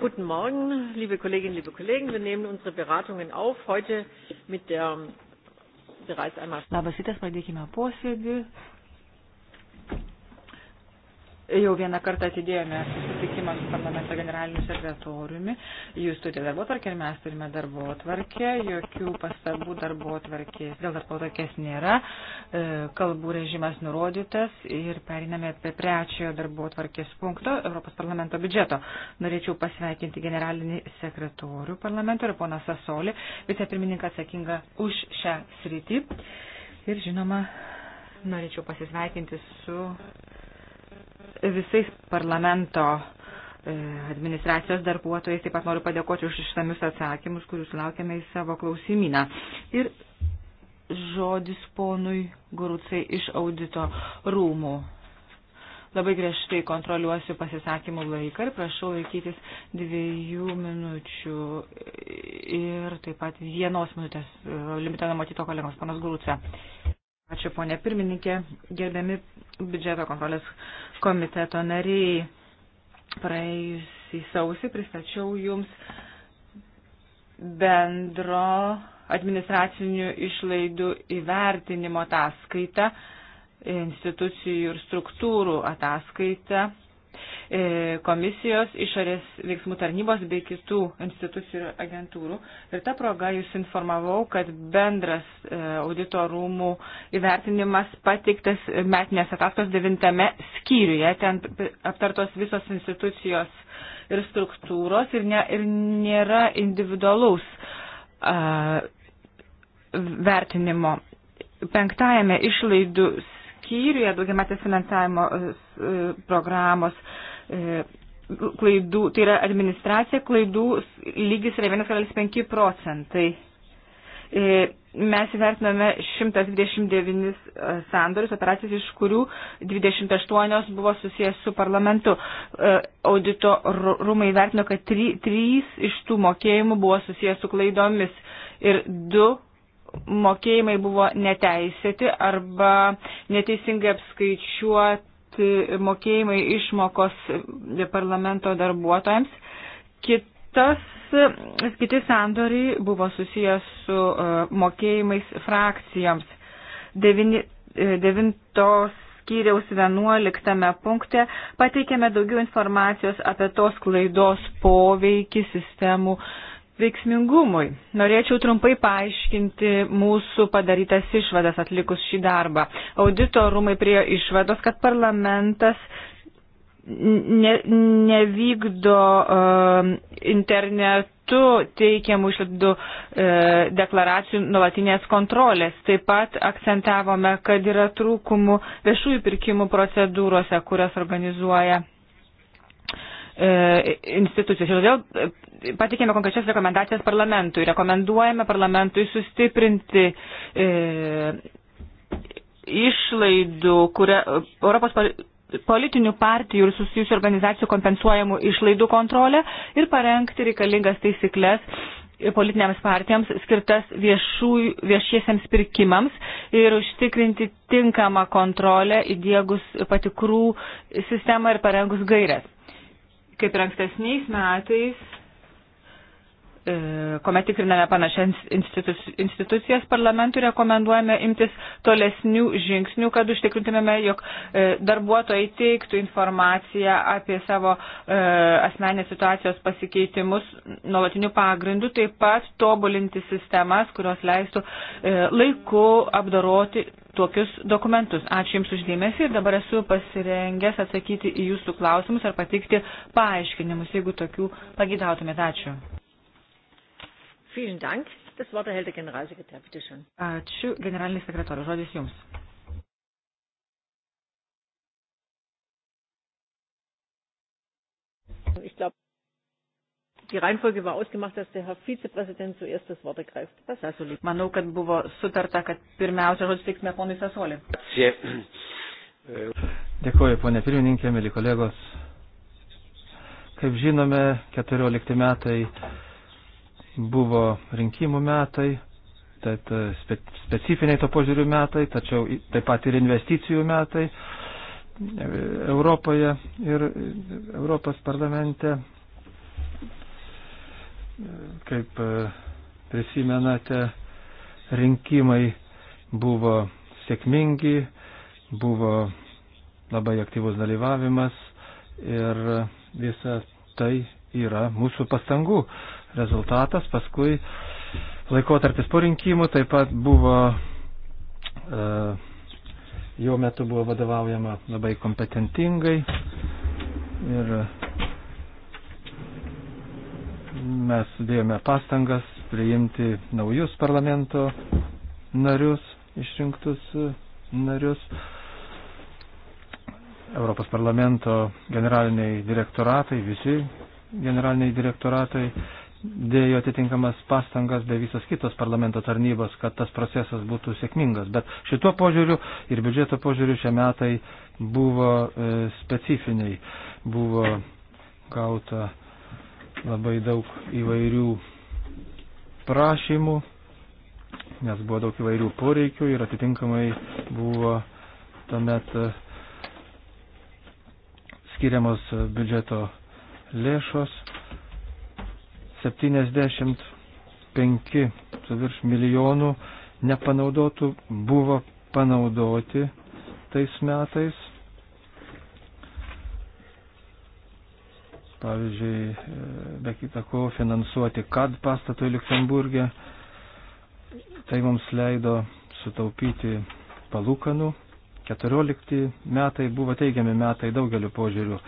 Guten Morgen, liebe Kolleginnen, liebe Kollegen. Wir nehmen unsere Beratungen auf. Heute mit der bereits einmal. Labas rytas, pradėkime posėdį. Jau vieną kartą atidėjome susitikimą su parlamento generaliniu sekretoriumi. Jūs turite darbo tvarkę ir mes turime darbo tvarkę. Jokių pastabų darbo tvarkės. Dėl darbo tvarkės nėra. E, kalbų režimas nurodytas ir periname prie trečiojo darbo tvarkės punkto Europos parlamento biudžeto. Norėčiau pasveikinti generalinį sekretorių parlamento ir poną Sasolį, vicepirmininką atsakingą už šią sritį. Ir žinoma, norėčiau pasisveikinti su visais parlamento e, administracijos darbuotojais. Taip pat noriu padėkoti už išsamius atsakymus, kurius laukiame į savo klausimyną. Ir žodis ponui Gurucai iš audito rūmų. Labai griežtai kontroliuosiu pasisakymų laiką ir prašau laikytis dviejų minučių ir taip pat vienos minutės limitą numatyto kolegos panas Gurucė. Ačiū, ponė pirmininkė, gerbiami biudžeto kontrolės komiteto nariai. Praėjusį sausį pristačiau jums bendro administracinių išlaidų įvertinimo ataskaitą, institucijų ir struktūrų ataskaitą E, komisijos, išorės veiksmų tarnybos bei kitų institucijų ir agentūrų. Ir ta proga jūs informavau, kad bendras e, audito rūmų įvertinimas pateiktas metinės ataskos devintame skyriuje. Ten aptartos visos institucijos ir struktūros ir, ne, ir nėra individualaus a, vertinimo. Penktajame išlaidų skyriuje daugiametės finansavimo e, programos E, klaidų, tai yra administracija, klaidų lygis yra 1,5 procentai. E, mes įvertiname 129 e, sandorius, operacijas, iš kurių 28 buvo susijęs su parlamentu. Audito rūmai įvertino, kad 3 iš tų mokėjimų buvo susijęs su klaidomis ir 2 mokėjimai buvo neteisėti arba neteisingai apskaičiuoti mokėjimai išmokos parlamento darbuotojams. Kitas, kiti sandoriai buvo susijęs su e, mokėjimais frakcijoms. 9 e, skyriaus 11 punkte pateikėme daugiau informacijos apie tos klaidos poveikį sistemų veiksmingumui. Norėčiau trumpai paaiškinti mūsų padarytas išvadas atlikus šį darbą. Audito rūmai priejo išvados, kad parlamentas ne, nevykdo uh, internetu teikiamų išlaidų uh, deklaracijų nulatinės kontrolės. Taip pat akcentavome, kad yra trūkumų viešųjų pirkimų procedūrose, kurias organizuoja E, institucijos. Ir todėl patikėme konkrečias rekomendacijas parlamentui. Rekomenduojame parlamentui sustiprinti e, išlaidų, kuria Europos politinių partijų ir susijusių organizacijų kompensuojamų išlaidų kontrolę ir parengti reikalingas taisyklės politinėms partijoms skirtas viešų, viešiesiams pirkimams ir užtikrinti tinkamą kontrolę įdėgus patikrų sistemą ir parengus gairias kaip ir ankstesniais metais, E, kuomet tikriname panašias institucijas, parlamentui rekomenduojame imtis tolesnių žingsnių, kad užtikrintumėme, jog e, darbuotojai teiktų informaciją apie savo e, asmenės situacijos pasikeitimus nuolatinių pagrindų, taip pat tobulinti sistemas, kurios leistų laiku apdoroti tokius dokumentus. Ačiū Jums uždėmesi ir dabar esu pasirengęs atsakyti į Jūsų klausimus ar patikti paaiškinimus, jeigu tokių pagidautumėte. Ačiū. Vielen Dank. Das Wort erhält der Generalsekretär, bitte schön. Ačiū, generalinis sekretorius, žodis jums. Ich glaube, die Reihenfolge war ausgemacht, dass der Herr Vizepräsident zuerst das Wort ergreift. Das Sassoli. Manau, kad buvo sutarta, kad pirmiausia žodis teiksime ponui Sasoli. Dėkuoju, ponė pirmininkė, mėly kolegos. Kaip žinome, 14 metai Buvo rinkimų metai, tad e, spe, specifiniai to požiūrių metai, tačiau taip pat ir investicijų metai e, Europoje ir e, Europos parlamente. Kaip prisimenate, rinkimai buvo sėkmingi, buvo labai aktyvus dalyvavimas ir visa tai yra mūsų pastangų rezultatas. Paskui laikotarpis po rinkimų taip pat buvo, e, jo metu buvo vadovaujama labai kompetentingai. Ir mes dėjome pastangas priimti naujus parlamento narius, išrinktus e, narius. Europos parlamento generaliniai direktoratai, visi generaliniai direktoratai dėjo atitinkamas pastangas bei visos kitos parlamento tarnybos, kad tas procesas būtų sėkmingas. Bet šituo požiūriu ir biudžeto požiūriu šie metai buvo e, specifiniai. Buvo gauta labai daug įvairių prašymų, nes buvo daug įvairių poreikių ir atitinkamai buvo tuomet e, skiriamos biudžeto lėšos 75 su virš milijonų nepanaudotų buvo panaudoti tais metais. Pavyzdžiui, e, be kita ko finansuoti KAD pastatui Luksemburgė. Tai mums leido sutaupyti palūkanų. 14 metai buvo teigiami metai daugeliu požiūrių.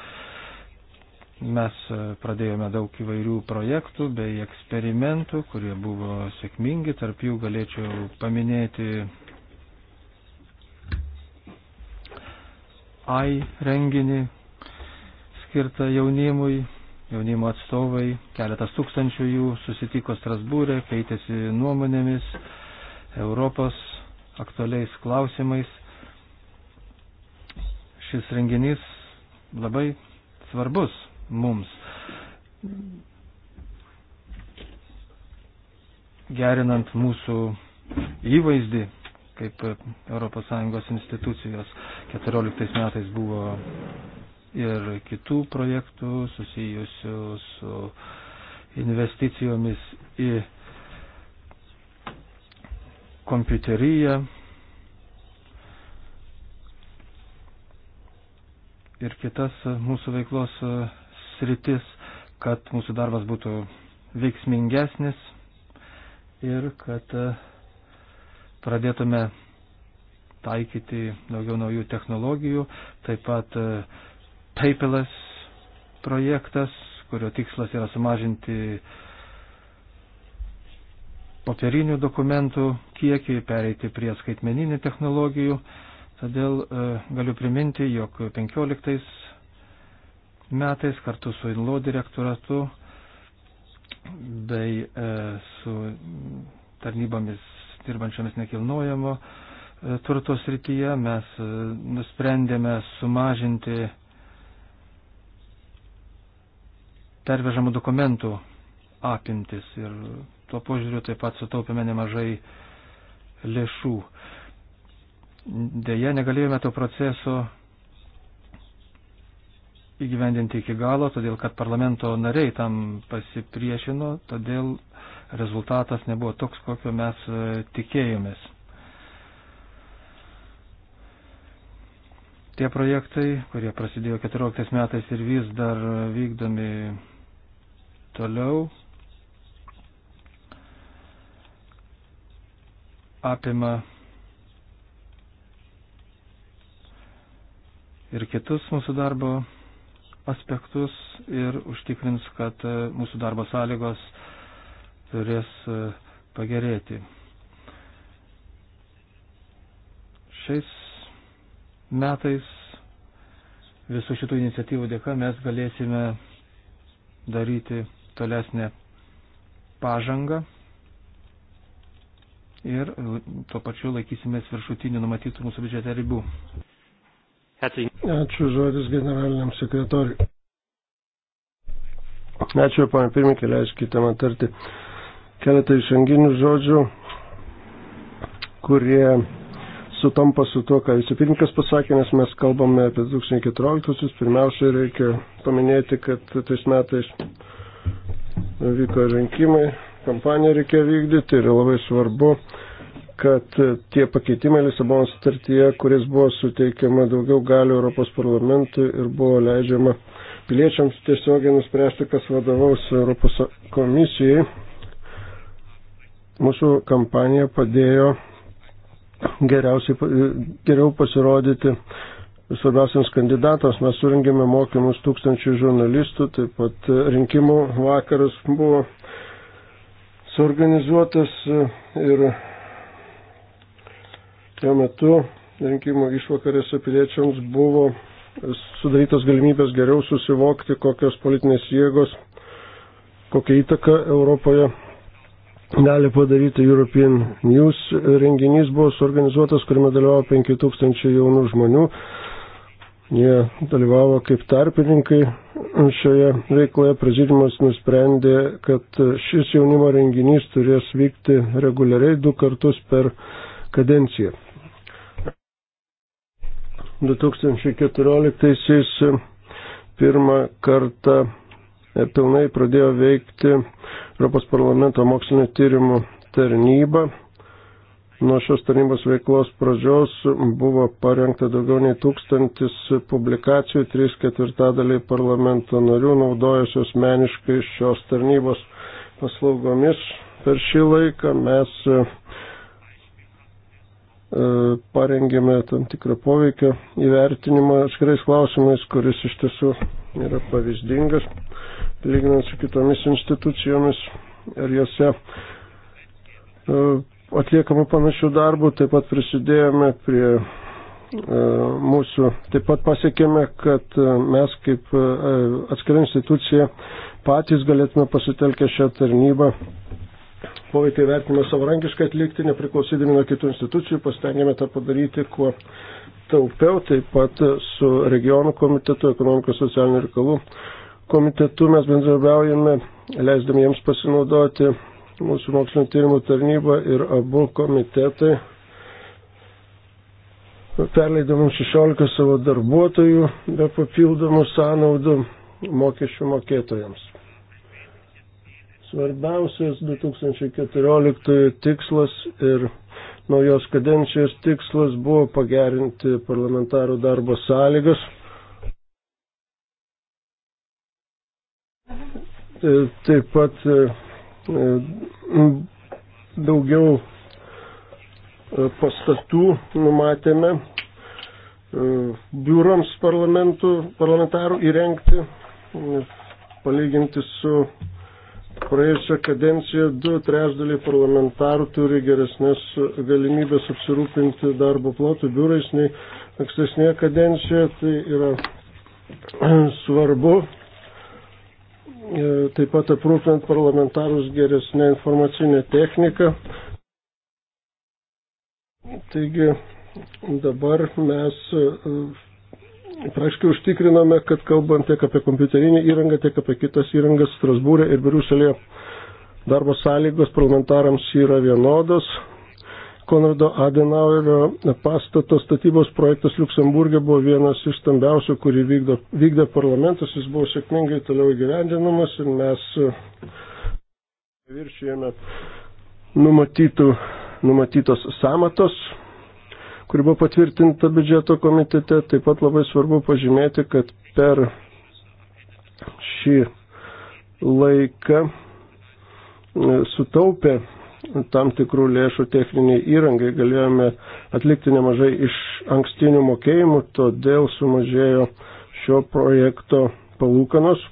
Mes e, pradėjome daug įvairių projektų bei eksperimentų, kurie buvo sėkmingi. Tarp jų galėčiau paminėti AI renginį skirtą jaunimui. Jaunimo atstovai, keletas tūkstančių jų susitiko Strasbūrė, keitėsi nuomonėmis Europos aktualiais klausimais. Šis renginys labai svarbus mums. Gerinant mūsų įvaizdį kaip ES institucijos, 14 metais buvo ir kitų projektų susijusių su investicijomis į kompiuteriją ir kitas mūsų veiklos sritis, kad mūsų darbas būtų veiksmingesnis ir kad e, pradėtume taikyti daugiau naujų technologijų, taip pat e, paperless projektas, kurio tikslas yra sumažinti popierinių dokumentų kiekį, pereiti prie skaitmeninių technologijų. Todėl e, galiu priminti, jog 15 metais kartu su INLO direktoratu bei e, su tarnybomis dirbančiomis nekilnojamo e, turto srityje mes e, nusprendėme sumažinti pervežamų dokumentų apimtis ir tuo požiūriu taip pat sutaupėme nemažai lėšų. Deja, negalėjome to proceso įgyvendinti iki galo, todėl kad parlamento nariai tam pasipriešino, todėl rezultatas nebuvo toks, kokio mes e, tikėjomės. Tie projektai, kurie prasidėjo 14 metais ir vis dar vykdomi toliau, apima ir kitus mūsų darbo aspektus ir užtikrins, kad e, mūsų darbo sąlygos turės e, pagerėti. Šiais metais visų šitų iniciatyvų dėka mes galėsime daryti tolesnę pažangą ir tuo pačiu laikysimės viršutinių numatytų mūsų biudžete ribų. Ačiū žodis generaliniam sekretoriui. Ačiū, pana pirmininkė, leiskite man tarti keletą išanginių žodžių, kurie sutampa su to, ką vicepirmininkas pasakė, nes mes kalbame apie 2014-usius. Pirmiausia, reikia paminėti, kad tais metais vyko rinkimai, kampaniją reikėjo vykdyti ir labai svarbu kad tie pakeitimai Lisabono sutartyje, kuris buvo suteikiama daugiau galių Europos parlamentui ir buvo leidžiama piliečiams tiesiogiai nuspręsti, kas vadovaus Europos komisijai, mūsų kampanija padėjo geriausiai, geriau pasirodyti svarbiausiams kandidatams. Mes surengėme mokymus tūkstančių žurnalistų, taip pat rinkimų vakaras buvo suorganizuotas ir Tuo metu rinkimų išvakarėse piliečiams buvo sudarytos galimybės geriau susivokti, kokios politinės jėgos, kokią įtaką Europoje gali padaryti European News. Renginys buvo suorganizuotas, kuriame dalyvavo 5000 jaunų žmonių. Jie dalyvavo kaip tarpininkai šioje veikloje. Prezidimas nusprendė, kad šis jaunimo renginys turės vykti reguliariai du kartus per kadenciją. 2014-aisiais e, pirmą kartą e, pilnai pradėjo veikti Europos parlamento mokslinio tyrimų tarnyba. Nuo šios tarnybos veiklos pradžios buvo parengta daugiau nei tūkstantis publikacijų, trys ketvirtadaliai parlamento narių naudojasi asmeniškai šios tarnybos paslaugomis. Per šį laiką mes e, E, parengėme tam tikrą poveikio įvertinimą atskirais klausimais, kuris iš tiesų yra pavyzdingas, lyginant su kitomis institucijomis ir jose e, atliekamų panašių darbų, taip pat prisidėjome prie e, mūsų, taip pat pasiekėme, kad mes kaip atskira institucija patys galėtume pasitelkę šią tarnybą poveikio vertinimą savarankiškai atlikti, nepriklausydami nuo kitų institucijų, pasitengėme tą padaryti kuo taupiau, taip pat su regionų komitetu, ekonomikos socialinių reikalų komitetu mes bendrabiaujame, leisdami jiems pasinaudoti mūsų mokslinio tyrimų tarnybą ir abu komitetai perleidė mums 16 savo darbuotojų be papildomų sąnaudų mokesčių mokėtojams. Svarbiausias 2014 tikslas ir naujos kadencijos tikslas buvo pagerinti parlamentarų darbo sąlygas. E, taip pat e, e, daugiau pastatų numatėme biurams parlamentarų įrengti, palyginti su Praėjusią kadenciją du trešdaliai parlamentarų turi geresnės galimybės apsirūpinti darbo plotų biurais nei ankstesnėje kadencijoje. Tai yra svarbu e, taip pat aprūpinant parlamentarus geresnė informacinė technika. Taigi dabar mes e, Praškiai užtikriname, kad kalbant tiek apie kompiuterinį įrangą, tiek apie kitas įrangas Strasbūrė ir Briuselėje darbo sąlygos parlamentarams yra vienodos. Konrado Adenauerio pastato statybos projektas Luksemburgė buvo vienas iš stambiausių, kurį vykdo, vykdė parlamentas, jis buvo sėkmingai toliau įgyvendinamas ir mes viršėjame numatytų, numatytos samatos kuri buvo patvirtinta biudžeto komitete. Taip pat labai svarbu pažymėti, kad per šį laiką e, sutaupė tam tikrų lėšų techniniai įrangai, galėjome atlikti nemažai iš ankstinių mokėjimų, todėl sumažėjo šio projekto palūkanos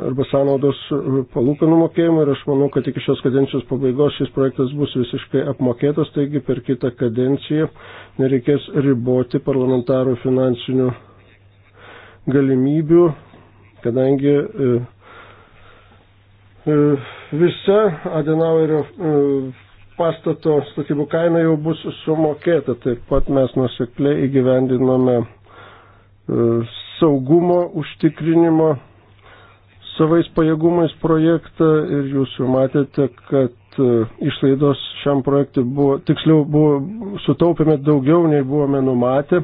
arba sąnaudos e, palūkanų mokėjimų ir aš manau, kad iki šios kadencijos pabaigos šis projektas bus visiškai apmokėtas, taigi per kitą kadenciją nereikės riboti parlamentarų finansinių galimybių, kadangi e, e, visa Adenauerio pastato statybų kaina jau bus sumokėta. Taip pat mes nusekliai įgyvendinome saugumo užtikrinimo savais pajėgumais projektą ir jūs jau matėte, kad e, išlaidos šiam projektui buvo, tiksliau, buvo, sutaupėme daugiau nei buvome numatę,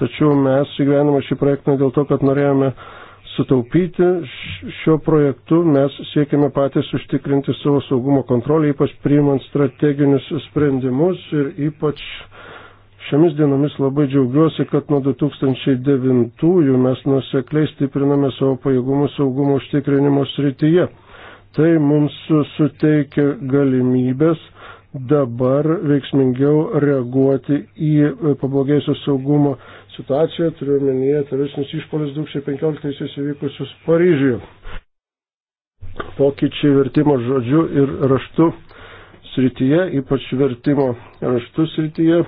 tačiau mes įgyvenome šį projektą dėl to, kad norėjome sutaupyti šio projektu, mes siekiame patys užtikrinti savo saugumo kontrolę, ypač priimant strateginius sprendimus ir ypač uh, Šiomis dienomis labai džiaugiuosi, kad nuo 2009 mes nusekliai stipriname savo pajėgumus saugumo užtikrinimo srityje. Tai mums suteikia galimybės dabar veiksmingiau reaguoti į pablogėjusią saugumo situaciją, turiu menyje teroristinius išpolius 2015 įvykusius Paryžiuje. Pokyčiai vertimo žodžiu ir raštu srityje, ypač vertimo raštu srityje,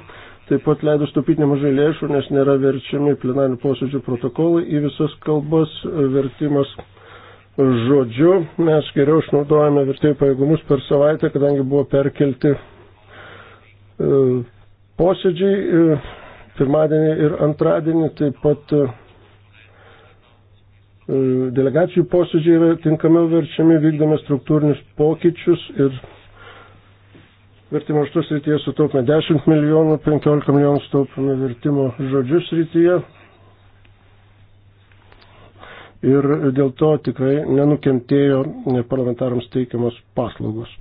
taip pat leido stupyti nemažai lėšų, nes nėra verčiami plenarinių posėdžių protokolai į visas kalbas vertimas žodžiu. Mes geriau išnaudojame vertėjų pajėgumus per savaitę, kadangi buvo perkelti e, posėdžiai e, pirmadienį ir antradienį, taip pat e, delegacijų posėdžiai yra tinkamiau verčiami, vykdome struktūrinius pokyčius ir vertimo raštų srityje sutaupome 10 milijonų, 15 milijonų sutaupome vertimo žodžių srityje. Ir dėl to tikrai nenukentėjo parlamentarams teikiamos paslaugos.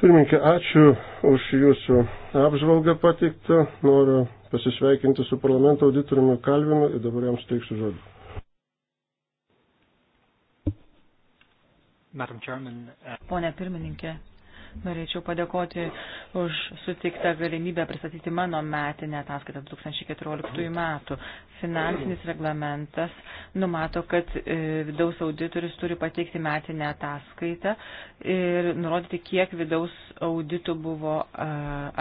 Pirminkė, ačiū už jūsų apžvalgą patiktą. Noriu pasisveikinti su parlamento auditoriumi Kalvinu ir dabar jam steiksiu žodį. Uh, Pone pirmininkė, norėčiau padėkoti už sutiktą galimybę pristatyti mano metinę ataskaitą 2014 metų. Finansinis reglamentas numato, kad e, vidaus auditorius turi pateikti metinę ataskaitą ir nurodyti, kiek vidaus auditų buvo e,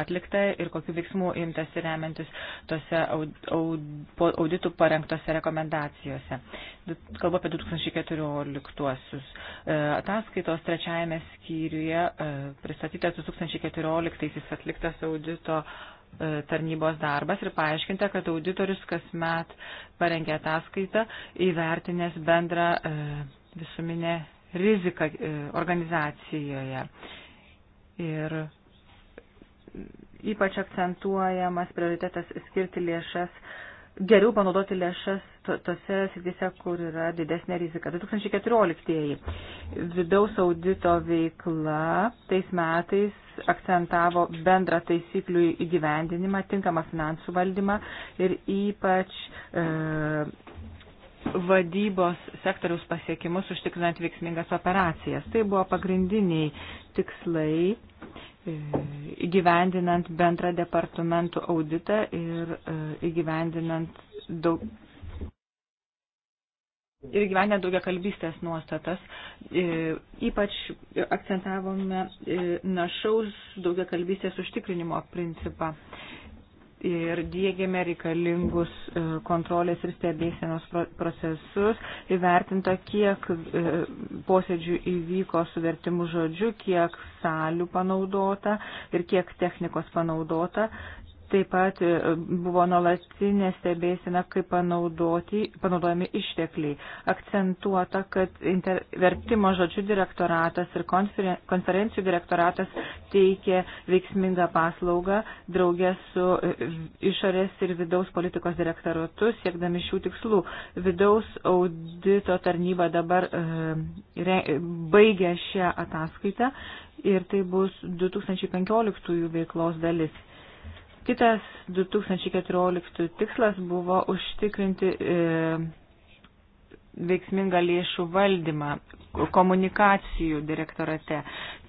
atlikta ir kokiu veiksmu imtasi remiantis tose auditų parengtose rekomendacijose kalbu apie 2014-uosius. E, ataskaitos trečiajame skyriuje e, pristatytas 2014-aisiais atliktas audito e, tarnybos darbas ir paaiškinta, kad auditorius kasmet parengė ataskaitą įvertinęs bendrą visuminę riziką organizacijoje. Ir ypač akcentuojamas prioritetas skirti lėšas geriau panaudoti lėšas tose srityse, kur yra didesnė rizika. 2014-ieji vidaus audito veikla tais metais akcentavo bendrą taisyklių įgyvendinimą, tinkamą finansų valdymą ir ypač e, vadybos sektoriaus pasiekimus užtikrinant veiksmingas operacijas. Tai buvo pagrindiniai tikslai E, įgyvendinant bendrą departamentų auditą ir e, įgyvendinant daug. Ir gyvenę daugia kalbystės nuostatas. E, ypač akcentavome našaus daugia kalbystės užtikrinimo principą ir dėgiame reikalingus e, kontrolės ir stebėsienos procesus, įvertinta, kiek e, posėdžių įvyko su vertimu žodžiu, kiek salių panaudota ir kiek technikos panaudota. Taip pat e, buvo nuolatinė stebėsina, kaip panaudojami ištekliai. Akcentuota, kad inter, vertimo žodžių direktoratas ir konferen, konferencijų direktoratas teikė veiksmingą paslaugą draugė su e, išorės ir vidaus politikos direktoratu, siekdami šių tikslų. Vidaus audito tarnyba dabar e, baigia šią ataskaitą ir tai bus 2015 veiklos dalis. Kitas 2014 tikslas buvo užtikrinti e, veiksmingą lėšų valdymą komunikacijų direktorate.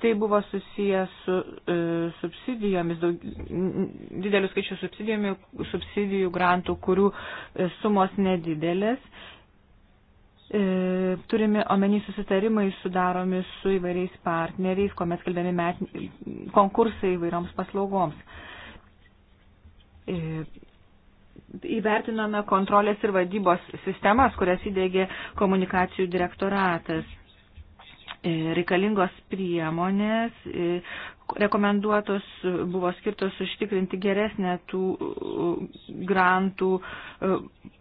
Tai buvo susijęs su e, subsidijomis, daug, didelių skaičių subsidijų grantų, kurių e, sumos nedidelės. E, turime omeny susitarimai sudaromi su įvairiais partneriais, kuomet skelbiami konkursai įvairioms paslaugoms. E, įvertinome kontrolės ir vadybos sistemas, kurias įdėgė komunikacijų direktoratas. E, reikalingos priemonės e, rekomenduotos buvo skirtos užtikrinti geresnę tų e, grantų,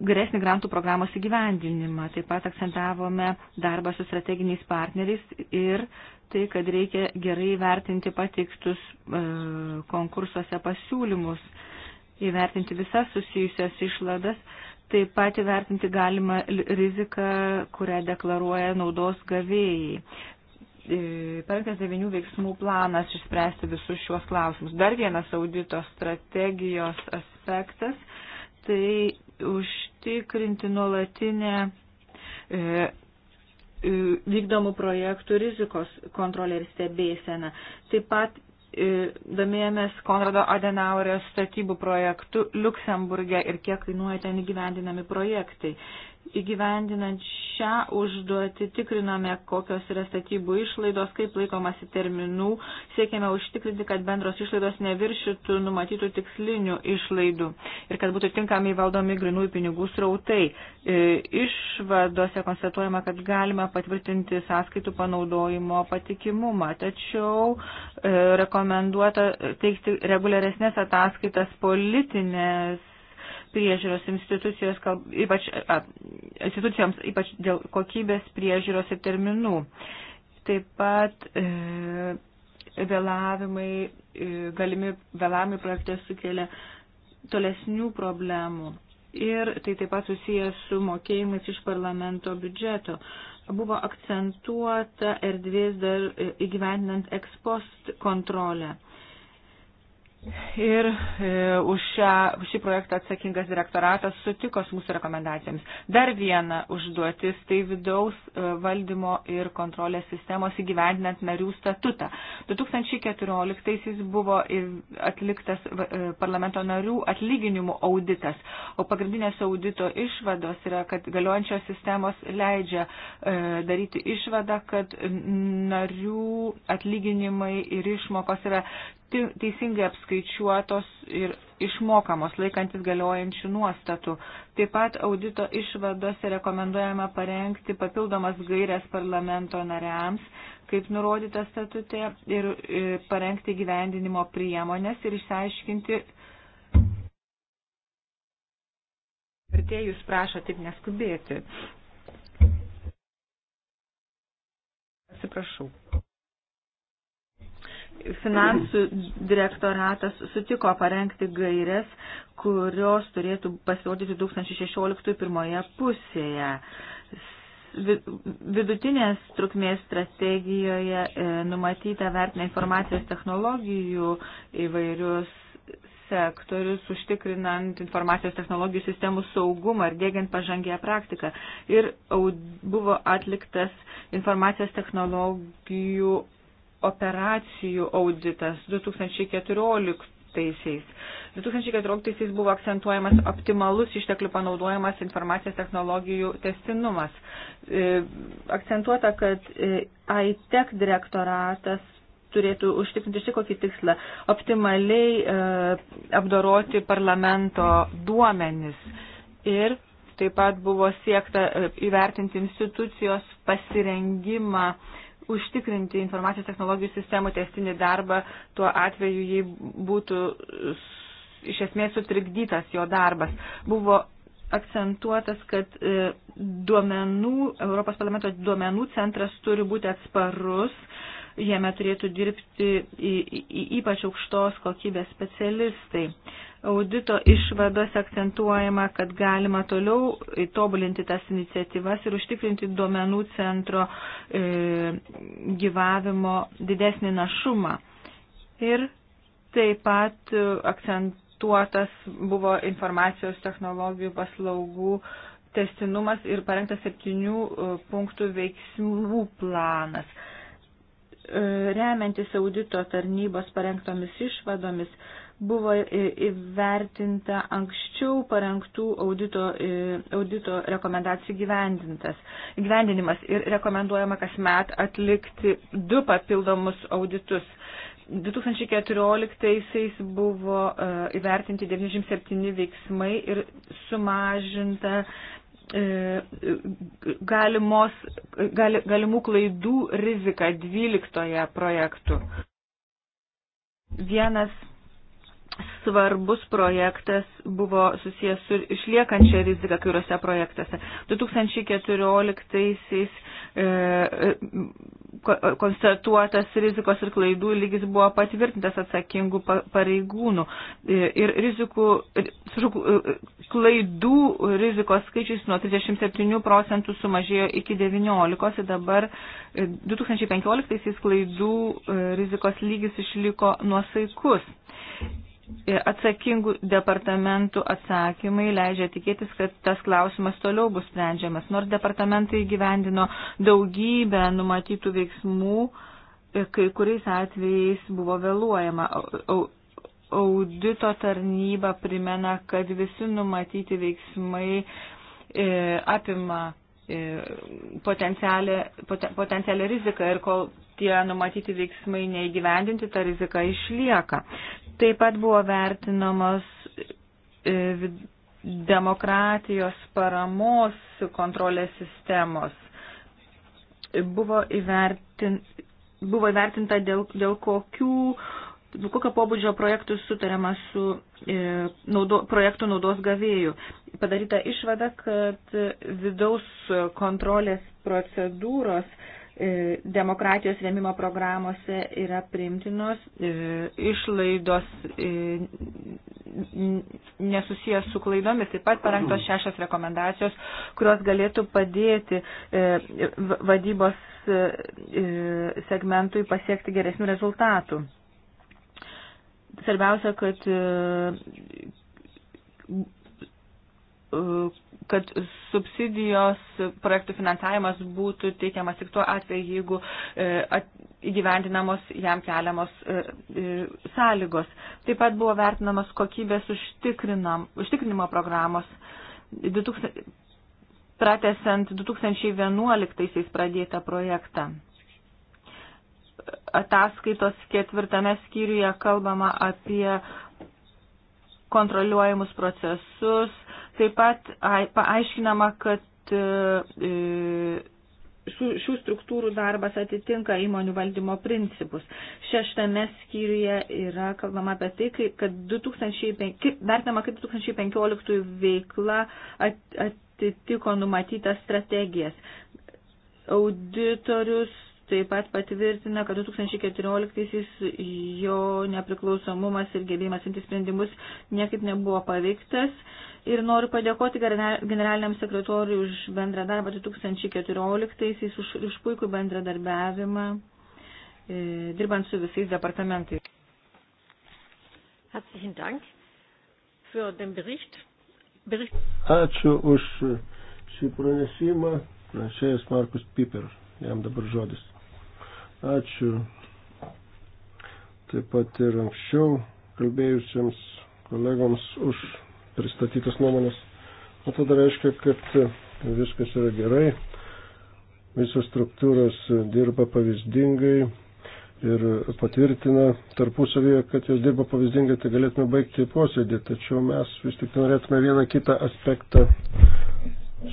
geresnį grantų programos įgyvendinimą. Taip pat akcentavome darbą su strateginiais partneriais ir tai, kad reikia gerai vertinti pateiktus konkursuose pasiūlymus įvertinti visas susijusias išladas, taip pat įvertinti galima riziką, kurią deklaruoja naudos gavėjai. E, parengtas devinių veiksmų planas išspręsti visus šiuos klausimus. Dar vienas audito strategijos aspektas - tai užtikrinti nuolatinę e, e vykdomų projektų rizikos kontrolę ir stebėseną. Taip pat domėjomės Konrado Adenauerio statybų projektu Luksemburge ir kiek kainuoja ten įgyvendinami projektai. Įgyvendinant šią užduotį tikrinome, kokios yra statybų išlaidos, kaip laikomasi terminų, siekėme užtikrinti, kad bendros išlaidos neviršytų numatytų tikslinių išlaidų ir kad būtų tinkamai valdomi grinųjų pinigų srautai. E, išvadose konstatuojama, kad galima patvirtinti sąskaitų panaudojimo patikimumą, tačiau e, rekomenduota teikti reguliaresnės ataskaitas politinės priežiūros institucijos, ypač, a, institucijoms, ypač dėl kokybės priežiūros ir terminų. Taip pat e, vėlavimai, e, galimi vėlavimai projekte sukelia tolesnių problemų. Ir tai taip pat susijęs su mokėjimais iš parlamento biudžeto. Buvo akcentuota erdvės dar e, įgyvendinant ekspost kontrolę. E, Ir e, už šią, šį projektą atsakingas direktoratas sutiko su mūsų rekomendacijomis. Dar viena užduotis - tai vidaus e, valdymo ir kontrolės sistemos įgyvendinant narių statutą. 2014 buvo atliktas e, parlamento narių atlyginimų auditas, o pagrindinės audito išvados yra, kad galiojančios sistemos leidžia e, daryti išvadą, kad narių atlyginimai ir išmokos yra teisingai apskaičiuotos ir išmokamos laikantis galiojančių nuostatų. Taip pat audito išvadose rekomenduojama parengti papildomas gairias parlamento nariams, kaip nurodyta statute, ir e, parengti gyvendinimo priemonės ir išsiaiškinti. Vertėjus prašo taip neskubėti. Atsiprašau. Finansų direktoratas sutiko parengti gairias, kurios turėtų pasirodyti 2016 pirmoje pusėje. Vidutinės trukmės strategijoje e, numatyta vertinė informacijos technologijų įvairius sektorius, užtikrinant informacijos technologijų sistemų saugumą ir dėgiant pažangę praktiką. Ir buvo atliktas informacijos technologijų operacijų auditas 2014 2014-aisiais. 2014-aisiais buvo akcentuojamas optimalus išteklių panaudojimas informacijos technologijų testinumas. E, akcentuota, kad e, ITEC direktoratas turėtų užtikrinti šį kokį tikslą - optimaliai e, apdoroti parlamento duomenis. Ir taip pat buvo siekta e, įvertinti institucijos pasirengimą e, užtikrinti informacijos technologijų sistemų testinį darbą tuo atveju, jei būtų iš esmės sutrikdytas jo darbas. Buvo akcentuotas, kad e, duomenų, Europos parlamento duomenų centras turi būti atsparus, jame turėtų dirbti ypač aukštos kokybės specialistai. Audito išvados akcentuojama, kad galima toliau tobulinti tas iniciatyvas ir užtikrinti duomenų centro e, gyvavimo didesnį našumą. Ir taip pat e, akcentuotas buvo informacijos technologijų paslaugų testinumas ir parengtas septynių e, punktų veiksmų planas. E, remiantis audito tarnybos parengtomis išvadomis, buvo įvertinta anksčiau parengtų audito, audito rekomendacijų gyvendinimas ir rekomenduojama kasmet atlikti du papildomus auditus. 2014 buvo e, įvertinti 97 veiksmai ir sumažinta e, galimos, gali, galimų klaidų rizika 12 projektų. Vienas svarbus projektas buvo susijęs su išliekančia rizika kuriuose projektuose. 2014-aisiais e, e, e, konstatuotas rizikos ir klaidų lygis buvo patvirtintas atsakingų pareigūnų e, ir rizikų, klaidų rizikos skaičius nuo 37 procentų sumažėjo iki 19 ir dabar 2015-aisiais klaidų rizikos lygis išliko nuosaikus. E, atsakingų departamentų atsakymai leidžia tikėtis, kad tas klausimas toliau bus sprendžiamas. Nors departamentai gyvendino daugybę numatytų veiksmų, e, kai kuriais atvejais buvo vėluojama. Audito tarnyba primena, kad visi numatyti veiksmai e, apima potencialią, potencialią riziką ir kol tie numatyti veiksmai neįgyvendinti, ta rizika išlieka. Taip pat buvo vertinamos e, demokratijos paramos kontrolės sistemos. Buvo, įvertin, buvo įvertinta dėl, dėl kokių, kokio pobūdžio projektų sutariama su e, naudo, projektų naudos gavėjų. Padaryta išvada, kad vidaus kontrolės procedūros E, demokratijos remimo programuose yra primtinos e, išlaidos e, nesusijęs su klaidomis. Taip pat parengtos šešios rekomendacijos, kurios galėtų padėti vadybos segmentui pasiekti geresnių rezultatų. Svarbiausia, kad kad subsidijos projektų finansavimas būtų teikiamas tik tuo atveju, jeigu e, įgyvendinamos jam keliamos e, e, sąlygos. Taip pat buvo vertinamas kokybės užtikrinimo programos. 2000, pratesant 2011 pradėtą projektą. Ataskaitos ketvirtame skyriuje kalbama apie kontroliuojamus procesus, Taip pat paaiškinama, kad e, e, šių struktūrų darbas atitinka įmonių valdymo principus. Šeštame skyriuje yra kalbama apie tai, kaip, kad 2005, vertinama, kaip 2015 veikla atitiko numatytas strategijas. Auditorius taip pat patvirtina, kad 2014-aisiais jo nepriklausomumas ir gebėjimas imti sprendimus niekaip nebuvo paveiktas. Ir noriu padėkoti generaliniam sekretoriui už bendrą darbą 2014-aisiais, už, už puikų bendradarbiavimą, e, dirbant su visais departamentais. Herzlichen Dank für den Bericht. Bericht. Ačiū už šį pranešimą. Pranešėjas Markus Piper. Jam dabar žodis. Ačiū taip pat ir anksčiau kalbėjusiems kolegoms už pristatytas nuomonės. O tada reiškia, kad viskas yra gerai, visos struktūros dirba pavyzdingai ir patvirtina tarpusavėje, kad jos dirba pavyzdingai, tai galėtume baigti posėdį, tačiau mes vis tik norėtume vieną kitą aspektą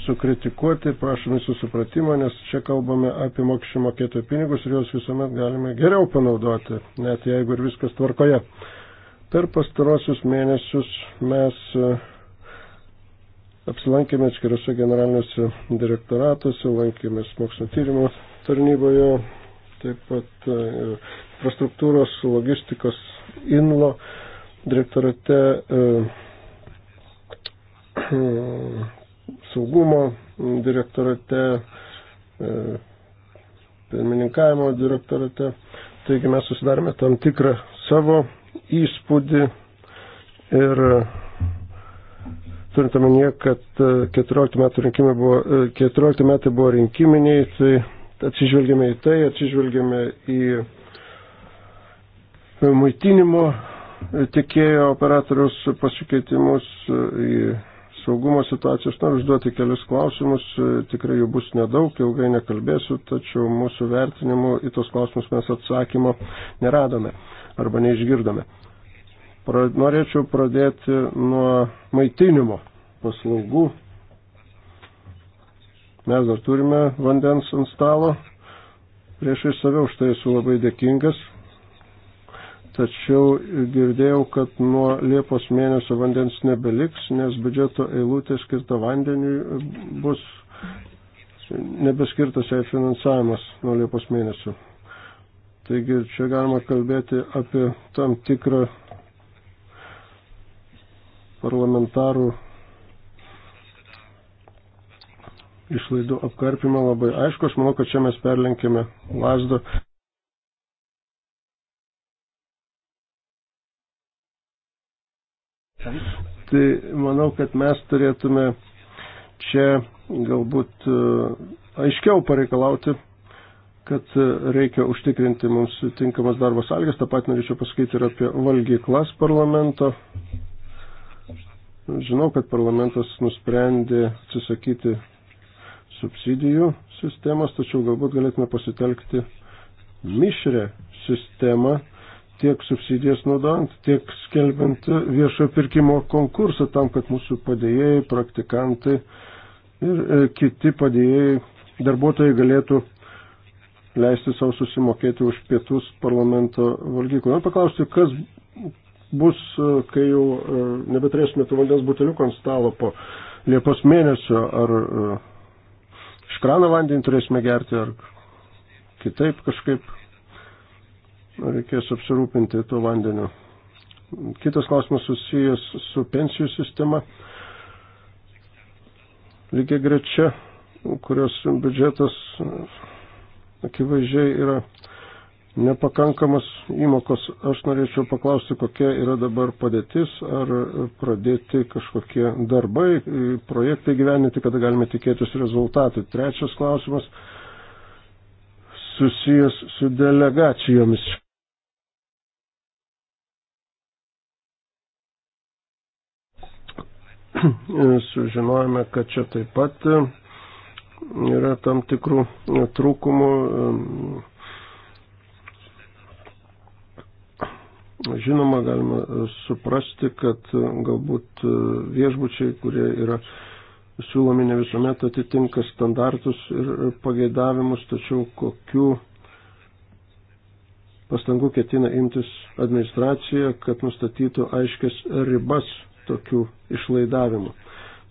sukritikuoti, prašome susipratimo, nes čia kalbame apie mokesčių mokėtojų pinigus ir juos visuomet galime geriau panaudoti, net jeigu ir viskas tvarkoje. Per pastarosius mėnesius mes e, apsilankėme atskiriuose generaliniuose direktoratuose, lankėmės mokslo tyrimo tarnyboje, taip pat e, infrastruktūros logistikos INLO direktorate e, saugumo direktorate, e, pirmininkavimo direktorate. Taigi mes susidarėme tam tikrą savo įspūdį ir e, turint omenyje, kad 14 e, metų rinkimai buvo, 14 metai buvo rinkiminiai, tai atsižvelgėme į tai, atsižvelgėme į maitinimo tiekėjo operatorius pasikeitimus, į saugumo situaciją. Aš noriu užduoti kelius klausimus, tikrai jų bus nedaug, ilgai nekalbėsiu, tačiau mūsų vertinimu į tos klausimus mes atsakymo neradome arba neišgirdome. Pra, norėčiau pradėti nuo maitinimo paslaugų. Mes dar turime vandens ant stalo. Priešai save už tai esu labai dėkingas, Tačiau girdėjau, kad nuo Liepos mėnesio vandens nebeliks, nes biudžeto eilutė skirta vandeniui bus nebeskirtas jai finansavimas nuo Liepos mėnesio. Taigi čia galima kalbėti apie tam tikrą parlamentarų išlaidų apkarpimą labai aišku. Aš manau, kad čia mes perlenkėme lasdą. Tai manau, kad mes turėtume čia galbūt e, aiškiau pareikalauti, kad e, reikia užtikrinti mums tinkamas darbo sąlygas. Ta pat norėčiau pasakyti ir apie valgyklas parlamento. Žinau, kad parlamentas nusprendė atsisakyti subsidijų sistemos, tačiau galbūt galėtume pasitelkti mišrę sistemą tiek subsidijas naudojant, tiek skelbiant viešo pirkimo konkursą tam, kad mūsų padėjėjai, praktikantai ir e, kiti padėjėjai, darbuotojai galėtų leisti savo susimokėti už pietus parlamento valgyklų. Noriu paklausti, kas bus, e, kai jau e, nebeturėsime tų vandens buteliukų ant stalo po Liepos mėnesio, ar iš krano vandenį turėsime gerti, ar kitaip kažkaip reikės apsirūpinti tuo vandeniu. Kitas klausimas susijęs su pensijų sistema. Lygiai grečia, kurios biudžetas akivaizdžiai yra nepakankamas įmokos. Aš norėčiau paklausti, kokia yra dabar padėtis, ar pradėti kažkokie darbai, projektai gyveninti, kada galime tikėtis rezultatų. Trečias klausimas susijęs su delegacijomis. sužinojame, kad čia taip pat e, yra tam tikrų trūkumų. E, žinoma, galima suprasti, kad galbūt e, viešbučiai, kurie yra siūlomi ne visuomet atitinka standartus ir pageidavimus, tačiau kokiu pastangų ketina imtis administracija, kad nustatytų aiškias ribas tokių išlaidavimų.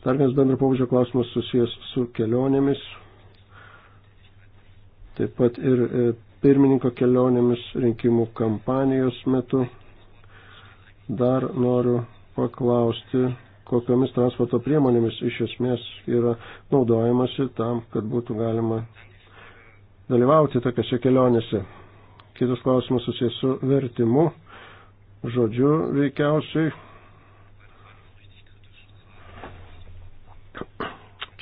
Dar vienas bendro pobūdžio klausimas susijęs su kelionėmis, taip pat ir e, pirmininko kelionėmis rinkimų kampanijos metu. Dar noriu paklausti, kokiamis transporto priemonėmis iš esmės yra naudojamasi tam, kad būtų galima dalyvauti tokiuose kelionėse. Kitas klausimas susijęs su vertimu. Žodžiu, veikiausiai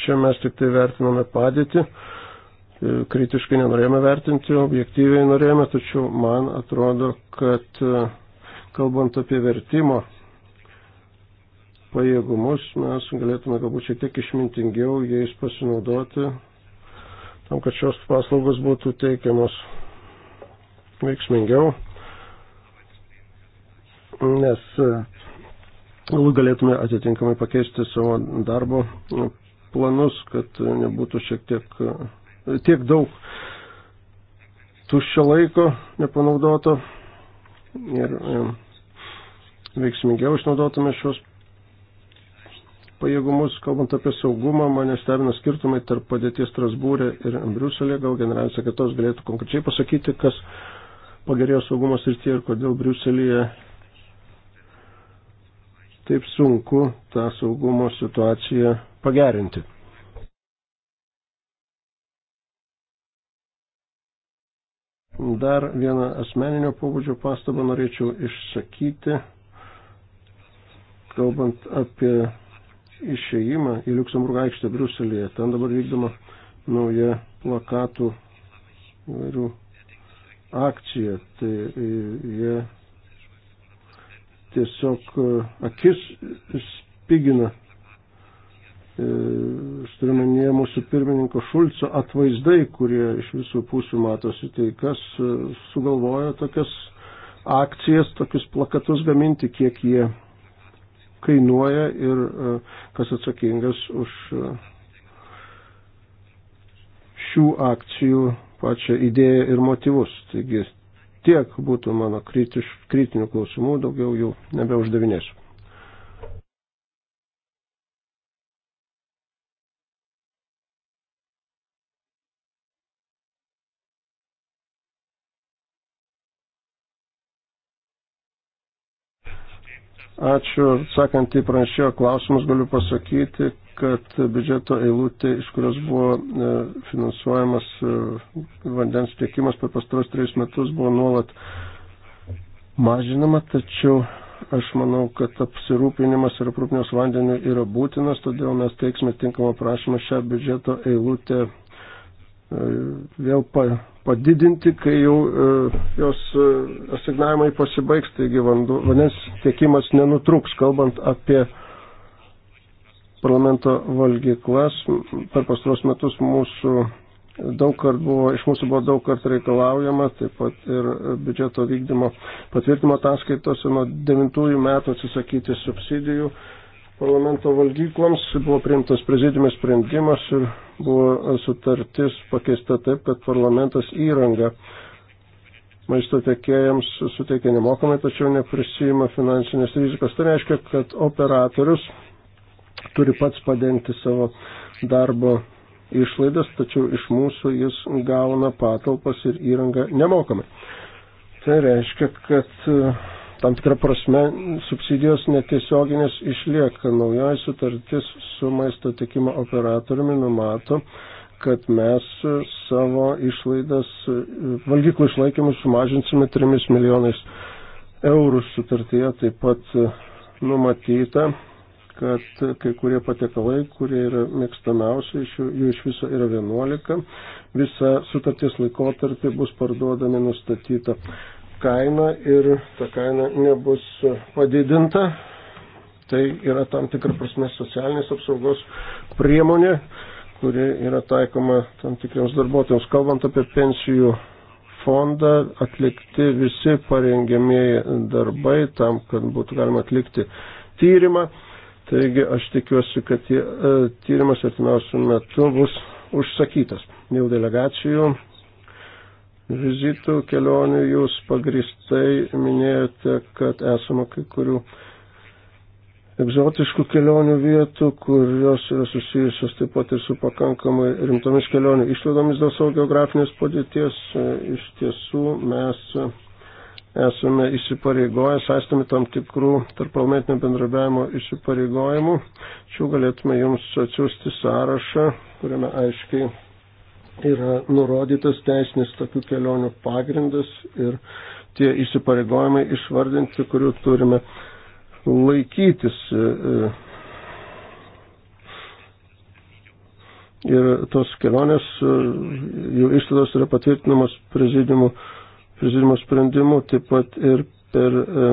Čia mes tik tai vertiname padėtį, e, kritiškai nenorėjome vertinti, objektyviai norėjome, tačiau man atrodo, kad e, kalbant apie vertimo pajėgumus, mes galėtume galbūt šiek tiek išmintingiau jais pasinaudoti, tam, kad šios paslaugos būtų teikiamos veiksmingiau, nes e, galbūt galėtume atitinkamai pakeisti savo darbo planus, kad nebūtų šiek tiek tiek daug tuščio laiko nepanaudoto ir e, veiksmingiau išnaudotume šios pajėgumus, kalbant apie saugumą, mane stebina skirtumai tarp padėties Strasbūrė ir Briuselė, gal generalinis sekretorius galėtų konkrečiai pasakyti, kas pagerėjo saugumo srityje ir kodėl Briuselėje taip sunku tą saugumo situaciją pagerinti. Dar vieną asmeninio pobūdžio pastabą norėčiau išsakyti, kalbant apie išėjimą į Liuksemburgo aikštę Bruselėje. Ten dabar vykdoma nauja plakatų įvairių akcija. Tai jie tiesiog e, akis spigina E, aš turiu manyje mūsų pirmininko Šulco atvaizdai, kurie iš visų pusių matosi, tai kas e, sugalvojo tokias akcijas, tokius plakatus gaminti, kiek jie kainuoja ir e, kas atsakingas už šių akcijų pačią idėją ir motyvus. Taigi tiek būtų mano kritiš, kritinių klausimų, daugiau jų nebeuždavinėsiu. Ačiū. Sakant į pranešėjo klausimus, galiu pasakyti, kad biudžeto eilutė, iš kurios buvo e, finansuojamas e, vandens tiekimas per pastaros trejus metus, buvo nuolat mažinama, tačiau aš manau, kad apsirūpinimas ir aprūpinimas vandeniu yra būtinas, todėl mes teiksime tinkamą prašymą šią biudžeto eilutę E, vėl padidinti, kai jau e, jos e, asignavimai pasibaigs, taigi vandens tiekimas nenutruks. Kalbant apie parlamento valgyklas, per pastaros metus mūsų daug kart buvo, iš mūsų buvo daug kart reikalaujama, taip pat ir biudžeto vykdymo patvirtimo ataskaitose nuo 9 metų atsisakyti subsidijų parlamento valgykloms buvo priimtas prezidiumis sprendimas ir buvo sutartis pakeista taip, kad parlamentas įrangą maisto tiekėjams suteikia nemokamai, tačiau neprisima finansinės rizikos. Tai reiškia, kad operatorius turi pats padengti savo darbo išlaidas, tačiau iš mūsų jis gauna patalpas ir įrangą nemokamai. Tai reiškia, kad tam tikrą prasme subsidijos netiesioginės išlieka. Naujoji sutartis su maisto tikimo operatoriumi numato, kad mes savo išlaidas, valgyklų išlaikymus sumažinsime 3 milijonais eurų sutartyje. Taip pat numatyta, kad kai kurie patiekalai, kurie yra mėgstamiausi, jų, jų iš viso yra 11, visą sutarties laikotarpį bus parduodami nustatytą kainą ir ta kaina nebus padidinta. Tai yra tam tikra prasme socialinės apsaugos priemonė, kuri yra taikoma tam tikriems darbuotojams. Kalbant apie pensijų fondą, atlikti visi parengiamieji darbai tam, kad būtų galima atlikti tyrimą. Taigi aš tikiuosi, kad e, tyrimas artimiausių metų bus užsakytas. Jau delegacijų vizitų kelionių jūs pagristai minėjote, kad esama kai kurių egzotiškų kelionių vietų, kurios yra susijusios taip pat ir su pakankamai rimtomis kelionių išlaidomis dėl savo geografinės padėties. Iš tiesų mes esame įsipareigoję, saistomi tam tikrų tarpalmetinio bendrabiavimo įsipareigojimų. Čia galėtume jums atsiųsti sąrašą, kuriame aiškiai yra nurodytas teisinis tokių kelionių pagrindas ir tie įsipareigojimai išvardinti, kurių turime laikytis. Ir tos kelionės, jų išlaidos yra patvirtinamos prezidiumo, prezidiumo sprendimu, taip pat ir per e,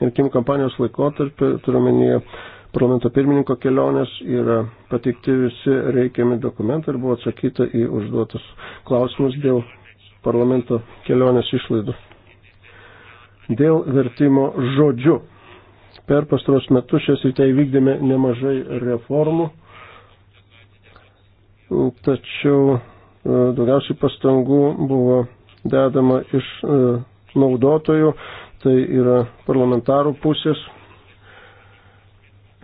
rinkimų kampanijos laikotarpį, turiuomenyje parlamento pirmininko kelionės yra pateikti visi reikiami dokumentai ir buvo atsakyta į užduotus klausimus dėl parlamento kelionės išlaidų. Dėl vertimo žodžiu. Per pastaros metus šias ir tai vykdėme nemažai reformų, tačiau e, daugiausiai pastangų buvo dedama iš e, naudotojų, tai yra parlamentarų pusės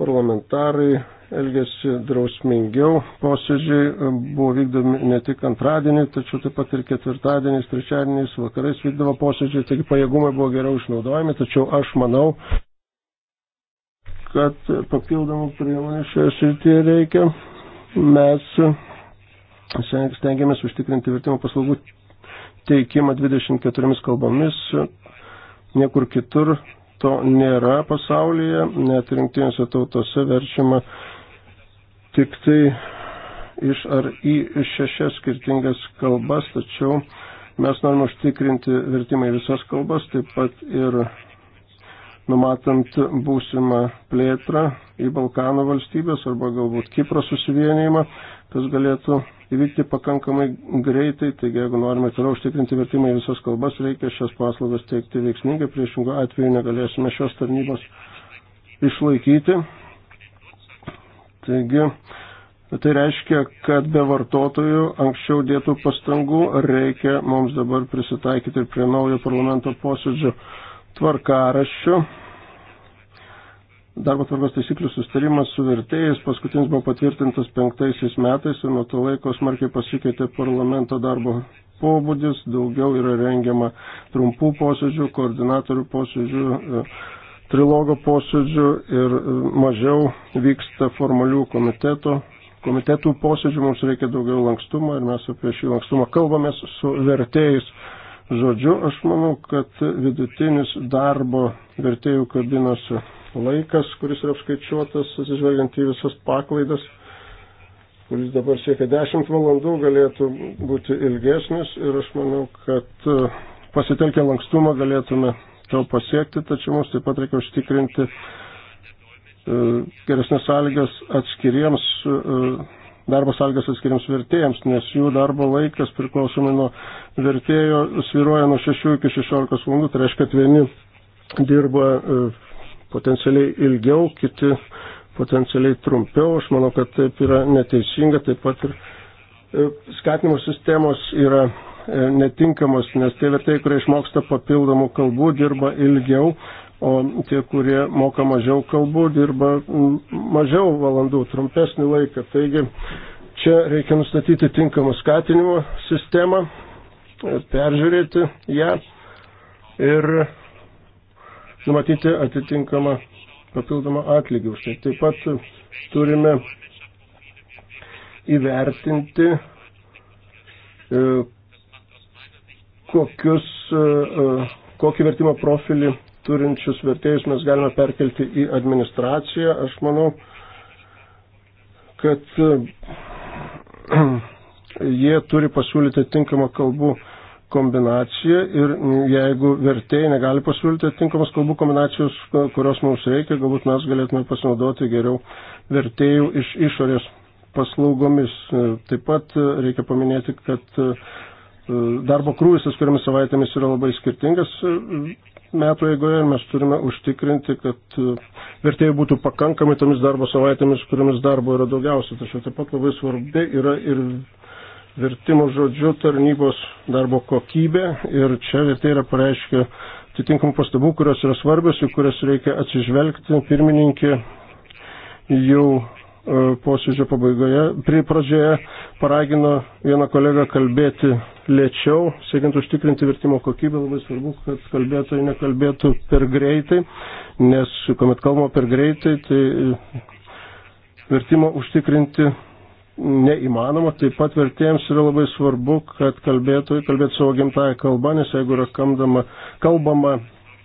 parlamentarai elgėsi drausmingiau. Posėdžiai e, buvo vykdomi ne tik antradienį, tačiau taip pat ir ketvirtadieniais, trečiadieniais, vakarais vykdavo posėdžiai, taigi pajėgumai buvo geriau išnaudojami, tačiau aš manau, kad papildomų priemonių šioje srityje reikia. Mes stengiamės užtikrinti vertimo paslaugų teikimą 24 kalbomis, niekur kitur to nėra pasaulyje, net rinktinėse tautose verčiama tik tai iš ar į šešias skirtingas kalbas, tačiau mes norime užtikrinti vertimą į visas kalbas, taip pat ir numatant būsimą plėtrą į Balkanų valstybės arba galbūt Kipro susivienijimą, kas galėtų įvykti pakankamai greitai, taigi jeigu norime toliau užtikrinti vertimą į visas kalbas, reikia šias paslaugas teikti veiksmingai, priešingų atveju negalėsime šios tarnybos išlaikyti. Taigi, tai reiškia, kad be vartotojų anksčiau dėtų pastangų reikia mums dabar prisitaikyti ir prie naujo parlamento posėdžio tvarkaraščių. Darbo tvarkos taisyklių sustarimas su vertėjais paskutinis buvo patvirtintas penktaisiais metais ir nuo to laiko smarkiai pasikeitė parlamento darbo pobūdis, daugiau yra rengiama trumpų posėdžių, koordinatorių posėdžių, e, trilogo posėdžių ir e, mažiau vyksta formalių komiteto. Komitetų posėdžių mums reikia daugiau lankstumo ir mes apie šį lankstumą kalbamės su vertėjais. Žodžiu, aš manau, kad vidutinis darbo vertėjų kabinose laikas, kuris yra apskaičiuotas, atsižvelgiant į visas paklaidas, kuris dabar siekia 10 valandų, galėtų būti ilgesnis ir aš manau, kad e, pasitelkę lankstumą galėtume to pasiekti, tačiau mums taip pat reikia užtikrinti e, geresnės sąlygas atskiriems, e, darbo sąlygas atskiriems vertėjams, nes jų darbo laikas priklausomai nuo vertėjo sviruoja nuo 6 iki 16 valandų, tai reiškia, kad vieni dirba potencialiai ilgiau, kiti potencialiai trumpiau. Aš manau, kad taip yra neteisinga, taip pat ir e, skatinimo sistemos yra e, netinkamos, nes tie vertėjai, kurie išmoksta papildomų kalbų, dirba ilgiau, o tie, kurie moka mažiau kalbų, dirba mažiau valandų, trumpesnį laiką. Taigi čia reikia nustatyti tinkamą skatinimo sistemą, e, peržiūrėti ją ir numatyti atitinkamą papildomą atlygį už tai. Taip pat turime įvertinti, e, kokius, e, e, kokį vertimo profilį turinčius vertėjus mes galime perkelti į administraciją. Aš manau, kad jie turi pasiūlyti tinkamą kalbų kombinacija ir jeigu vertėjai negali pasiūlyti atitinkamos kalbų kombinacijos, kurios mums reikia, galbūt mes galėtume pasinaudoti geriau vertėjų iš išorės paslaugomis. Taip pat reikia paminėti, kad e, darbo krūvis atskiriamis savaitėmis yra labai skirtingas e, metų eigoje ir mes turime užtikrinti, kad e, vertėjai būtų pakankamai tomis darbo savaitėmis, kuriamis darbo yra daugiausia. Tačiau taip pat labai svarbi yra ir vertimo žodžiu tarnybos darbo kokybė ir čia vertė tai yra pareiškia atitinkamų pastabų, kurios yra svarbios ir kurias reikia atsižvelgti. Pirmininkė jau e, posėdžio pabaigoje, prie pradžioje paragino vieną kolegą kalbėti lėčiau, siekiant užtikrinti vertimo kokybę, labai svarbu, kad kalbėtojai nekalbėtų per greitai, nes kuomet kalbama per greitai, tai e, vertimo užtikrinti neįmanoma. Taip pat vertėjams yra labai svarbu, kad kalbėtų, kalbėtų savo gimtają kalbą, nes jeigu yra kamdama, kalbama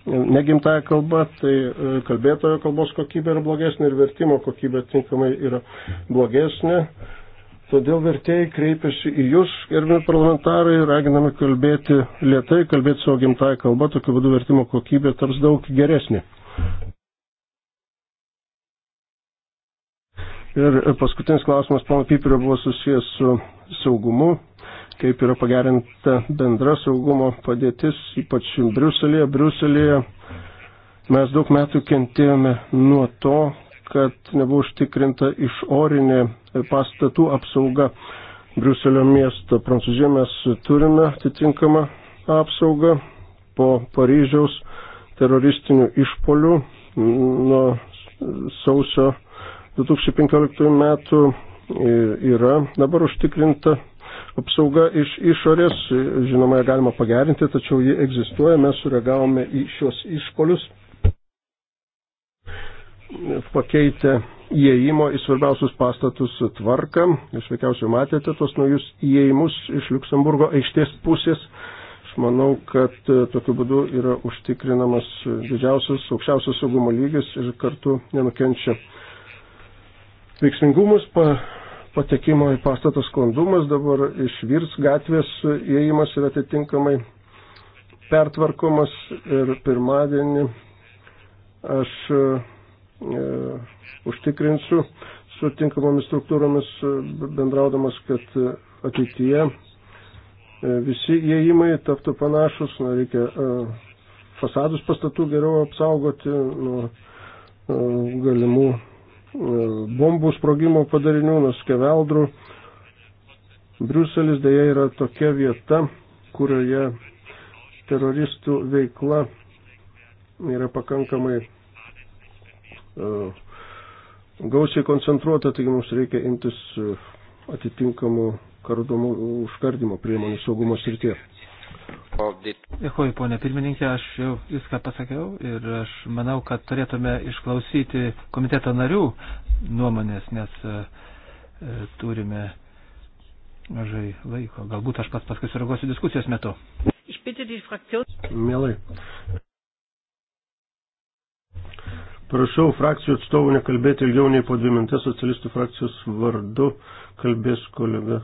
negimtaja kalba, tai e, kalbėtojo kalbos kokybė yra blogesnė ir vertimo kokybė tinkamai yra blogesnė. Todėl vertėjai kreipiasi į Jūs, gerbimi parlamentarai, raginami kalbėti lietai, kalbėti savo gimtają kalbą, tokiu būdu vertimo kokybė taps daug geresnė. Ir paskutinis klausimas, pono Piperio, buvo susijęs su saugumu, kaip yra pagerinta bendra saugumo padėtis, ypač Briuselėje. Briuselėje mes daug metų kentėjome nuo to, kad nebuvo užtikrinta išorinė pastatų apsauga Briuselio miesto. Prancūzijoje mes turime atitinkamą apsaugą po Paryžiaus teroristinių išpolių nuo sausio 2015 metų e, yra dabar užtikrinta apsauga iš išorės, žinoma, ją galima pagerinti, tačiau ji egzistuoja, mes sureagavome į šios išpolius, pakeitę įėjimo į svarbiausius pastatus tvarką, jūs veikiausiai matėte tos naujus įėjimus iš Luksemburgo aikštės pusės. Aš manau, kad e, tokiu būdu yra užtikrinamas didžiausias, aukščiausias saugumo lygis ir kartu nenukenčia veiksmingumas, pa, patekimo į pastatą sklandumas, dabar išvirs gatvės įėjimas yra atitinkamai pertvarkomas ir pirmadienį aš e, e užtikrinsiu su tinkamomis struktūromis e, bendraudamas, kad ateityje e, visi įėjimai taptų panašus, na, reikia fasadus pastatų geriau apsaugoti nuo galimų bombų sprogimo padarinių, nuskeveldrų. Briuselis dėja yra tokia vieta, kurioje teroristų veikla yra pakankamai uh, gausiai koncentruota, taigi mums reikia imtis e, atitinkamų kardomų užkardimo priemonių saugumo srityje. Dėkuoju, ponė pirmininkė, aš jau viską pasakiau ir aš manau, kad turėtume išklausyti komiteto narių nuomonės, nes e, e turime mažai laiko. Galbūt aš pats paskui sureaguosiu diskusijos metu. Mielai. Prašau frakcijų atstovų nekalbėti ilgiau nei po dvi mintes. Socialistų frakcijos vardu kalbės kolega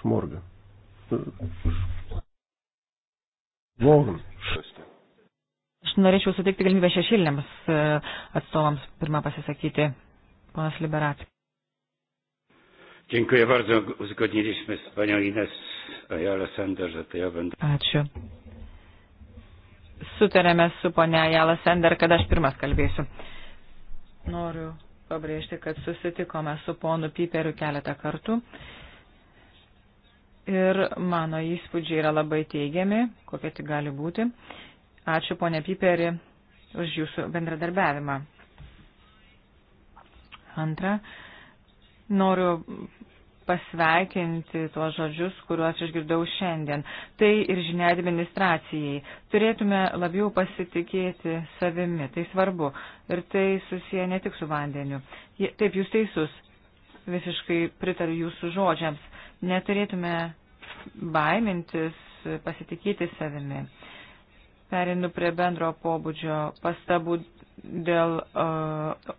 Šmorga. Morgen. Aš norėčiau suteikti galimybę šešėlėms e, atstovams pirmą pasisakyti. Ponas Liberat. Dziękuję bardzo. Uzgodniliśmy z panią Ines Ayala Sander, że to ja będę. Ačiū. Sutarėme su ponia Ayala Sander, kad aš pirmas kalbėsiu. Noriu pabrėžti, kad susitikome su ponu Piperiu keletą kartų ir mano įspūdžiai yra labai teigiami, kokie tik gali būti. Ačiū ponė Piperi už jūsų bendradarbiavimą. Antra, noriu pasveikinti tuos žodžius, kuriuos išgirdau šiandien. Tai ir žinia administracijai. Turėtume labiau pasitikėti savimi, tai svarbu. Ir tai susiję ne tik su vandeniu. Taip, jūs teisus. Visiškai pritariu jūsų žodžiams. Neturėtume baimintis pasitikėti savimi. Perinu prie bendro pobūdžio pastabų dėl uh,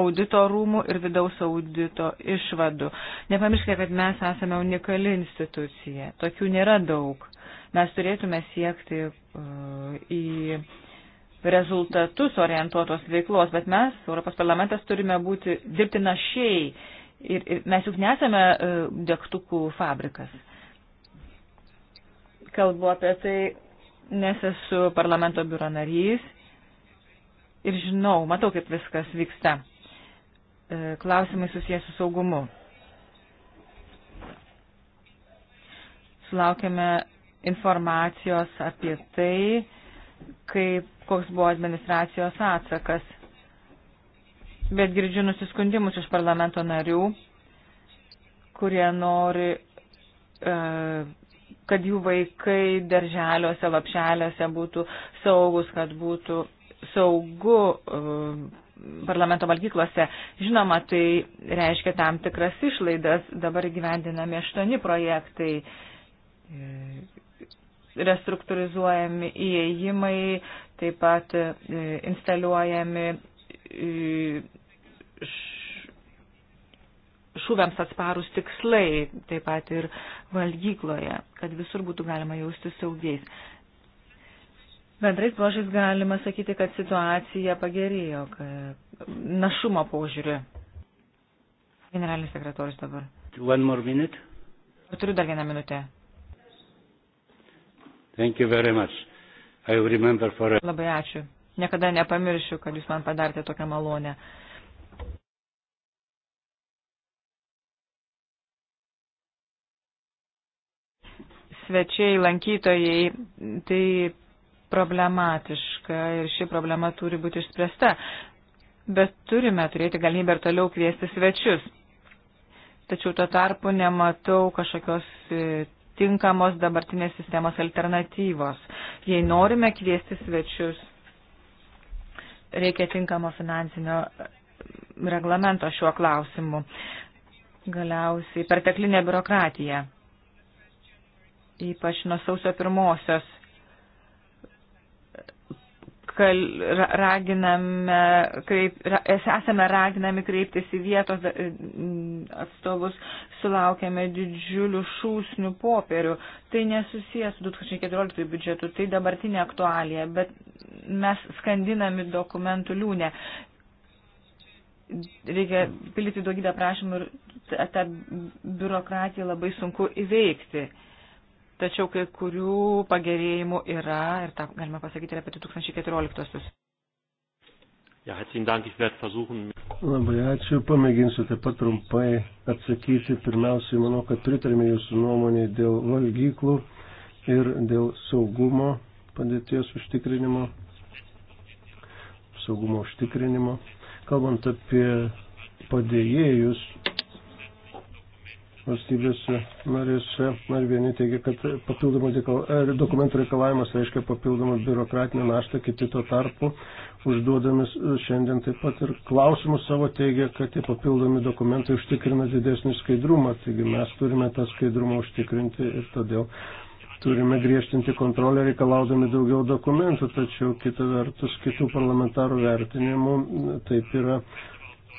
audito rūmų ir vidaus audito išvadų. Nepamirškite, kad mes esame unikali institucija. Tokių nėra daug. Mes turėtume siekti uh, į rezultatus orientuotos veiklos, bet mes, Europos parlamentas, turime būti dirbti našiai Ir, ir mes juk nesame e, degtukų fabrikas. Kalbu apie tai, nes esu parlamento biuro narys ir žinau, matau, kaip viskas vyksta. E, klausimai susijęs su saugumu. Sulaukėme informacijos apie tai, kaip, koks buvo administracijos atsakas bet girdžiu nusiskundimus iš parlamento narių, kurie nori, e, kad jų vaikai darželiuose, lapšeliuose būtų saugus, kad būtų saugu e, parlamento valgyklose. Žinoma, tai reiškia tam tikras išlaidas. Dabar gyvendinami aštuoni projektai, e, restruktūrizuojami įėjimai, taip pat instaliuojami šūviams atsparūs tikslai, taip pat ir valgykloje, kad visur būtų galima jausti saugiais. Bendrais požiūrės galima sakyti, kad situacija pagerėjo našumo požiūriu. Generalinis sekretorius dabar. One more minute. Turiu dar vieną minutę. Thank you very much. I remember for... Labai ačiū. Niekada nepamiršiu, kad jūs man padarėte tokią malonę. Uh, svečiai, lankytojai, tai problematiška ir ši problema turi būti išspręsta. Bet turime turėti galimybę ir toliau kviesti svečius. Tačiau tuo tarpu nematau kažkokios e, tinkamos dabartinės sistemos alternatyvos. Jei norime kviesti svečius, reikia tinkamo finansinio e, reglamento šiuo klausimu. Galiausiai perteklinė biurokratija ypač nuo sausio pirmosios. Kal, raginame, kreip, esame raginami kreiptis į vietos e, atstovus, sulaukėme didžiulių šūsnių popierių. Tai nesusijęs su 2014 biudžetu, tai dabartinė aktualija, bet mes skandinami dokumentų liūnę reikia pildyti daugybę prašymų ir tą biurokratiją labai sunku įveikti tačiau kai kurių pagerėjimų yra ir tą galima pasakyti ir apie 2014-osius. Ja, herzlichen Dank, ich werde versuchen. Labai ačiū, pamėginsiu taip pat trumpai atsakyti. Pirmiausiai, manau, kad pritarime jūsų nuomonė dėl valgyklų ir dėl saugumo padėties užtikrinimo. Saugumo užtikrinimo. Kalbant apie padėjėjus, valstybėse narėse. Ar vieni teigia, kad papildomų er, dokumentų reikalavimas reiškia papildomą biurokratinę naštą, kiti tuo tarpu užduodami šiandien taip pat ir klausimus savo teigia, kad tie papildomi dokumentai užtikrina didesnį skaidrumą. Taigi mes turime tą skaidrumą užtikrinti ir todėl turime griežtinti kontrolę reikalaudami daugiau dokumentų, tačiau kita vertus kitų parlamentarų vertinimų taip yra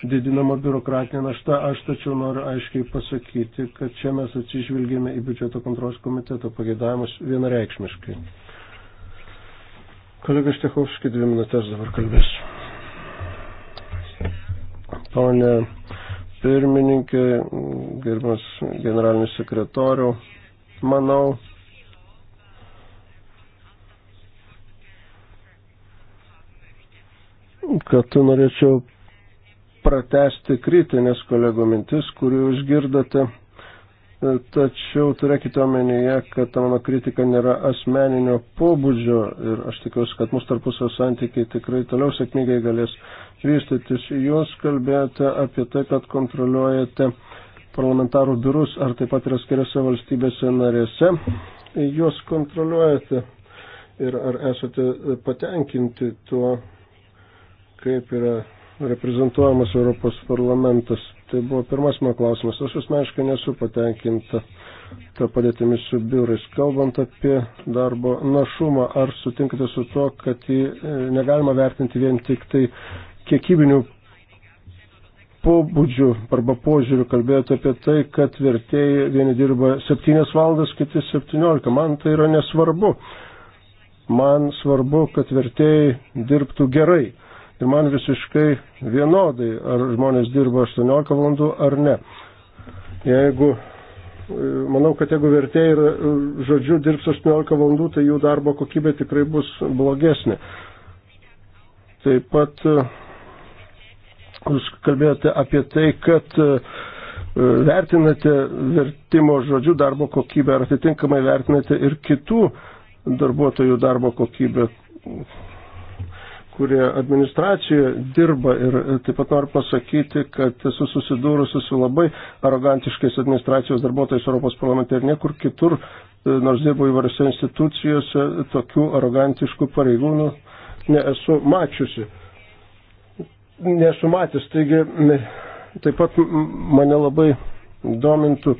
didinama biurokratinė našta. Aš tačiau noriu aiškiai pasakyti, kad čia mes atsižvelgėme į biudžeto kontrolės komiteto pagėdavimus vienareikšmiškai. Kolega Štechovski dvi minutės dabar kalbės. Pone pirmininkė, gerbimas generalinis sekretorių, manau, kad norėčiau pratesti kritinės kolegų mintis, kurių išgirdote. E, tačiau turėkite omenyje, kad ta mano kritika nėra asmeninio pobūdžio ir aš tikiuosi, kad mūsų tarpusio santykiai tikrai toliau sėkmingai galės vystytis. Jūs kalbėjote apie tai, kad kontroliuojate parlamentarų biurus, ar taip pat yra skiriasi valstybėse narėse. Jūs kontroliuojate ir ar esate patenkinti tuo, kaip yra reprezentuojamas Europos parlamentas. Tai buvo pirmas mano klausimas. Aš asmeniškai nesu patenkinta tą padėtimi su biurais. Kalbant apie darbo našumą, ar sutinkate su to, kad jį e, negalima vertinti vien tik tai kiekybinių pobūdžių arba požiūrių kalbėjote apie tai, kad vertėjai vieni dirba 7 valandas, kiti 17. Man tai yra nesvarbu. Man svarbu, kad vertėjai dirbtų gerai ir man visiškai vienodai, ar žmonės dirba 18 valandų ar ne. Jeigu, e, manau, kad jeigu vertėjai ir e, žodžiu dirbs 18 valandų, tai jų darbo kokybė tikrai bus blogesnė. Taip pat e, jūs kalbėjote apie tai, kad vertinate vertimo žodžių darbo kokybę ar atitinkamai vertinate ir kitų darbuotojų darbo kokybę kurie administracijoje dirba ir e, taip pat noriu pasakyti, kad esu susidūrusi su labai arogantiškais administracijos darbuotojais Europos parlamente ir niekur kitur, e, nors dirbu įvairiose institucijose, tokių arogantiškų pareigūnų nesu mačiusi. Nesu matęs, taigi taip pat mane labai domintų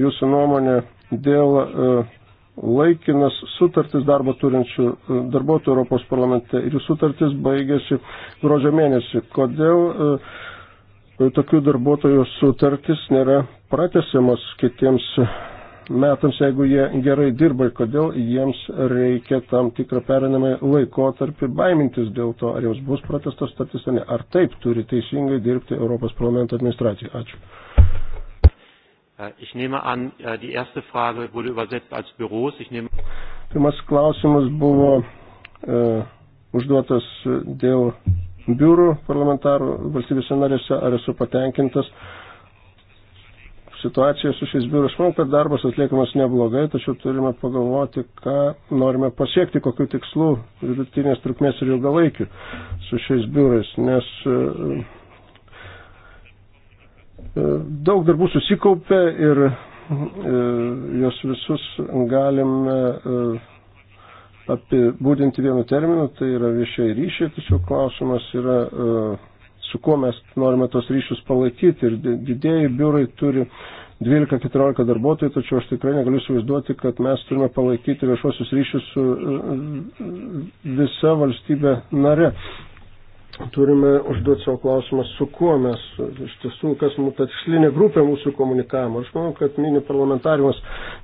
jūsų nuomonė dėl uh, laikinas sutartis darbo turinčių e, darbuotojų Europos parlamente ir jų sutartis baigėsi gruodžio mėnesį. Kodėl e, tokių darbuotojų sutartis nėra pratesiamas kitiems metams, jeigu jie gerai dirba ir kodėl jiems reikia tam tikrą perinamą laikotarpį baimintis dėl to, ar jiems bus pratestas statistinė, ar taip turi teisingai dirbti Europos parlamento administracija. Ačiū. Äh, ich nehme an, äh, die erste Frage wurde übersetzt als Büros. Ich nehme Pirmas klausimas buvo e, užduotas e, dėl biurų parlamentarų valstybėse narėse, ar esu patenkintas situacija su šiais biurais. Manau, kad darbas atliekamas neblogai, tačiau turime pagalvoti, ką norime pasiekti, kokiu tikslu vidutinės trukmės ir ilgalaikiu su šiais biurais, nes e, E, daug darbų susikaupė ir e, jos visus galime e, apibūdinti vienu terminu, tai yra viešai ryšiai, tačiau klausimas yra, su kuo mes norime tos ryšius palaikyti ir didėjai biurai turi 12-14 darbuotojų, tačiau aš tikrai negaliu suvaizduoti, kad mes turime palaikyti viešuosius ryšius su visa valstybė nare turime užduoti savo klausimą, su kuo mes iš tiesų, kas mūsų ta tikslinė grupė mūsų komunikavimo. Aš manau, kad mini parlamentarimas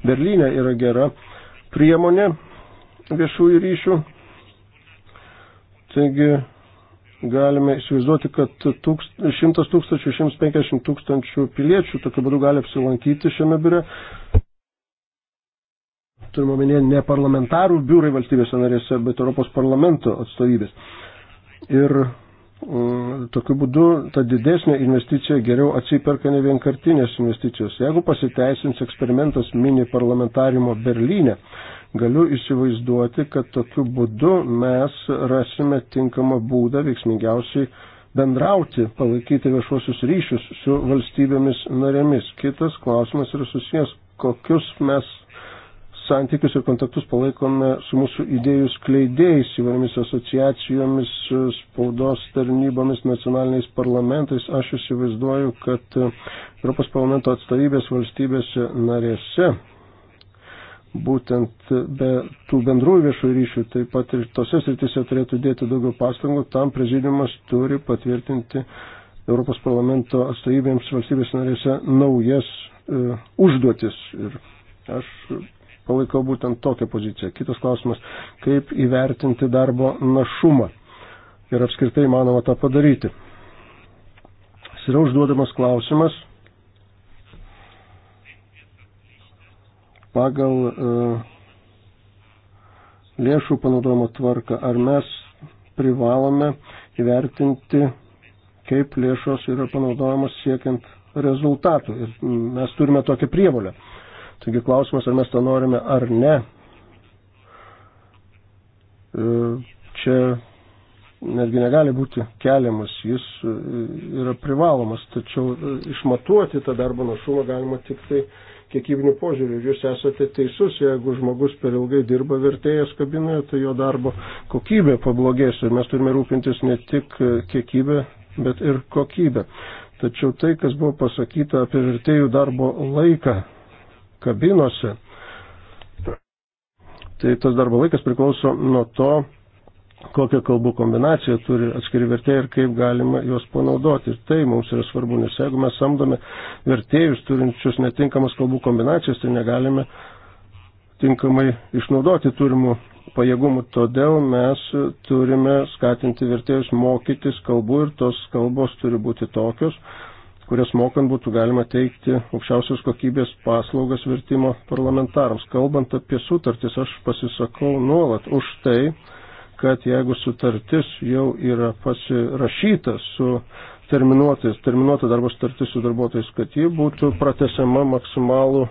Berlyne yra gera priemonė viešųjų ryšių. Taigi galime įsivaizduoti, kad 100 tūkstančių, 150 tūkstančių piliečių tokiu būdu gali apsilankyti šiame biure. Turime omenyje ne parlamentarų biurai valstybėse narėse, bet Europos parlamento atstovybės. Ir Tokiu būdu ta didesnė investicija geriau atsiperka ne vienkartinės investicijos. Jeigu pasiteisins eksperimentas mini parlamentarimo Berlyne, galiu įsivaizduoti, kad tokiu būdu mes rasime tinkamą būdą veiksmingiausiai bendrauti, palaikyti viešuosius ryšius su valstybėmis narėmis. Kitas klausimas yra susijęs, kokius mes santykius ir kontaktus palaikome su mūsų idėjų skleidėjais, įvairiomis asociacijomis, spaudos tarnybomis, nacionaliniais parlamentais. Aš įsivaizduoju, kad e, Europos parlamento atstovybės valstybėse narėse būtent be tų bendrųjų viešųjų ryšių, taip pat ir tose sritise turėtų dėti daugiau pastangų, tam prezidiumas turi patvirtinti Europos parlamento atstovybėms valstybės narėse naujas e, užduotis. Ir aš Palaikau būtent tokią poziciją. Kitas klausimas, kaip įvertinti darbo našumą ir apskritai manoma tą padaryti. Jis yra užduodamas klausimas pagal uh, lėšų panaudojimo tvarką, ar mes privalome įvertinti, kaip lėšos yra panaudojamos siekiant rezultatų. Ir mes turime tokią prievolę. Taigi klausimas, ar mes to norime ar ne, e, čia netgi negali būti keliamas, jis e, yra privalomas, tačiau e, išmatuoti tą darbo našumą galima tik tai kiekybinių požiūrių. Jūs esate teisus, jeigu žmogus per ilgai dirba vertėjas kabinoje, tai jo darbo kokybė pablogės ir mes turime rūpintis ne tik kiekybę, bet ir kokybę. Tačiau tai, kas buvo pasakyta apie vertėjų darbo laiką, kabinose. Tai tas darbo laikas priklauso nuo to, kokią kalbų kombinaciją turi atskiri vertėjai ir kaip galima juos panaudoti. Ir tai mums yra svarbu, nes jeigu mes samdome vertėjus turinčius netinkamas kalbų kombinacijas, tai negalime tinkamai išnaudoti turimų pajėgumų. Todėl mes turime skatinti vertėjus mokytis kalbų ir tos kalbos turi būti tokios, kurias mokant būtų galima teikti aukščiausios kokybės paslaugas vertimo parlamentarams. Kalbant apie sutartis, aš pasisakau nuolat už tai, kad jeigu sutartis jau yra pasirašyta su terminuotais, terminuota darbo sutartis su darbuotojais, kad ji būtų pratesiama maksimalų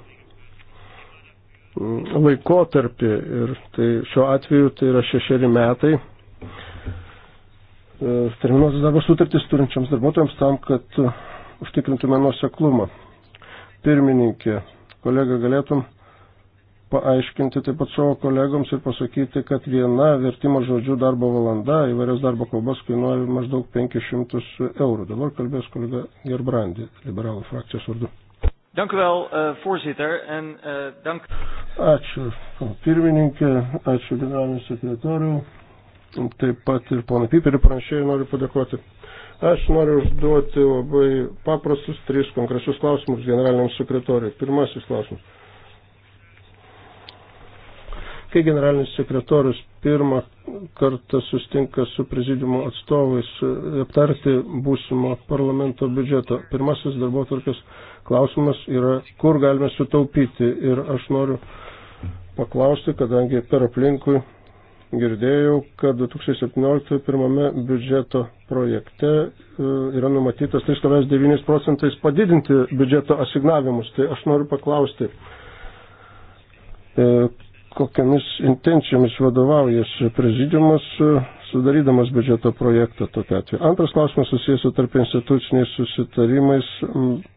mm, laikotarpį ir tai šiuo atveju tai yra šešeri metai e, terminuotas darbo sutartis turinčiams darbuotojams tam, kad užtikrintume nuoseklumą. Pirmininkė, kolega galėtum paaiškinti taip pat savo kolegoms ir pasakyti, kad viena vertimo žodžių darbo valanda įvairias darbo kalbas kainuoja maždaug 500 eurų. Dabar kalbės kolega Gerbrandi, liberalų frakcijos vardu. Dank u wel, uh, voorzitter. En, uh, dank... Ačiū pirmininkė, ačiū generalinis sekretoriu, taip pat ir ponai Piperį pranešėjai noriu padėkoti. Aš noriu užduoti labai paprastus tris konkrečius klausimus generaliniam sekretoriui. Pirmasis klausimas. Kai generalinis sekretorius pirmą kartą sustinka su prezidiumo atstovais aptarti būsimo parlamento biudžeto, pirmasis darbo tvarkės klausimas yra, kur galime sutaupyti. Ir aš noriu paklausti, kadangi per aplinkui girdėjau, kad 2017 pirmame biudžeto projekte e, yra numatytas 3,9 procentais padidinti biudžeto asignavimus. Tai aš noriu paklausti, e, kokiamis intencijomis vadovaujasi prezidiumas e, sudarydamas biudžeto projektą tokia atveju. Antras klausimas susijęs su tarp instituciniais susitarimais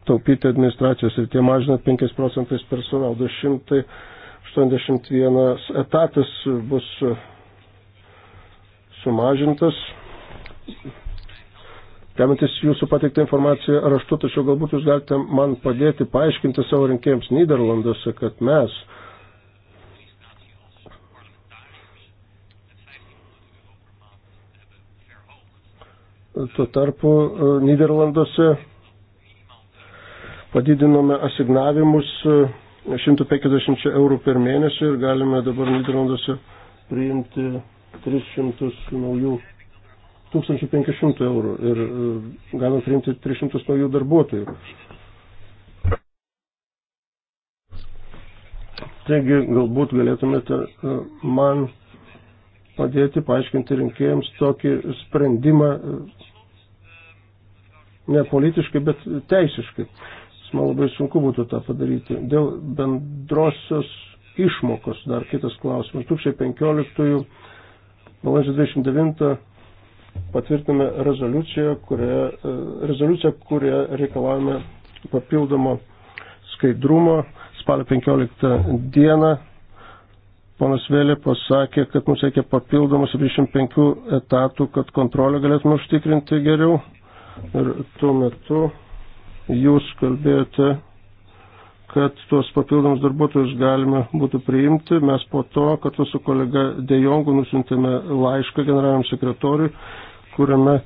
taupyti administracijos ir tie mažinant 5 procentais personalą. 281 etatas bus sumažintas, remintis jūsų pateiktą informaciją raštu, tačiau galbūt jūs galite man padėti paaiškinti savo rinkėjams Niderlanduose, kad mes tuo tarpu e, Niderlanduose padidinome asignavimus 150 e, eurų per mėnesį ir galime dabar Niderlanduose priimti 300 naujų 1500 eurų ir e, galima priimti 300 naujų darbuotojų. Taigi galbūt galėtumėte e, man padėti paaiškinti rinkėjams tokį sprendimą e, ne politiškai, bet teisiškai. Man labai sunku būtų tą padaryti. Dėl bendrosios išmokos dar kitas klausimas. 2015 balandžio 29 patvirtiname rezoliuciją, kurioje, rezoliuciją, kurioje reikalavome papildomo skaidrumo. Spalio 15 dieną ponas Vėlė pasakė, kad mums reikia papildomų 75 etatų, kad kontrolę galėtume užtikrinti geriau. Ir tuo metu jūs kalbėjote kad tuos papildomus darbuotojus galima būtų priimti. Mes po to, kad su kolega Dejongu nusintėme laišką generaliniam sekretoriui, kuriame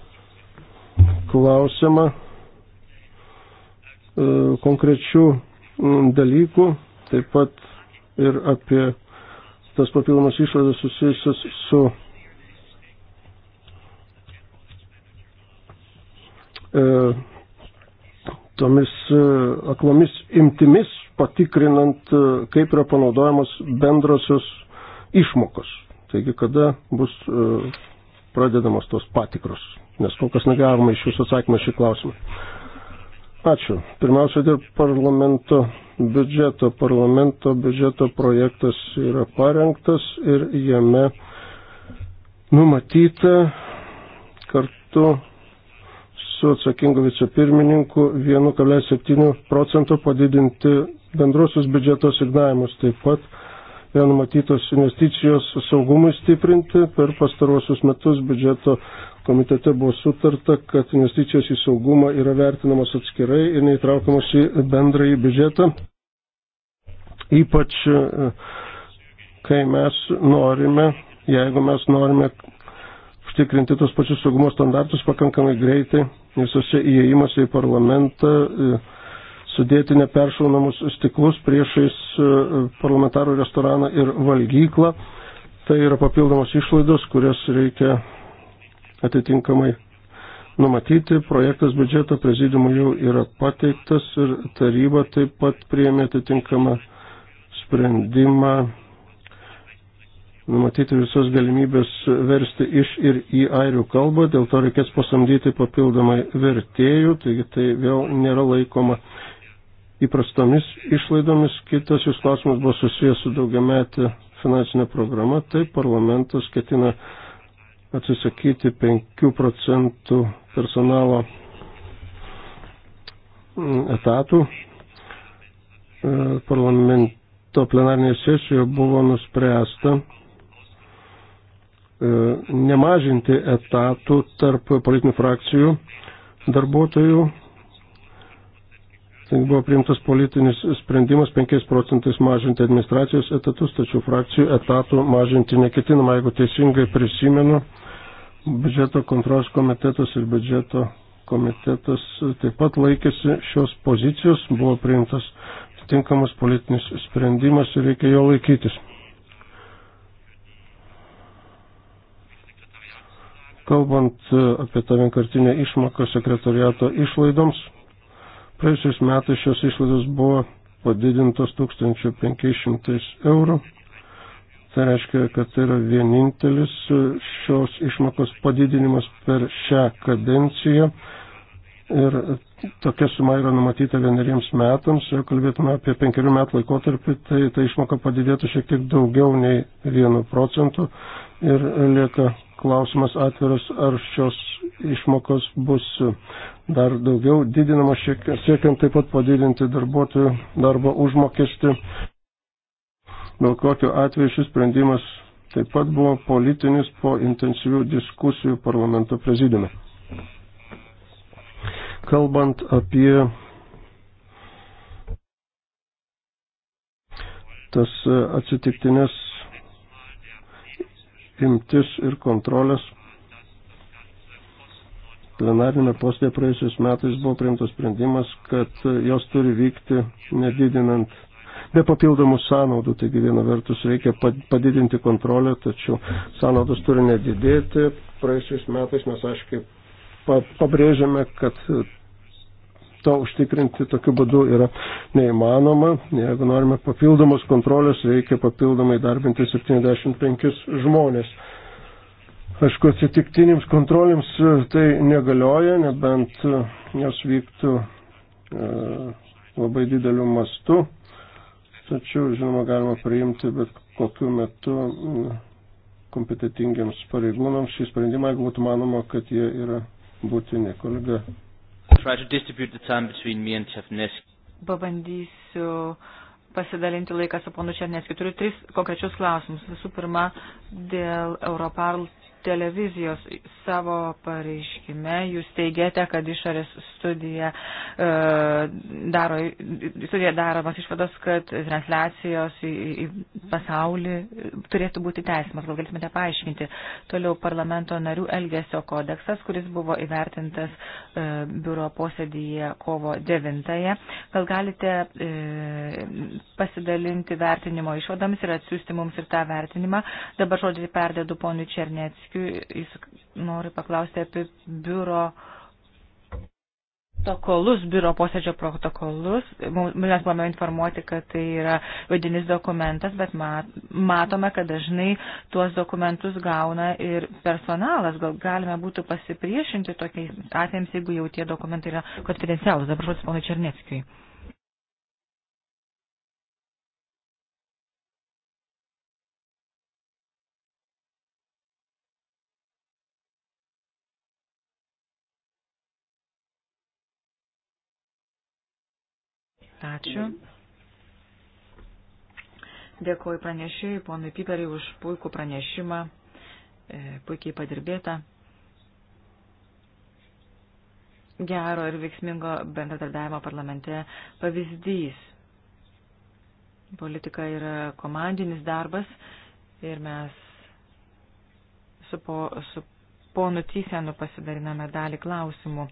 klausima e, konkrečių dalykų, taip pat ir apie tas papildomas išlaidas susijusias su e, tomis e, aklomis imtimis, patikrinant, e, kaip yra panaudojamos bendrosios išmokos. Taigi, kada bus e, pradedamos tos patikros, nes kol kas negavome iš jūsų atsakymą šį klausimą. Ačiū. Pirmiausia, dėl parlamento biudžeto. Parlamento biudžeto projektas yra parengtas ir jame numatyta kartu su atsakingu vicepirmininku 1,7 procento padidinti bendruosius biudžeto signavimus. Taip pat yra numatytos investicijos saugumui stiprinti. Per pastaruosius metus biudžeto komitete buvo sutarta, kad investicijos į saugumą yra vertinamos atskirai ir neįtraukiamos į bendrąjį biudžetą. Ypač e, kai mes norime, jeigu mes norime užtikrinti tos pačius saugumo standartus pakankamai greitai visose įėjimuose į parlamentą, e, sudėti neperšaunamus stiklus priešais e, parlamentarų restoraną ir valgyklą. Tai yra papildomos išlaidos, kurias reikia atitinkamai numatyti. Projektas biudžeto prezidiumų jau yra pateiktas ir taryba taip pat priėmė atitinkamą sprendimą numatyti visos galimybės versti iš ir į airių kalbą, dėl to reikės pasamdyti papildomai vertėjų, taigi tai vėl nėra laikoma įprastomis išlaidomis. Kitas jūs klausimas buvo susijęs su daugiametė finansinė programa, tai parlamentas ketina atsisakyti 5 procentų personalo mm, etatų. E, parlamento plenarnėje sesijoje buvo nuspręsta E, nemažinti etatų tarp politinių frakcijų darbuotojų. Tai buvo priimtas politinis sprendimas 5 procentais mažinti administracijos etatus, tačiau frakcijų etatų mažinti neketinama, jeigu teisingai prisimenu. Biudžeto kontros komitetas ir biudžeto komitetas taip pat laikėsi šios pozicijos, buvo priimtas tinkamas politinis sprendimas ir reikia jo laikytis. Kalbant e, apie tą vienkartinę išmoką sekretariato išlaidoms, praėjusiais metais šios išlaidos buvo padidintos 1500 eurų. Tai reiškia, kad tai yra vienintelis e, šios išmokos padidinimas per šią kadenciją. Ir tokia suma yra numatyta vieneriems metams. Jeigu kalbėtume apie penkerių metų laikotarpį, tai ta išmoka padidėtų šiek tiek daugiau nei vienu procentu ir lieka klausimas atviras, ar šios išmokos bus dar daugiau didinamos, siekiant taip pat padidinti darbuotojų darbo užmokestį. Dėl kokio atveju šis sprendimas taip pat buvo politinis po intensyvių diskusijų parlamento prezidiume. Kalbant apie tas atsitiktinės imtis ir kontrolės. Plenarinė postė praėjusiais metais buvo priimtas sprendimas, kad jos turi vykti nedidinant, be papildomų sąnaudų. Taigi viena vertus reikia padidinti kontrolę, tačiau sąnaudos turi nedidėti. Praėjusiais metais mes aiškiai pabrėžiame, kad to užtikrinti tokiu būdu yra neįmanoma. Jeigu norime papildomos kontrolės, reikia papildomai darbinti 75 žmonės. Aišku, atsitiktinėms kontrolėms e, tai negalioja, nebent e, jos vyktų e, labai dideliu mastu. Tačiau, žinoma, galima priimti bet kokiu metu kompetitingiams pareigūnams šį sprendimą, jeigu būtų manoma, kad jie yra būtini. Kolega Pabandysiu pasidalinti laiką su ponu Černeskiu. Turiu tris konkrečius klausimus. Visų pirma, dėl Europarl televizijos savo pareiškime jūs teigiate, kad išorės studija, e, daro, studija daromas išvados, kad transliacijos į, į pasaulį turėtų būti teisimas. Gal galėtumėte paaiškinti toliau parlamento narių elgesio kodeksas, kuris buvo įvertintas e, biuro posėdyje kovo 9-ąją. Gal galite e, pasidalinti vertinimo išvadomis ir atsiųsti mums ir tą vertinimą. Dabar žodžiai perdedu ponui Černeckiui. Paskui jis nori paklausti apie biuro protokolus, biuro posėdžio protokolus. Mes buvome informuoti, kad tai yra vadinis dokumentas, bet matome, kad dažnai tuos dokumentus gauna ir personalas. Gal galime būtų pasipriešinti tokiais atvejams, jeigu jau tie dokumentai yra konfidencialus. Dabar žodis ponui Černeckiui. Ačiū. Dėkuoju pranešėjai, ponui Piperiai, už puikų pranešimą, e, puikiai padirbėta. Gero ir veiksmingo bendradarbiavimo parlamente pavyzdys. Politika yra komandinis darbas ir mes su, po, su ponu Tysenu pasidariname dalį klausimų.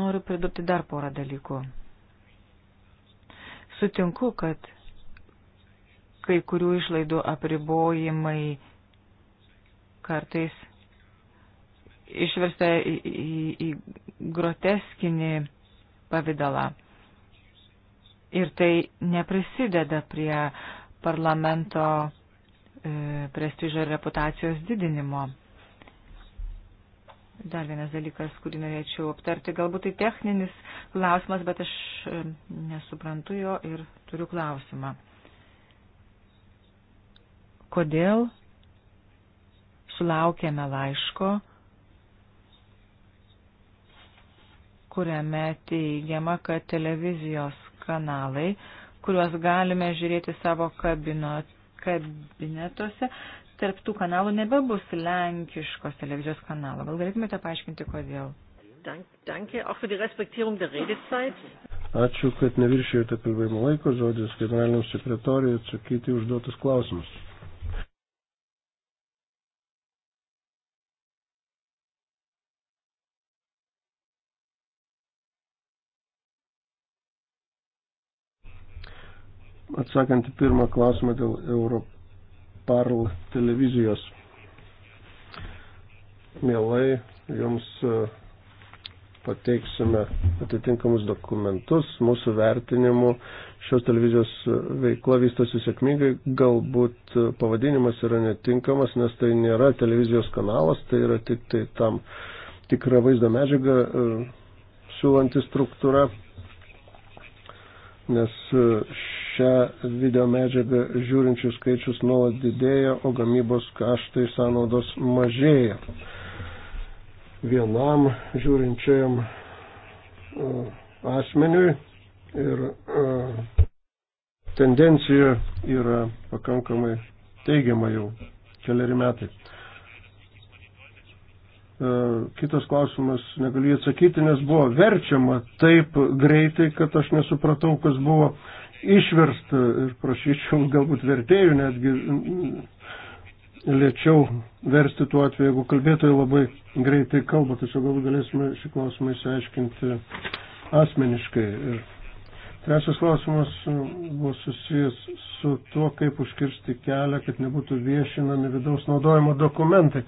Noriu pridurti dar porą dalykų. Sutinku, kad kai kurių išlaidų apribojimai kartais išversta į, į, į groteskinį pavydalą. Ir tai neprisideda prie parlamento e, prestižo ir reputacijos didinimo. Dar vienas dalykas, kurį norėčiau aptarti, galbūt tai techninis klausimas, bet aš e, nesuprantu jo ir turiu klausimą. Kodėl sulaukėme laiško, kuriame teigiama, kad televizijos kanalai, kuriuos galime žiūrėti savo kabino, kabinetuose, tarptų kanalų nebebus lenkiškos televizijos kanalo. Gal galėtumėte paaiškinti, kodėl? Danke, auch für die Respektierung der Redezeit. Ačiū, kad neviršijote kalbėjimo laiko. Žodis generaliniam sekretoriui atsakyti užduotus klausimus. Atsakant į pirmą klausimą dėl Europos Parl televizijos. Mielai jums e, pateiksime atitinkamus dokumentus. Mūsų vertinimu šios televizijos e, veikla vystosi sėkmingai. Galbūt e, pavadinimas yra netinkamas, nes tai nėra televizijos kanalas, tai yra tik tai tam tikra vaizdo medžiaga siūlanti struktūra. Nes šią video medžiagą žiūrinčių skaičius nuolat didėja, o gamybos kaštai sąnaudos mažėja. Vienam žiūrinčiajam e, asmeniui ir e, tendencija yra pakankamai teigiama jau keliari metai. E, kitas klausimas, negaliu atsakyti, nes buvo verčiama taip greitai, kad aš nesupratau, kas buvo išversta ir prašyčiau galbūt vertėjų netgi mm, lėčiau versti tuo atveju, jeigu kalbėtojai labai greitai kalba, tačiau galbūt galėsime šį klausimą išsiaiškinti asmeniškai. Ir trečias klausimas mm, buvo susijęs su tuo, kaip užkirsti kelią, kad nebūtų viešinami vidaus naudojimo dokumentai.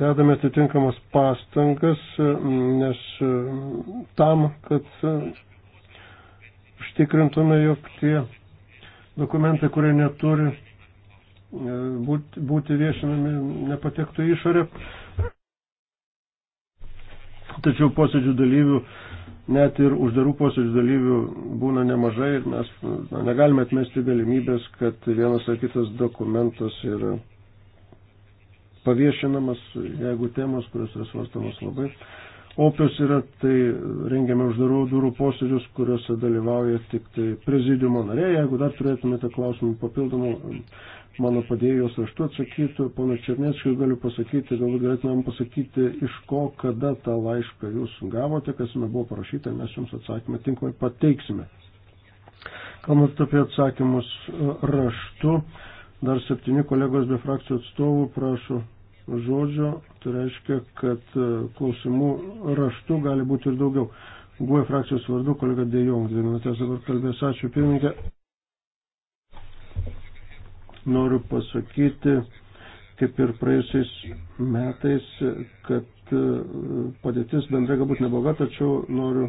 Dedame atitinkamas pastangas, mm, nes tam, kad užtikrintume, jog tie dokumentai, kurie neturi e, būti, būti viešinami, nepatektų į išorę. Tačiau posėdžių dalyvių, net ir uždarų posėdžių dalyvių būna nemažai ir mes na, negalime atmesti galimybės, kad vienas ar kitas dokumentas yra paviešinamas, jeigu temos, kurios yra svarstamos labai opios yra, tai rengiame uždarų durų posėdžius, kuriuose dalyvauja tik tai prezidiumo nariai. Jeigu dar turėtumėte klausimų papildomų, mano padėjos raštu atsakytų. Pana Černieckis galiu pasakyti, galbūt galėtumėm pasakyti, iš ko, kada tą laišką jūs gavote, kas jame buvo parašyta, mes jums atsakymą tinkamai pateiksime. Kalbant apie atsakymus e, raštu, dar septyni kolegos be frakcijų atstovų prašo žodžio, tai reiškia, kad e, klausimų raštų gali būti ir daugiau. Buvo e frakcijos vardu kolega Dejong, dvi minutės dabar kalbės. Ačiū pirmininkė. Noriu pasakyti, kaip ir praėjusiais metais, kad e, padėtis bendrai galbūt nebloga, tačiau noriu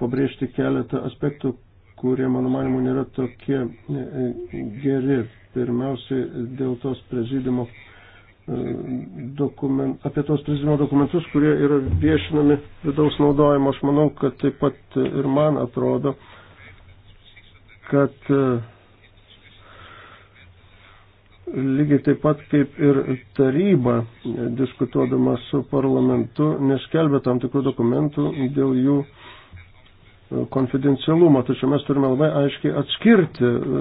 pabrėžti keletą aspektų, kurie, mano manimu, nėra tokie geri. Pirmiausiai dėl tos prezidimo dokument, apie tos prezidimo dokumentus, kurie yra viešinami vidaus naudojimo. Aš manau, kad taip pat ir man atrodo, kad e, lygiai taip pat kaip ir taryba, e, diskutuodama su parlamentu, neskelbė tam tikrų dokumentų dėl jų konfidencialumo, tačiau mes turime labai aiškiai atskirti e,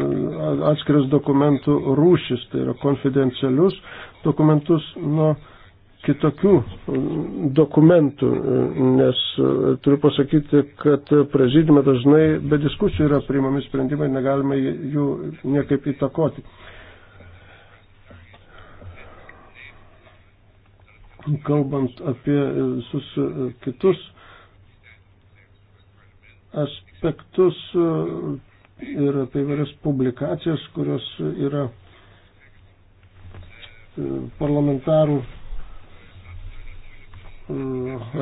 atskiras dokumentų rūšis, tai yra konfidencialius dokumentus nuo kitokių e, dokumentų, e, nes turiu pasakyti, kad prezidime dažnai be diskusijų yra priimami sprendimai ir negalime jų niekaip įtakoti. Kalbant apie visus kitus aspektus e, ir apie įvairias publikacijas, kurios yra e, parlamentarų e,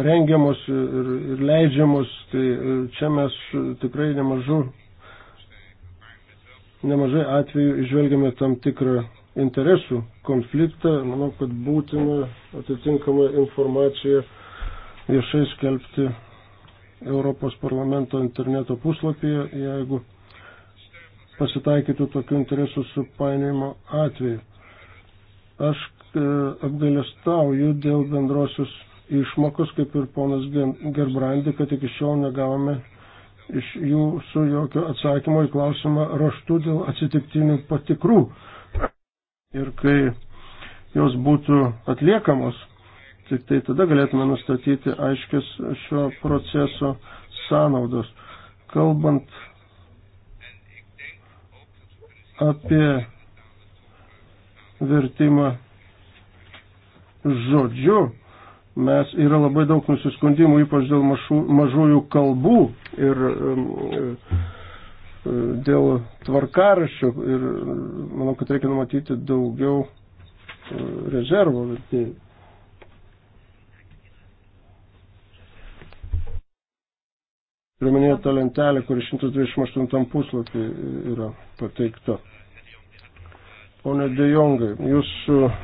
rengiamos ir, ir leidžiamos, tai čia mes tikrai nemažu, nemažai atveju išvelgiame tam tikrą interesų konfliktą. Manau, kad būtina atitinkamą informaciją viešai skelbti Europos parlamento interneto puslapyje, jeigu pasitaikytų tokių interesų supainimo atveju. Aš e, apgailestauju dėl bendrosios išmokos, kaip ir ponas Gerbrandi, kad iki šiol negavome iš jų su jokio atsakymo į klausimą raštu dėl atsitiktinių patikrų. Ir kai jos būtų atliekamos, Tik tai tada galėtume nustatyti aiškius šio proceso sąnaudos. Kalbant apie vertimą žodžiu, mes yra labai daug nusiskundimų, ypač dėl mažų, mažųjų kalbų ir um, e, dėl tvarkaraščių ir manau, kad reikia numatyti daugiau e, rezervo vertėjų. Turiu minėti tą lentelę, kuri 128 puslapį yra pateikta. Pone Dejongai, jūs uh,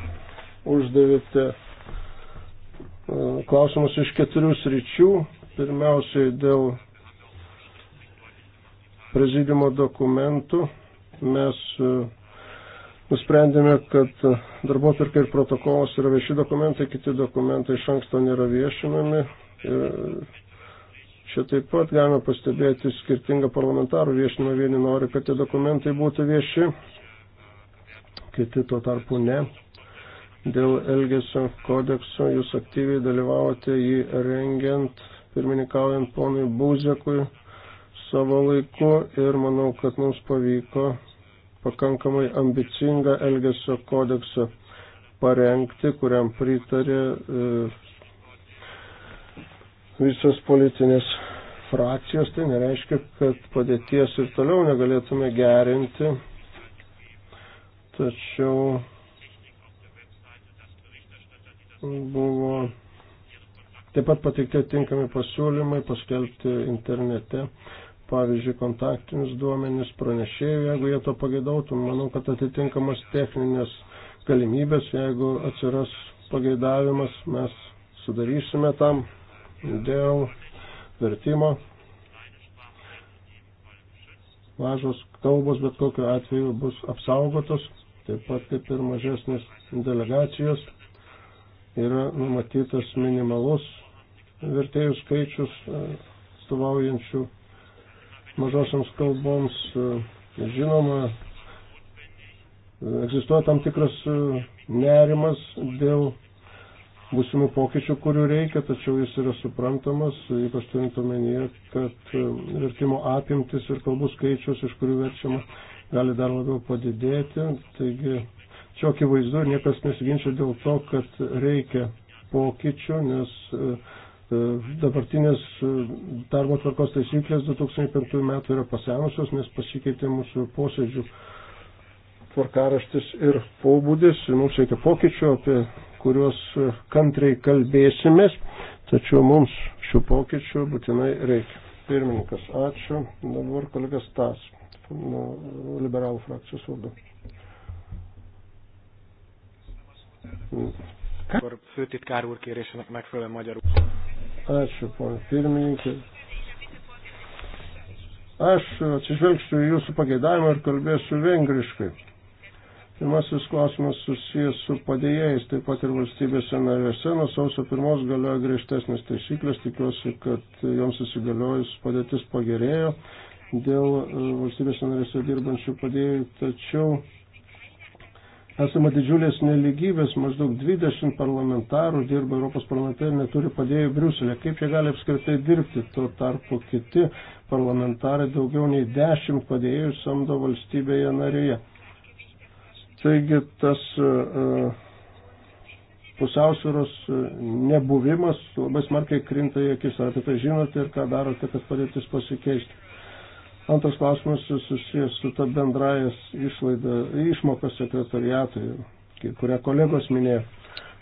uždavėte uh, klausimus iš keturių sričių. Pirmiausiai dėl prezidimo dokumentų mes uh, nusprendėme, kad darbotvarkė ir protokolas yra vieši dokumentai, kiti dokumentai iš anksto nėra viešinami. Ir Čia taip pat galime pastebėti skirtingą parlamentarų viešinimą. Vieni nori, kad tie dokumentai būtų vieši, kiti tuo tarpu ne. Dėl Elgesio kodekso jūs aktyviai dalyvavote jį rengiant, pirmininkaujant ponui Būzekui savo laiku ir manau, kad mums pavyko pakankamai ambicingą Elgesio kodeksą parengti, kuriam pritarė. E, visos politinės frakcijos, tai nereiškia, kad padėties ir toliau negalėtume gerinti. Tačiau buvo taip pat pateikti tinkami pasiūlymai paskelbti internete, pavyzdžiui, kontaktinius duomenis pranešėjų, jeigu jie to pageidautų. Manau, kad atitinkamos techninės galimybės, jeigu atsiras pageidavimas, mes sudarysime tam dėl vertimo. Mažos kalbos bet kokiu atveju bus apsaugotos, taip pat kaip ir mažesnės delegacijos. Yra numatytas minimalus vertėjų skaičius e, atstovaujančių mažosiams kalboms. E, žinoma, egzistuoja tam tikras e, nerimas dėl būsimų pokyčių, kurių reikia, tačiau jis yra suprantamas, ypač turint omenyje, kad e, vertimo apimtis ir kalbų skaičius, iš kurių verčiama, gali dar labiau padidėti. Taigi, čia akivaizdu ir niekas nesiginčia dėl to, kad reikia pokyčių, nes e, e, dabartinės darbo tvarkos taisyklės 2005 metų yra pasenusios, nes pasikeitė mūsų posėdžių tvarkaraštis ir pobūdis. Mums reikia pokyčių, apie kuriuos e, kantriai kalbėsimės, tačiau mums šių pokyčių būtinai reikia. Pirmininkas, ačiū. Dabar kolegas Tas, nu, liberalų frakcijos vardu. Akkor főtitkár úr kérésének megfelelően magyarul. Ačiū, pana pirmininkė. Aš atsižvelgsiu į jūsų pageidavimą ir kalbėsiu vengriškai. Pirmasis klausimas susijęs su padėjėjais, taip pat ir valstybėse narėse. Nuo sausio pirmos galioja griežtesnės taisyklės, tikiuosi, kad joms įsigaliojus padėtis pagerėjo dėl e, valstybėse narėse dirbančių padėjėjų, tačiau esama didžiulės neligybės, maždaug 20 parlamentarų dirba Europos parlamente ir neturi padėjėjų Briuselė. Kaip jie gali apskritai dirbti, tuo tarpu kiti parlamentarai daugiau nei 10 padėjėjų samdo valstybėje narėje. Taigi tas e, e, pusiausvėros e, nebuvimas labai smarkiai krinta į akis. Ar apie tai žinote ir ką darote, kad padėtis pasikeistų? Antras klausimas susijęs su ta bendrajas išlaida, išmoka sekretariatui, kurią kolegos minėjo.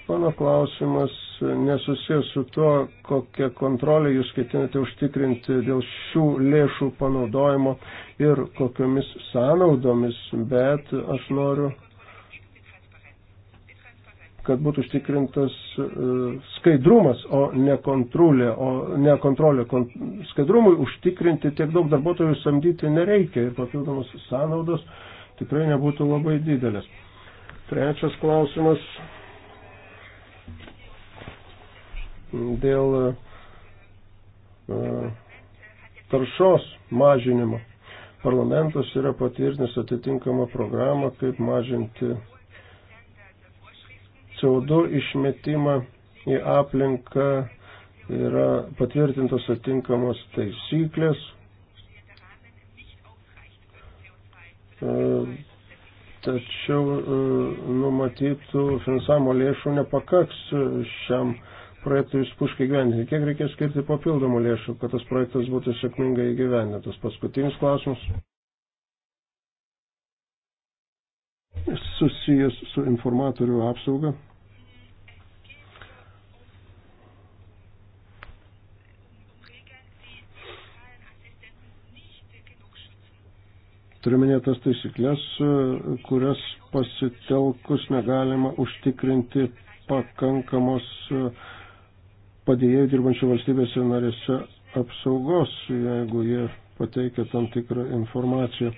Mano klausimas nesusijęs su to, kokią kontrolę jūs ketinate užtikrinti dėl šių lėšų panaudojimo ir kokiomis sąnaudomis, bet aš noriu kad būtų užtikrintas e, skaidrumas, o ne kontrolė, o ne kontrolė. Skaidrumui užtikrinti tiek daug darbuotojų samdyti nereikia ir papildomos sąnaudos tikrai nebūtų labai didelės. Trečias klausimas dėl e, taršos mažinimo. Parlamentas yra patvirtinęs atitinkamą programą, kaip mažinti CO2 išmetimą į aplinką yra patvirtintos atinkamos taisyklės. E, tačiau e, numatytų finansavimo lėšų nepakaks šiam projektui visiškai gyvendinti. Kiek reikės skirti papildomų lėšų, kad tas projektas būtų sėkmingai įgyvendintas? Paskutinis klausimas. Susijęs su informatorių apsauga. Turime minėtas taisyklės, kurias pasitelkus negalima užtikrinti pakankamos e, padėjėjų dirbančių valstybėse narėse apsaugos, jeigu jie pateikia tam tikrą informaciją.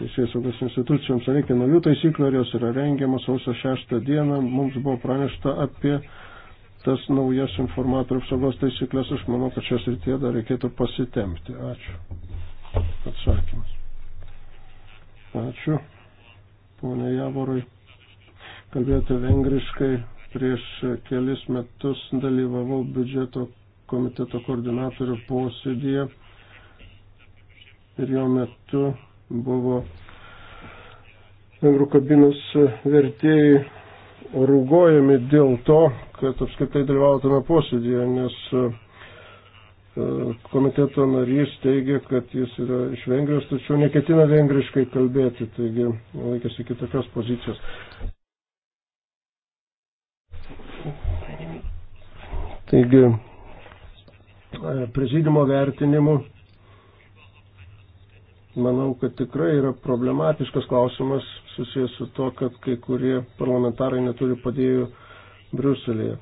Teisės saugos institucijoms reikia naujų taisyklių ir jos yra rengiamas sausio 6 dieną. Mums buvo pranešta apie tas naujas informatorių apsaugos taisyklės. Aš manau, kad šios rytie dar reikėtų pasitemti. Ačiū atsakymas. Ačiū, ponė Javorui. Kalbėjote vengriškai. Prieš kelis metus dalyvavau biudžeto komiteto koordinatorių posėdėje ir jo metu buvo Vengrų kabinos vertėjai rūgojami dėl to, kad apskritai dalyvavo tame posėdėje, nes komiteto narys teigia, kad jis yra iš Vengrijos, tačiau neketina vengriškai kalbėti, taigi laikėsi kitokios pozicijos. Taigi, e, prezidimo vertinimu, manau, kad tikrai yra problematiškas klausimas susijęs su to, kad kai kurie parlamentarai neturi padėjų Briuselėje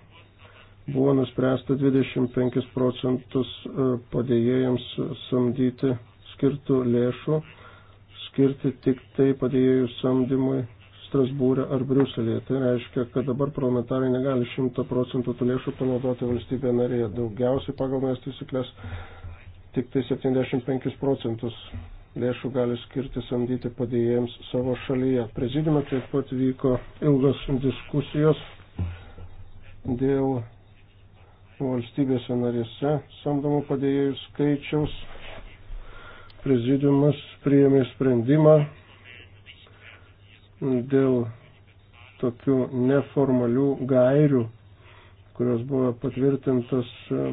buvo nuspręsta 25 procentus e, padėjėjams samdyti skirtų lėšų, skirti tik tai padėjėjų samdymui Strasbūrė ar Briuselėje. Tai reiškia, kad dabar parlamentarai negali 100 procentų tų lėšų panaudoti valstybė narėje. Daugiausiai pagal mes taisyklės tik tai 75 procentus lėšų gali skirti samdyti padėjėjams savo šalyje. Prezidime taip pat vyko ilgos diskusijos dėl valstybėse narėse samdomų padėjėjų skaičiaus. Prezidiumas priėmė sprendimą dėl tokių neformalių gairių, kurios buvo patvirtintos e,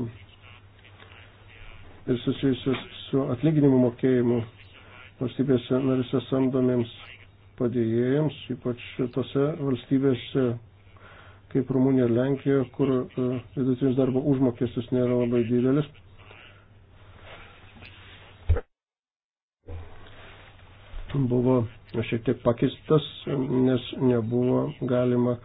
ir susijusios su atlyginimu mokėjimu valstybėse narise samdomiems padėjėjams, ypač tose valstybėse, kaip Rumunija ir Lenkija, kur e, vidutinis darbo užmokestis nėra labai didelis. Buvo šiek tiek pakistas, nes nebuvo galima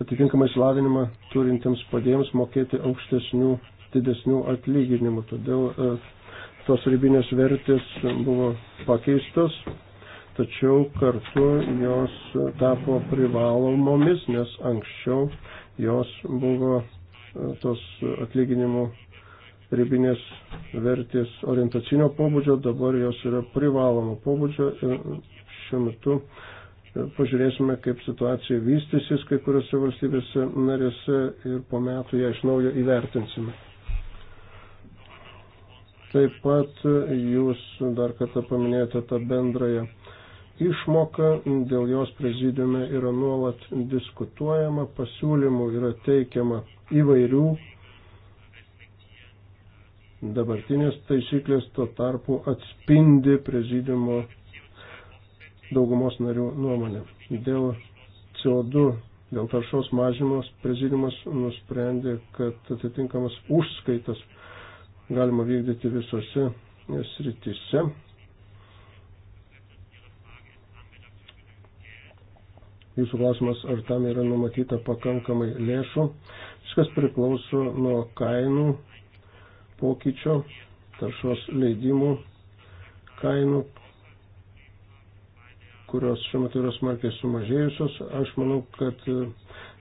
atitinkamą išlavinimą turintiems padėjams mokėti aukštesnių, didesnių atlyginimų. Todėl e, tos ribinės vertės buvo pakeistos, tačiau kartu jos tapo privalomomis, nes anksčiau jos buvo tos atlyginimų ribinės vertės orientacinio pobūdžio, dabar jos yra privalomo pobūdžio ir šiuo metu pažiūrėsime, kaip situacija vystysis kai kuriuose valstybėse narėse ir po metų ją iš naujo įvertinsime. Taip pat jūs dar kartą paminėjote tą bendrąją išmoka, dėl jos prezidiume yra nuolat diskutuojama, pasiūlymų yra teikiama įvairių. Dabartinės taisyklės tuo tarpu atspindi prezidiumo daugumos narių nuomonę. Dėl CO2 dėl taršos mažymos prezidiumas nusprendė, kad atitinkamas užskaitas galima vykdyti visose sritise. Jūsų klausimas, ar tam yra numatyta pakankamai lėšų. Viskas priklauso nuo kainų pokyčio, taršos leidimų kainų, kurios šiuo metu yra smarkiai sumažėjusios. Aš manau, kad e,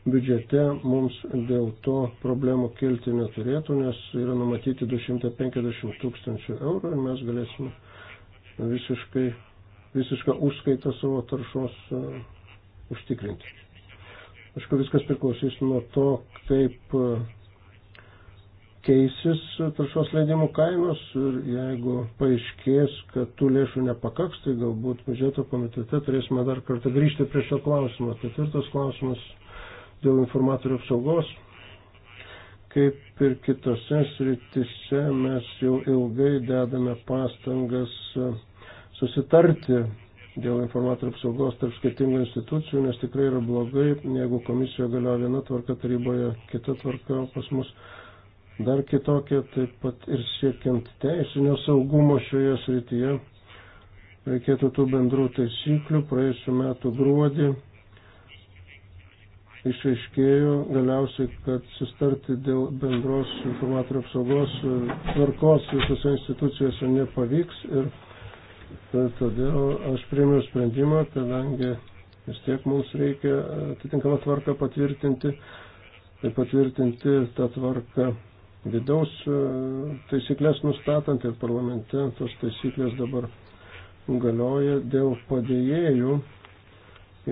biudžete mums dėl to problemų kilti neturėtų, nes yra numatyti 250 tūkstančių eurų ir mes galėsime visiškai, visišką užskaitą savo taršos e, užtikrinti. Aišku, viskas priklausys nuo to, kaip e, keisis taršos leidimų kainos ir jeigu paaiškės, kad tų lėšų nepakaks, tai galbūt biudžeto komitete turėsime dar kartą grįžti prie šio klausimo. Ketvirtas klausimas dėl informatorių apsaugos. Kaip ir kitose sritise mes jau ilgai dedame pastangas e, susitarti dėl informatorių apsaugos tarp skirtingų institucijų, nes tikrai yra blogai, jeigu komisijoje galioja viena tvarka, taryboje kita tvarka, pas mus dar kitokia, taip pat ir siekiant teisinio saugumo šioje srityje. Reikėtų tų bendrų taisyklių. Praėjusiu metu gruodį išaiškėjo galiausiai, kad sustarti dėl bendros informatorių apsaugos tvarkos visose institucijose nepavyks. Ir Tai todėl aš priėmiau sprendimą, kadangi vis tiek mums reikia atitinkamą tvarką patvirtinti ir patvirtinti tą tvarką vidaus e, taisyklės nustatant ir parlamente tos taisyklės dabar galioja dėl padėjėjų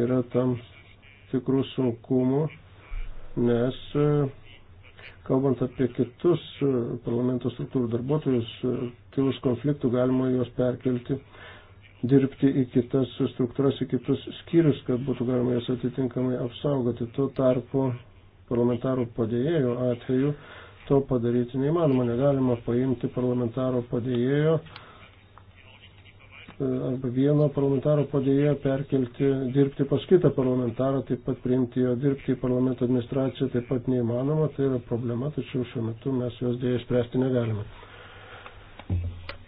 yra tam tikrų sunkumų, nes e, Kalbant apie kitus e, parlamento struktūrų darbuotojus, e, kilus konfliktų galima juos perkelti, dirbti į kitas struktūras, į kitus skyrius, kad būtų galima jas atitinkamai apsaugoti. Tuo tarpu parlamentarų padėjėjų atveju to padaryti neįmanoma. Negalima paimti parlamentaro padėjėjo arba vieno parlamentaro padėjėjo perkelti dirbti pas kitą parlamentarą, taip pat priimti jo dirbti į parlamento administraciją taip pat neįmanoma, tai yra problema, tačiau šiuo metu mes jos dėja spręsti negalime.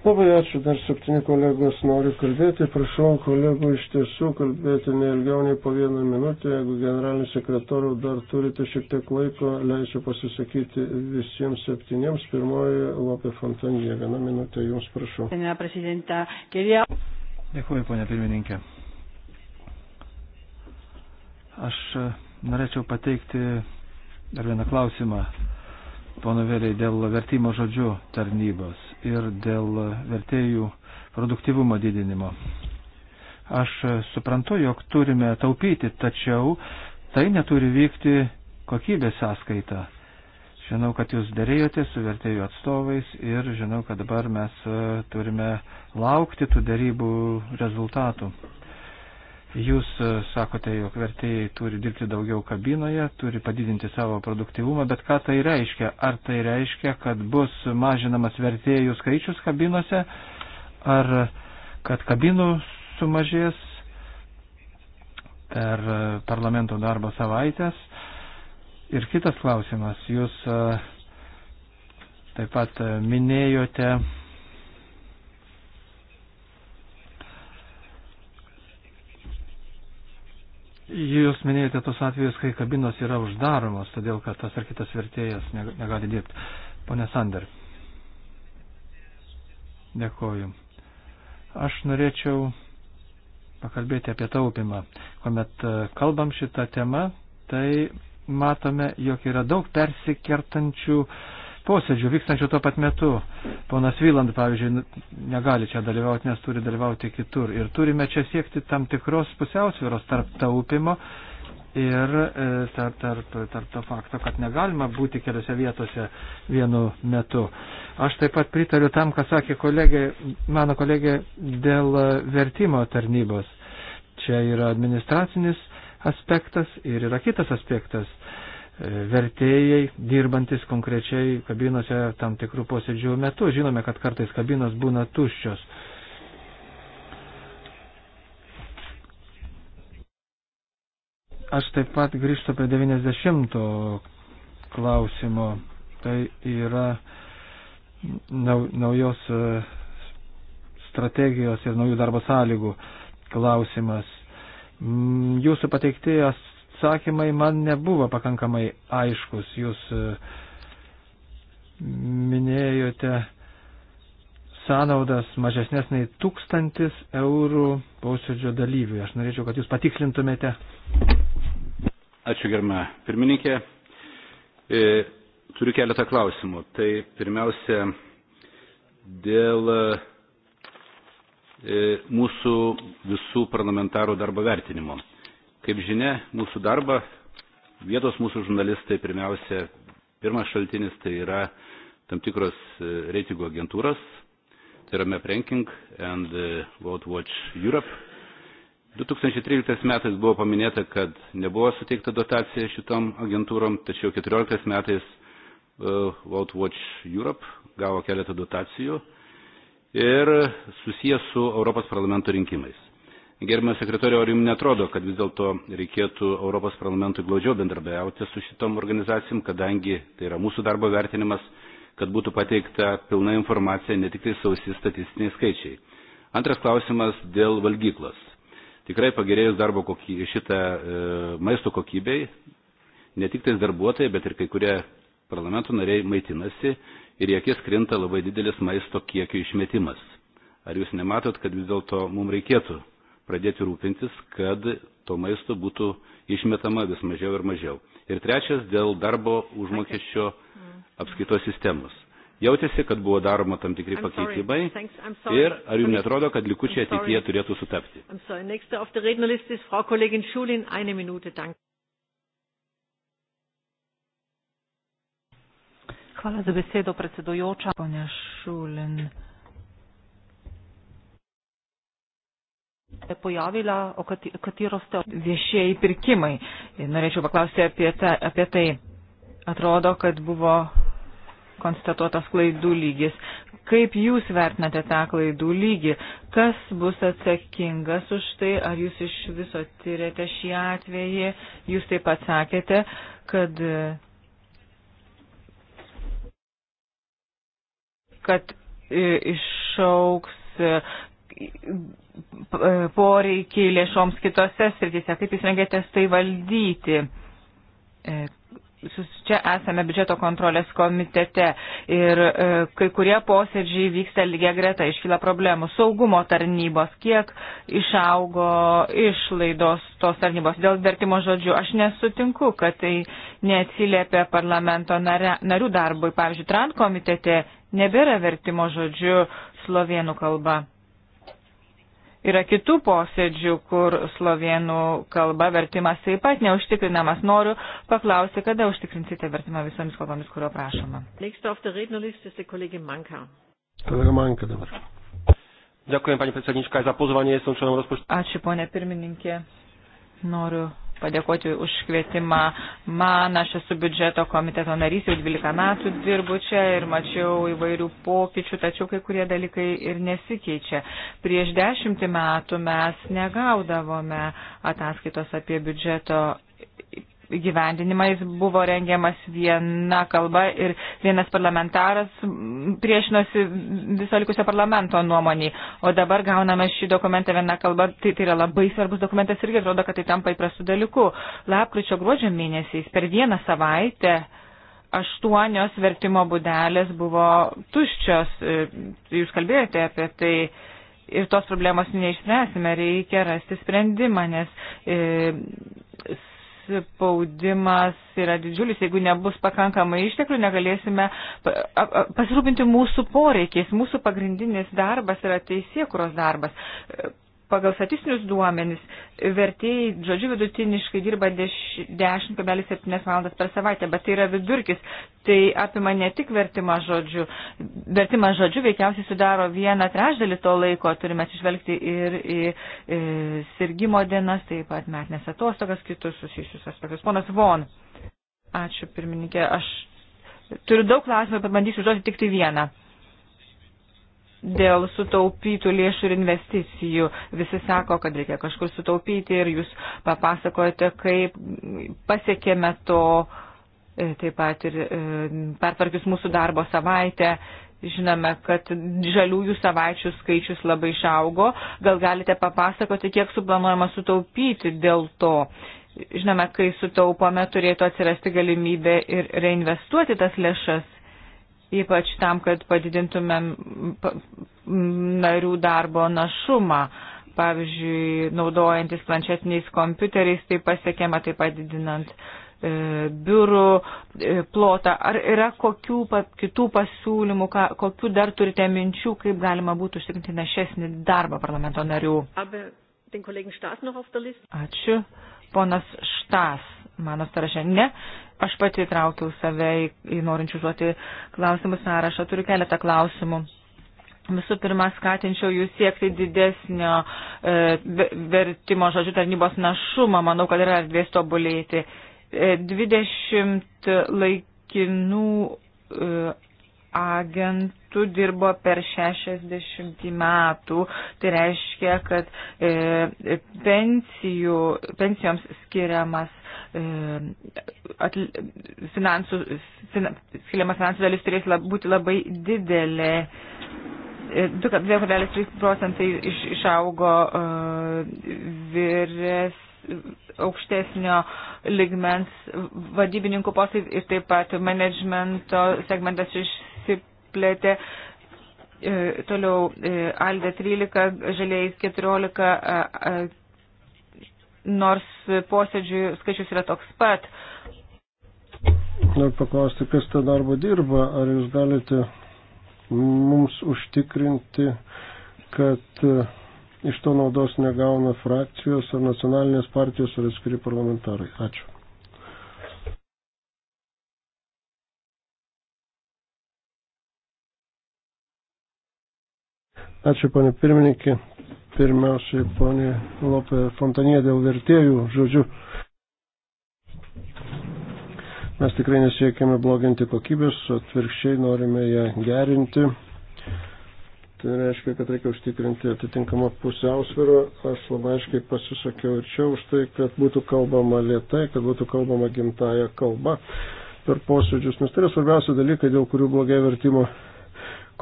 Labai ačiū, dar septyni kolegos nori kalbėti. Prašau kolegų iš tiesų kalbėti ne ilgiau nei po vieną minutę. Jeigu generalinis sekretorių dar turite šiek tiek laiko, leisiu pasisakyti visiems septyniems. Pirmoji Lopė Fontanija, vieną minutę jums prašau. Dėkuoju, ponia pirmininkė. Aš e, norėčiau pateikti dar vieną klausimą pono Vėliai, dėl vertimo žodžių tarnybos ir dėl vertėjų produktivumo didinimo. Aš suprantu, jog turime taupyti, tačiau tai neturi vykti kokybės sąskaita. Žinau, kad jūs dėrėjote su vertėjų atstovais ir žinau, kad dabar mes turime laukti tų dėrybų rezultatų. Jūs e, sakote, jog vertėjai turi dirbti daugiau kabinoje, turi padidinti savo produktivumą, bet ką tai reiškia? Ar tai reiškia, kad bus mažinamas vertėjų skaičius kabinose, ar kad kabinų sumažės per e, parlamento darbo savaitės? Ir kitas klausimas, jūs e, taip pat minėjote Jūs minėjote tos atvejus, kai kabinos yra uždaromos, todėl kad tas ar kitas vertėjas negali dirbti. Pone Sander. Dėkoju. Aš norėčiau pakalbėti apie taupimą. Kuomet e, kalbam šitą temą, tai matome, jog yra daug persikertančių uh, posėdžių vykstančių tuo pat metu. Ponas Vyland, pavyzdžiui, negali čia dalyvauti, nes turi dalyvauti kitur. Ir turime čia siekti tam tikros pusiausvėros tarp taupimo ir e, tarp, tarp, tarp to fakto, kad negalima būti keliose vietose vienu metu. Aš taip pat pritariu tam, ką sakė kolegė, mano kolegė dėl vertimo tarnybos. Čia yra administracinis aspektas ir yra kitas aspektas E, vertėjai, dirbantis konkrečiai kabinose tam tikrų posėdžių metu. Žinome, kad kartais kabinos būna tuščios. Aš taip pat grįžtu prie 90 klausimo. Tai yra naujos e, strategijos ir naujų darbo sąlygų klausimas. Jūsų pateikti atsakymai man nebuvo pakankamai aiškus. Jūs e, minėjote sąnaudas mažesnės nei tūkstantis eurų posėdžio dalyviui. Aš norėčiau, kad jūs patikslintumėte. Ačiū germa pirmininkė. E, turiu keletą klausimų. Tai pirmiausia, dėl e, mūsų visų parlamentarų darbo vertinimo. E, Kaip žinia, mūsų darbą vietos mūsų žurnalistai pirmiausia, pirmas šaltinis tai yra tam tikros e, reitingų agentūros, tai yra MapRanking and World e, Watch Europe. 2013 metais buvo paminėta, kad nebuvo suteikta dotacija šitom agentūrom, tačiau 2014 metais World e, Watch Europe gavo keletą dotacijų ir susijęs su Europos parlamento rinkimais. Gerbiamas sekretoriau, ar jums netrodo, kad vis dėlto reikėtų Europos parlamentui glaudžiau bendrabiauti su šitom organizacijom, kadangi tai yra mūsų darbo vertinimas, kad būtų pateikta pilna informacija, ne tik tai sausi statistiniai skaičiai. Antras klausimas dėl valgyklos. Tikrai pagerėjus darbo kokį, šitą e, maisto kokybei, ne tik tais darbuotojai, bet ir kai kurie parlamento nariai maitinasi ir į akis krinta labai didelis maisto kiekio išmetimas. Ar jūs nematot, kad vis dėlto mums reikėtų pradėti rūpintis, kad to maisto būtų išmetama vis mažiau ir mažiau. Ir trečias, dėl darbo užmokesčio mm. apskaitos sistemos. Jautėsi, kad buvo daroma tam tikri pakeitimai ir ar jums netrodo, kad likučiai ateityje turėtų sutapti? Hvala za besedo, predsedujoča. Ponja Šulin. pojavila, o katero ste. Viešieji pirkimai. Norėčiau paklausti apie, ta, apie tai. Atrodo, kad buvo konstatuotas klaidų lygis. Kaip jūs vertinate tą klaidų lygį? Kas bus atsakingas už tai? Ar jūs iš viso tyrėte šį atvejį? Jūs taip pat sakėte, kad, kad e, išauks poreikį lėšoms kitose srityse, kaip jūs rengėtės tai valdyti. E, čia esame biudžeto kontrolės komitete ir e, kai kurie posėdžiai vyksta lygia greta, iškyla problemų. Saugumo tarnybos, kiek išaugo išlaidos tos tarnybos dėl vertimo žodžių. Aš nesutinku, kad tai neatsiliepia parlamento nare, narių darbui. Pavyzdžiui, Trant komitete nebėra vertimo žodžių slovėnų kalba. Yra kitų posėdžių, kur slovėnų kalba vertimas taip pat neužtikrinamas. Noriu paklausti, kada užtikrinsite vertimą visomis kalbomis, kurio prašoma. Kolega Manka dabar. Dėkuoju, panė pirmininkė, za pozvanie, esu členom rozpočtu. Ačiū, ponė pirmininkė. Noriu padėkoti už kvietimą man. Aš esu biudžeto komiteto narys, jau 12 metų dirbu čia ir mačiau įvairių pokyčių, tačiau kai kurie dalykai ir nesikeičia. Prieš dešimtį metų mes negaudavome ataskaitos apie biudžeto gyvendinimais buvo rengiamas viena kalba ir vienas parlamentaras priešinosi viso likusio parlamento nuomonį. O dabar gauname šį dokumentą viena kalba, tai, tai yra labai svarbus dokumentas irgi atrodo, kad tai tampa įprastų dalykų. Lapkričio gruodžio mėnesiais per vieną savaitę aštuonios vertimo būdelės buvo tuščios. E, jūs kalbėjote apie tai ir tos problemos neišspręsime, reikia rasti sprendimą, nes e, spaudimas yra didžiulis. Jeigu nebus pakankamai išteklių, negalėsime pasirūpinti mūsų poreikiais. Mūsų pagrindinis darbas yra teisėkuros darbas pagal statistinius duomenis vertėjai, žodžiu, vidutiniškai dirba 10,7 valandas per savaitę, bet tai yra vidurkis. Tai apima ne tik vertimą žodžiu. Vertimą žodžiu veikiausiai sudaro vieną trešdalį to laiko, turime atsižvelgti ir į, į sirgymo dienas, taip pat metinės atostogas, kitus susijusius aspektus. Ponas Von. Ačiū, pirmininkė. Aš turiu daug klausimų, bet bandysiu užduoti tik tai vieną dėl sutaupytų lėšų ir investicijų. Visi sako, kad reikia kažkur sutaupyti ir jūs papasakojate, kaip pasiekėme to, e, taip pat ir e, pertvarkius mūsų darbo savaitę. Žinome, kad žaliųjų savaičių skaičius labai išaugo. Gal galite papasakoti, kiek suplanuojama sutaupyti dėl to? Žinome, kai sutaupome, turėtų atsirasti galimybė ir reinvestuoti tas lėšas ypač tam, kad padidintumėm narių darbo našumą. Pavyzdžiui, naudojantis planšetiniais kompiuteriais, tai pasiekiama taip padidinant e, biurų e, plotą. Ar yra kokių pa, kitų pasiūlymų, ką, kokių dar turite minčių, kaip galima būtų užtikrinti našesnį darbą parlamento narių? Ačiū. Ponas Štas mano sąraše. Ne, aš pati traukiau save į, į norinčių žuoti klausimų sąrašą. Turiu keletą klausimų. Visų pirma, skatinčiau jūs siekti didesnio e, vertimo žodžių tarnybos našumą. Manau, kad yra erdvės tobulėti. E, 20 laikinų e, agentų dirbo per 60 metų. Tai reiškia, kad e, pensijų, pensijoms skiriamas e, atl, finansų, fin, skiriamas finansų dalis turės lab, būti labai didelė. 2,3 e, procentai iš, išaugo uh, vyres aukštesnio ligmens vadybininkų postai ir taip pat menedžmento segmentas iš išplėtė. E, toliau e, Alde 13, Žaliais 14, e, nors posėdžių skaičius yra toks pat. Noriu paklausti, kas tą darbą dirba, ar jūs galite mums užtikrinti, kad iš to naudos negauna frakcijos ar nacionalinės partijos ar atskiri parlamentarai. Ačiū. Ačiū, ponė pirmininkė. Pirmiausiai, ponė Lopė Fontanė, dėl vertėjų žodžių. Mes tikrai nesiekime bloginti kokybės, atvirkščiai norime ją gerinti. Tai reiškia, kad reikia užtikrinti atitinkamą pusiausvyrą. Aš labai aiškiai pasisakiau ir čia už tai, kad būtų kalbama lietai, kad būtų kalbama gimtaja kalba per posėdžius. Nes tai yra svarbiausia dalykai, dėl kurių blogai vertimo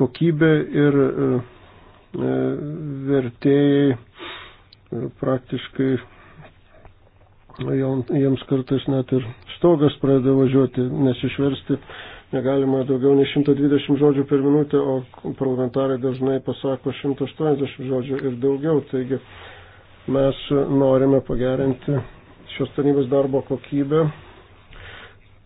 kokybė ir e, E, vertėjai e, praktiškai jiems kartais net ir stogas pradeda važiuoti, nes išversti negalima daugiau nei 120 žodžių per minutę, o parlamentarai dažnai pasako 180 žodžių ir daugiau. Taigi mes norime pagerinti šios tarnybos darbo kokybę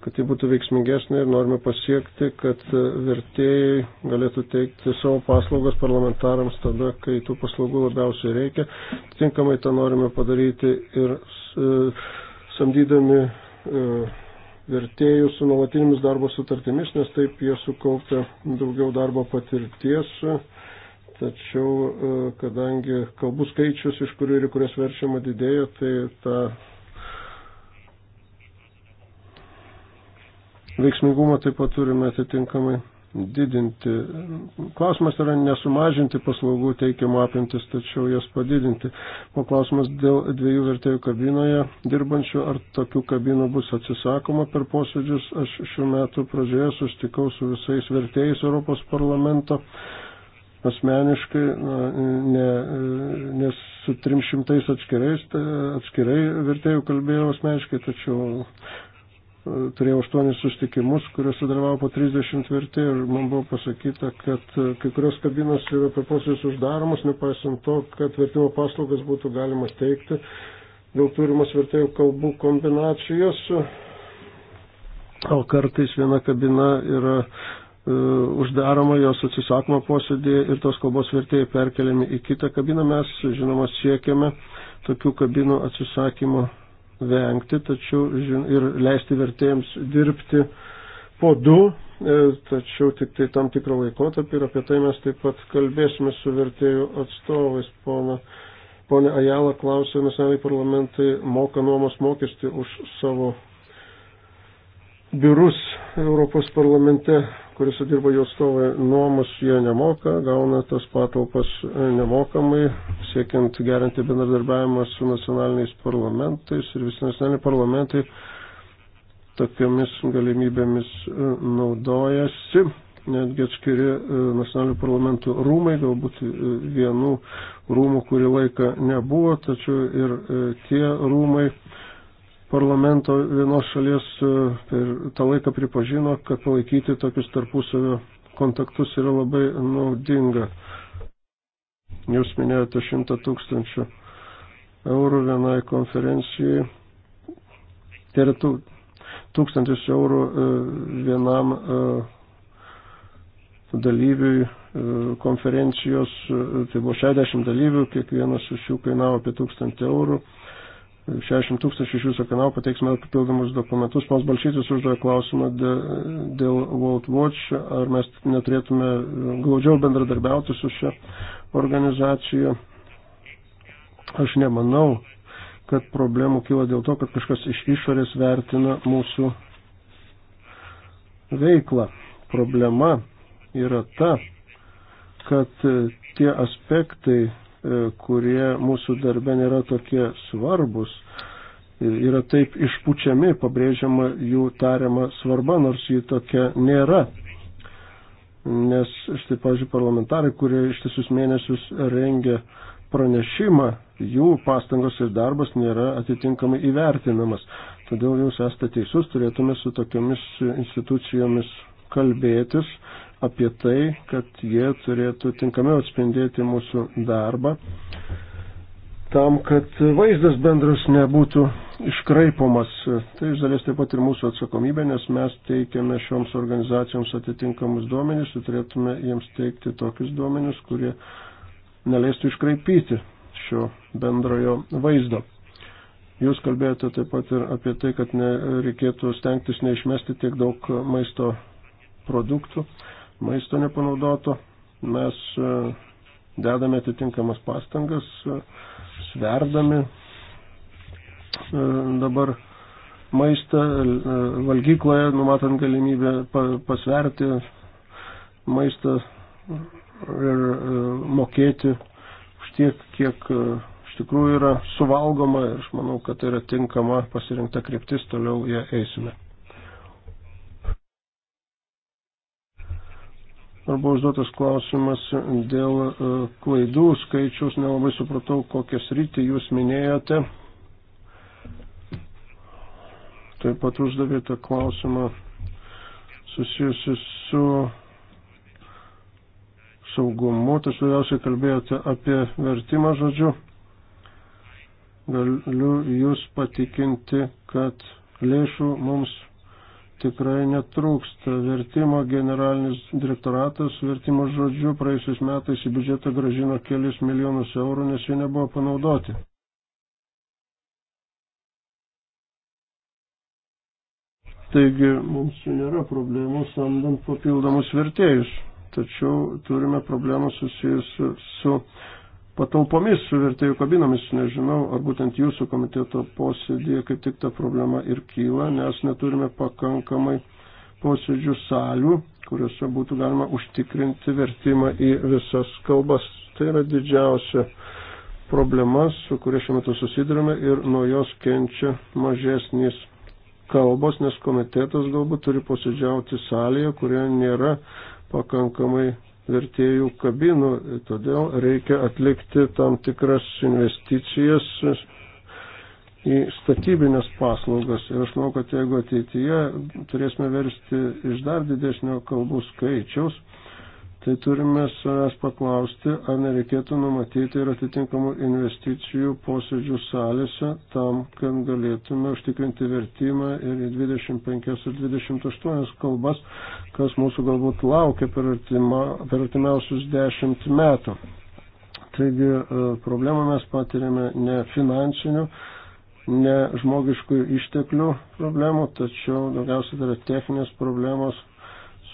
kad ji būtų veiksmingesnė ir norime pasiekti, kad e, vertėjai galėtų teikti savo paslaugas parlamentarams tada, kai tų paslaugų labiausiai reikia. Tinkamai tą norime padaryti ir e, samdydami e, vertėjus su nuolatinėmis darbo sutartimis, nes taip jie sukaupia daugiau darbo patirties. Tačiau, e, kadangi kalbų skaičius, iš kurių ir kurias verčiama didėjo, tai ta veiksmingumą taip pat turime atitinkamai didinti. Klausimas yra nesumažinti paslaugų teikiamo apimtis, tačiau jas padidinti. O klausimas dėl dviejų vertėjų kabinoje dirbančių, ar tokių kabinų bus atsisakoma per posėdžius. Aš šiuo metu pradžioje sustikau su visais vertėjais Europos parlamento asmeniškai, ne, nes su 300 atskirais, atskirai vertėjų kalbėjau asmeniškai, tačiau turėjau aštuonis sustikimus, kuriuose dalyvavo po 30 vertė ir man buvo pasakyta, kad e, kai kurios kabinos yra per posėdžius uždaromos, nepaisant to, kad vertimo paslaugas būtų galima teikti dėl turimos vertėjų kalbų kombinacijos, o kartais viena kabina yra e, uždaroma, jos atsisakoma posėdėje ir tos kalbos vertėjai perkeliami į kitą kabiną. Mes, žinoma, siekiame tokių kabinų atsisakymo vengti, tačiau ir leisti vertėjams dirbti po du, e, tačiau tik tai tam tikrą laikotarpį ir apie tai mes taip pat kalbėsime su vertėjų atstovais. Pona, ponė Ajala klausė, nacionaliniai parlamentai moka nuomos mokestį už savo biurus Europos parlamente kuriuose dirba jų atstovai, nuomos jie nemoka, gauna tas patalpas e, nemokamai, siekiant gerinti bendradarbiavimą su nacionaliniais parlamentais ir visi nacionaliniai parlamentai tokiamis galimybėmis e, naudojasi. Netgi atskiri e, nacionalinių parlamentų rūmai, galbūt vienų rūmų kurį laiką nebuvo, tačiau ir tie rūmai parlamento vienos šalies e, per tą laiką pripažino, kad palaikyti tokius tarpusavio kontaktus yra labai naudinga. Jūs minėjote 100 tūkstančių eurų vienai konferencijai. Tai yra tūkstantis eurų e, vienam e, dalyviui konferencijos, tai buvo 60 dalyvių, kiekvienas iš jų kainavo apie 1000 eurų. 60 tūkstančių iš jūsų kanalų pateiksime papildomus dokumentus. Pons Balšytis uždavė klausimą dėl World Watch, ar mes neturėtume glaudžiau bendradarbiauti su šia organizacija. Aš nemanau, kad problemų kyla dėl to, kad kažkas iš išorės vertina mūsų veiklą. Problema yra ta, kad tie aspektai, E, kurie mūsų darbe nėra tokie svarbus. Yra taip išpučiami, pabrėžiama jų tariama svarba, nors jų tokia nėra. Nes štai, pažiūrėjau, parlamentarai, kurie ištisus mėnesius rengia pranešimą, jų pastangos ir darbas nėra atitinkamai įvertinamas. Todėl jūs esate teisus, turėtume su tokiamis institucijomis kalbėtis apie tai, kad jie turėtų tinkamiau atspindėti mūsų darbą, tam, kad vaizdas bendras nebūtų iškraipomas. Tai iš dalies taip pat ir mūsų atsakomybė, nes mes teikiame šioms organizacijoms atitinkamus duomenys ir turėtume jiems teikti tokius duomenys, kurie neleistų iškraipyti šio bendrojo vaizdo. Jūs kalbėjote taip pat ir apie tai, kad reikėtų stengtis neišmesti tiek daug maisto produktų maisto nepanaudoto, mes e, dedame atitinkamas pastangas, e, sverdami e, dabar maistą valgykloje, numatant galimybę pasverti maistą ir mokėti už tiek, kiek iš tikrųjų yra suvalgoma ir aš manau, kad tai yra tinkama pasirinkta kryptis, toliau ją eisime. Arba užduotas klausimas dėl e, klaidų skaičiaus, nelabai supratau, kokias rytį jūs minėjote. Taip pat uždavėte klausimą susijusi su saugumu, tačiau daugiausiai kalbėjote apie vertimą žodžiu galiu Jūs patikinti, kad lėšų mums tikrai netrūksta. Vertimo generalinis direktoratas vertimo žodžiu praėjusiais metais į biudžetą gražino kelis milijonus eurų, nes jie nebuvo panaudoti. Taigi mums nėra problemų samdant papildomus vertėjus, tačiau turime problemų susijusių su, su patalpomis, su vertėjų kabinomis. Nežinau, ar būtent jūsų komiteto posėdėje kaip tik ta problema ir kyla, nes neturime pakankamai posėdžių salių, kuriuose būtų galima užtikrinti vertimą į visas kalbas. Tai yra didžiausia problema, su kuria šiuo metu susidurime ir nuo jos kenčia mažesnis kalbos, nes komitetas galbūt turi posėdžiauti salėje, kurioje nėra pakankamai vertėjų kabinų, todėl reikia atlikti tam tikras investicijas į statybinės paslaugas. Ir aš manau, kad jeigu ateityje turėsime versti iš dar didesnio kalbų skaičiaus, tai turime savęs paklausti, ar nereikėtų numatyti ir atitinkamų investicijų posėdžių salėse tam, kad galėtume užtikrinti vertimą ir 25 ir 28 kalbas, kas mūsų galbūt laukia per, artima, per artimiausius 10 metų. Taigi e, problemą mes patiriame ne finansinių, ne žmogiškų išteklių problemų, tačiau daugiausiai tai yra techninės problemos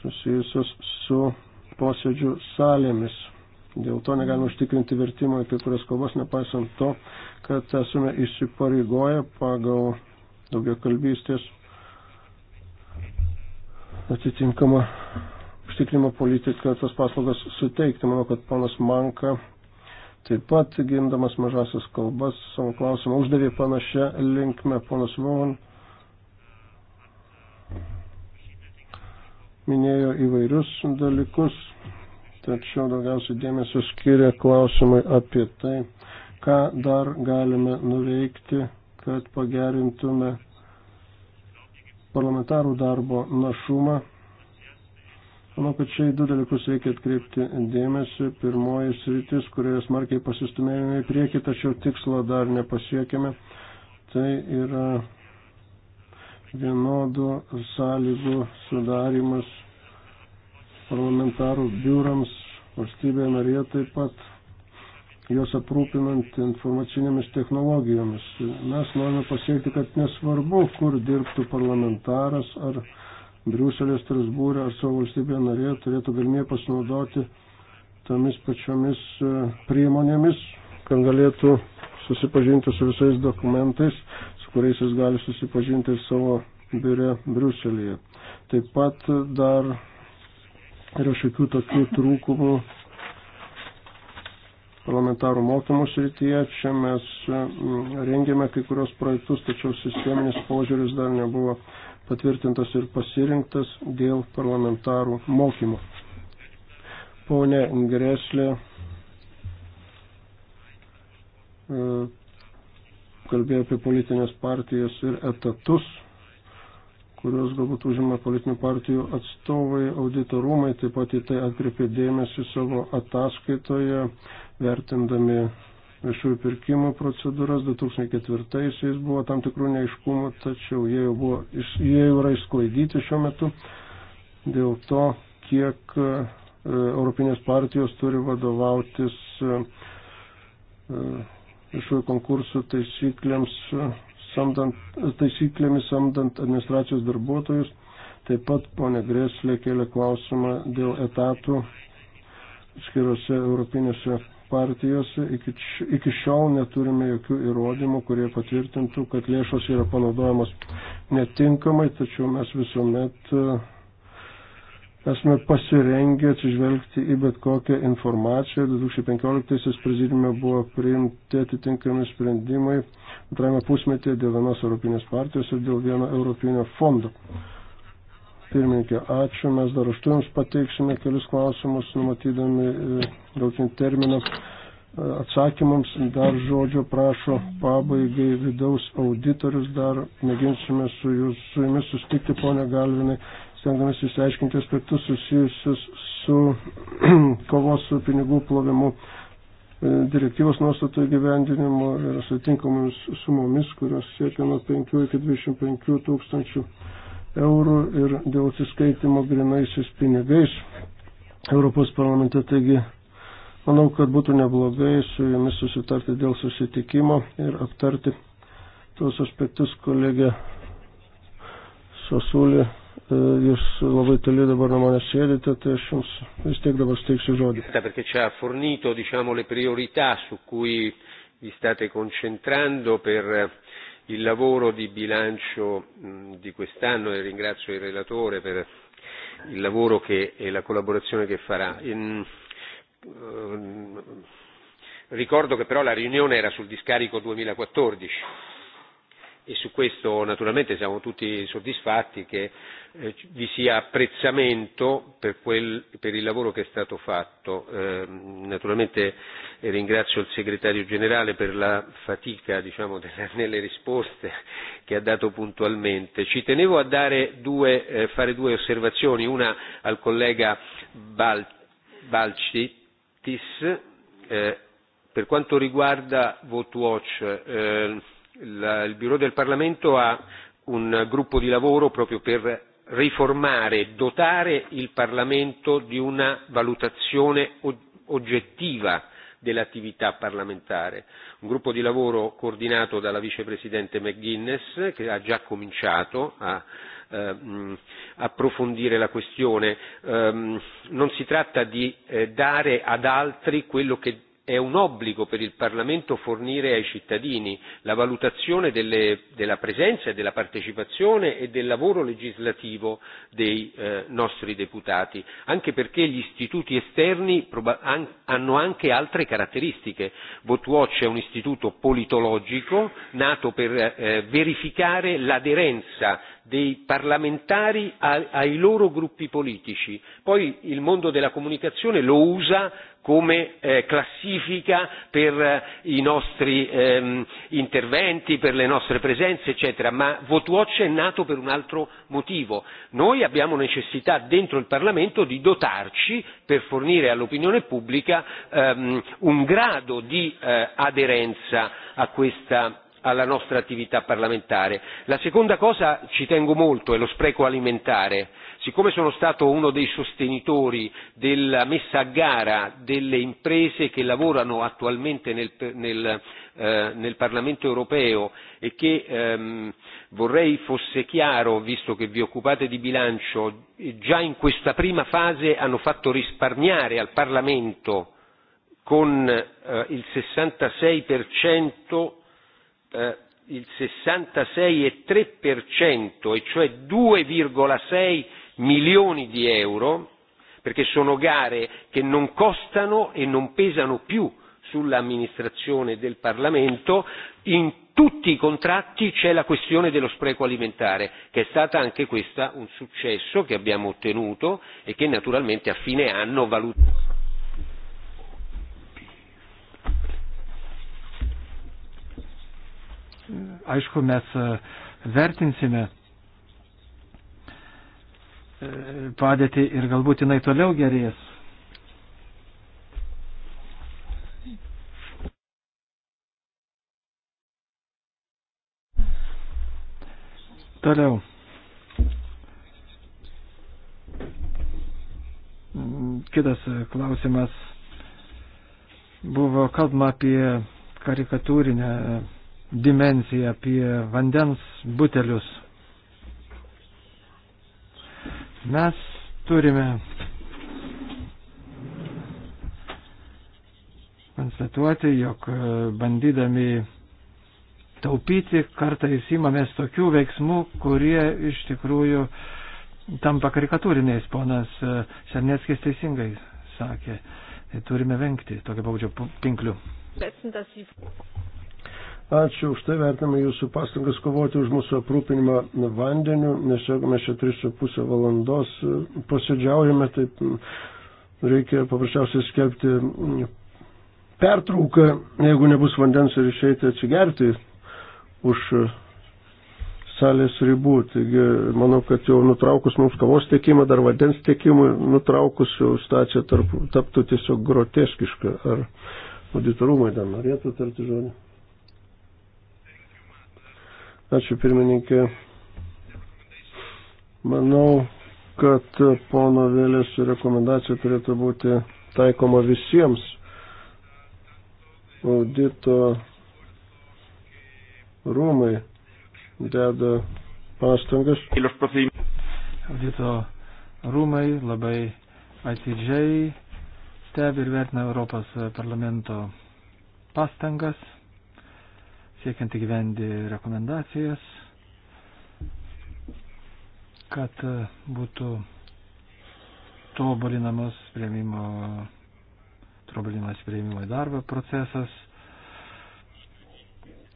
susijusios su posėdžių salėmis. Dėl to negalime užtikrinti vertimo į kai kurias kalbas, nepaisant to, kad esame įsipareigoję pagal daugia kalbystės atitinkamą užtikrinimo politiką tas paslaugas suteikti. Manau, kad ponas Manka taip pat gindamas mažasias kalbas savo klausimą uždavė panašią linkmę ponas Vovan minėjo įvairius dalykus, tačiau daugiausiai dėmesio skiria klausimai apie tai, ką dar galime nuveikti, kad pagerintume parlamentarų darbo našumą. Manau, kad čia į du dalykus reikia atkreipti dėmesį. Pirmoji sritis, kurioje smarkiai pasistumėjome į priekį, tačiau tikslo dar nepasiekėme, tai yra vienodų sąlygų sudarimas parlamentarų biurams, valstybėje narėje taip pat juos aprūpinant informacinėmis technologijomis. Mes norime pasiekti, kad nesvarbu, kur dirbtų parlamentaras ar Briuselės, Strasbūrė ar savo valstybėje narėje turėtų galimybę pasinaudoti tomis pačiomis e, priemonėmis, kad galėtų susipažinti su visais dokumentais, su kuriais jis gali susipažinti savo biure Briuselėje. Taip pat dar yra šiokių tokių trūkumų parlamentarų mokymų srityje. Čia mes mm, rengėme kai kurios projektus, tačiau sisteminis požiūris dar nebuvo patvirtintas ir pasirinktas dėl parlamentarų mokymo. Pone Greslė E, kalbėjo apie politinės partijas ir etatus, kurios galbūt užima politinių partijų atstovai, auditorumai, taip pat į tai atkreipė dėmesį savo ataskaitoje, vertindami viešųjų pirkimų procedūras. 2004-aisiais buvo tam tikrų neiškumų, tačiau jie jau, buvo, jie jau yra išsklaidyti šiuo metu dėl to, kiek e, Europinės partijos turi vadovautis e, viešųjų konkursų taisyklėms samdant, taisyklėmis samdant administracijos darbuotojus. Taip pat ponė Greslė kėlė klausimą dėl etatų skiriuose Europinėse partijose. Iki, iki šiol neturime jokių įrodymų, kurie patvirtintų, kad lėšos yra panaudojamos netinkamai, tačiau mes visuomet esame pasirengę atsižvelgti į bet kokią informaciją. 2015-aisiais prezidiume buvo priimti atitinkami sprendimai antrame pusmetyje dėl vienos Europinės partijos ir dėl vieno Europinio fondo. Pirmininkė, ačiū. Mes dar už jums pateiksime kelius klausimus, numatydami e, gautinį terminą. E, atsakymams dar žodžio prašo pabaigai vidaus auditorius, dar mėginsime su, jūs, su jumis sustikti, ponia Galvinai stengdamas išsiaiškinti aspektus susijusius su kovos su pinigų plovimu e, direktyvos nuostatų įgyvendinimo ir sutinkamomis sumomis, kurios siekia nuo 5 iki 25 tūkstančių eurų ir dėl atsiskaitimo grinaisiais pinigais Europos parlamente. Taigi, manau, kad būtų neblogai su jumis susitarti dėl susitikimo ir aptarti tuos aspektus kolegė Sosulė E, jūs labai toli dabar nuo manęs sėdite, tai aš jums vis tiek dabar steiksiu žodį. Perché ci ha fornito, diciamo, le priorità su cui vi state concentrando per eh, il lavoro di bilancio mm, di quest'anno e ringrazio il relatore per il lavoro che, e la collaborazione che farà. In, ehm, ricordo che però la riunione era sul discarico 2014 e su questo naturalmente siamo tutti soddisfatti che eh, vi sia apprezzamento per, quel, per il lavoro che è stato fatto. Eh, naturalmente eh, ringrazio il segretario generale per la fatica diciamo, delle, nelle risposte che ha dato puntualmente. Ci tenevo a dare due, eh, fare due osservazioni, una al collega Bal, Balcitis. Eh, per quanto riguarda VoteWatch, eh, La, il Bureau del Parlamento ha un gruppo di lavoro proprio per riformare e dotare il Parlamento di una valutazione oggettiva dell'attività parlamentare. Un gruppo di lavoro coordinato dalla vicepresidente McGuinness che ha già cominciato a eh, approfondire la questione. Eh, non si tratta di eh, dare ad altri quello che è un obbligo per il Parlamento fornire ai cittadini la valutazione delle, della presenza e della partecipazione e del lavoro legislativo dei eh, nostri deputati, anche perché gli istituti esterni hanno anche altre caratteristiche. VoteWatch è un istituto politologico nato per eh, verificare l'aderenza dei parlamentari a, ai loro gruppi politici. Poi il mondo della comunicazione lo usa come eh, classifica per eh, i nostri ehm, interventi, per le nostre presenze, eccetera, ma VoteWatch è nato per un altro motivo. Noi abbiamo necessità dentro il Parlamento di dotarci per fornire all'opinione pubblica ehm, un grado di eh, aderenza a questa alla nostra attività parlamentare. La seconda cosa ci tengo molto è lo spreco alimentare Siccome sono stato uno dei sostenitori della messa a gara delle imprese che lavorano attualmente nel, nel, eh, nel Parlamento europeo e che ehm, vorrei fosse chiaro, visto che vi occupate di bilancio, già in questa prima fase hanno fatto risparmiare al Parlamento con eh, il 66% eh, il 66,3%, e, e cioè 2,6 milioni di euro perché sono gare che non costano e non pesano più sull'amministrazione del Parlamento, in tutti i contratti c'è la questione dello spreco alimentare, che è stata anche questa un successo che abbiamo ottenuto e che naturalmente a fine anno valutiamo. Aišku, mes e, vertinsime padėtį ir galbūt jinai toliau gerės. Toliau. Kitas klausimas buvo kalbama apie karikatūrinę dimensiją, apie vandens butelius. Mes turime konstatuoti, jog e, bandydami taupyti kartais įmamės tokių veiksmų, kurie iš tikrųjų tampa karikatūriniais, ponas Šernieckis e, teisingai sakė. Tai turime vengti tokio pavyzdžio pinklių. Ačiū už tai vertiname jūsų pastangas kovoti už mūsų aprūpinimą vandeniu, nes jeigu mes čia 3,5 valandos e, posėdžiaujame, tai reikia paprasčiausiai skelbti pertrauką, jeigu nebus vandens ir išeiti atsigerti už e, salės ribų. Taigi, manau, kad jau nutraukus mums kavos tiekimą, dar vandens tiekimui nutraukus jau stacija tarp, taptų tiesiog groteskiška. Ar auditorumai dar norėtų tarti žodį? Ačiū pirmininkė. Manau, kad pono Vėlės rekomendacija turėtų būti taikoma visiems audito rūmai deda pastangas. Audito rūmai labai atidžiai stebi ir vertina Europos parlamento pastangas siekiant įgyvendi rekomendacijas, kad e, būtų tobulinamas prieimimo, tobulinamas prieimimo į darbą procesas.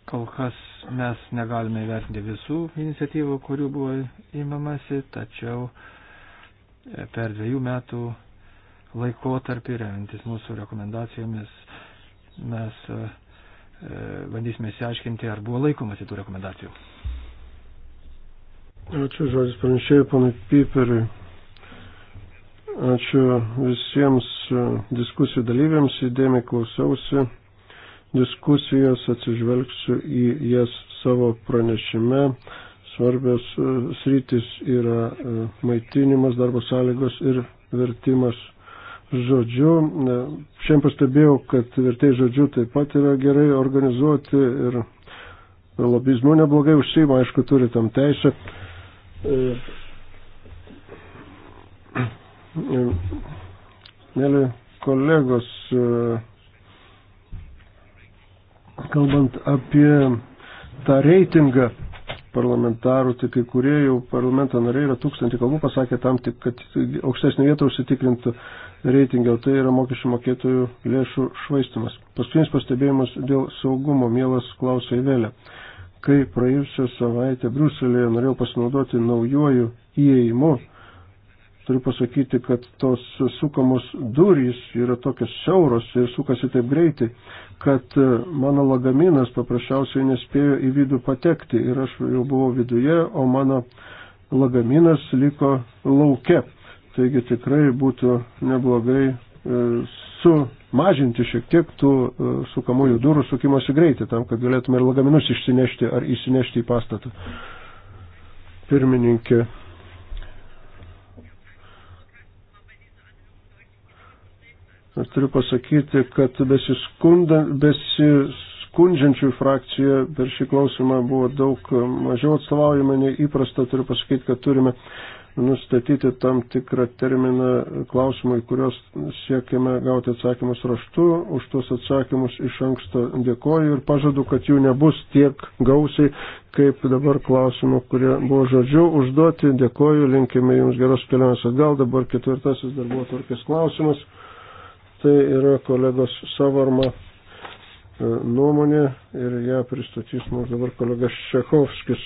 Kol kas mes negalime įvertinti visų iniciatyvų, kurių buvo įmamasi, tačiau e, per dviejų metų laikotarpį, remiantis mūsų rekomendacijomis, mes uh, E, bandysime įsiaiškinti, ar buvo laikomasi tų rekomendacijų. Ačiū žodis pranešėjai, panai Piperiui. Ačiū visiems e, diskusijų dalyviams, įdėmiai klausiausi diskusijos, atsižvelgsiu į jas savo pranešime. Svarbios e, sritis yra maitinimas, darbo sąlygos ir vertimas žodžiu. Šiandien pastebėjau, kad vertėjai žodžiu taip pat yra gerai organizuoti ir lobizmu neblogai užsima, aišku, turi tam teisę. E, mėly kolegos, e, kalbant apie tą reitingą parlamentarų, tai kai kurie jau parlamento nariai yra tūkstantį kalbų pasakę tam, tik, kad aukštesnį vietą užsitikrintų reitingą, tai yra mokesčių mokėtojų lėšų švaistimas. Paskutinis pastebėjimas dėl saugumo, mielas klausai vėlė. Kai praėjusią savaitę Bruselėje norėjau pasinaudoti naujoju įėjimu, turiu pasakyti, kad tos sukamos durys yra tokios siauros ir sukasi taip greitai, kad mano lagaminas paprasčiausiai nespėjo į vidų patekti ir aš jau buvau viduje, o mano lagaminas liko lauke. Taigi tikrai būtų neblogai e, sumažinti šiek tiek tų e, sukamųjų durų sukimosi greitį, tam, kad galėtume ir lagaminus išsinešti ar įsinešti į pastatą. Pirmininkė. Aš turiu pasakyti, kad besiskundant, besis besiskundžiančių frakcija per šį klausimą buvo daug e, mažiau atstovaujama nei įprasta. Turiu pasakyti, kad turime nustatyti tam tikrą terminą klausimui, kurios siekiame gauti atsakymus raštu. Už tuos atsakymus iš anksto dėkoju ir pažadu, kad jų nebus tiek gausiai, kaip dabar klausimų, kurie buvo žodžiu užduoti. Dėkoju, linkime Jums geros kelionės atgal. Dabar ketvirtasis darbuotojų klausimas. Tai yra kolegos Savarma nuomonė ir ją pristatys mums dabar kolega Šekovskis.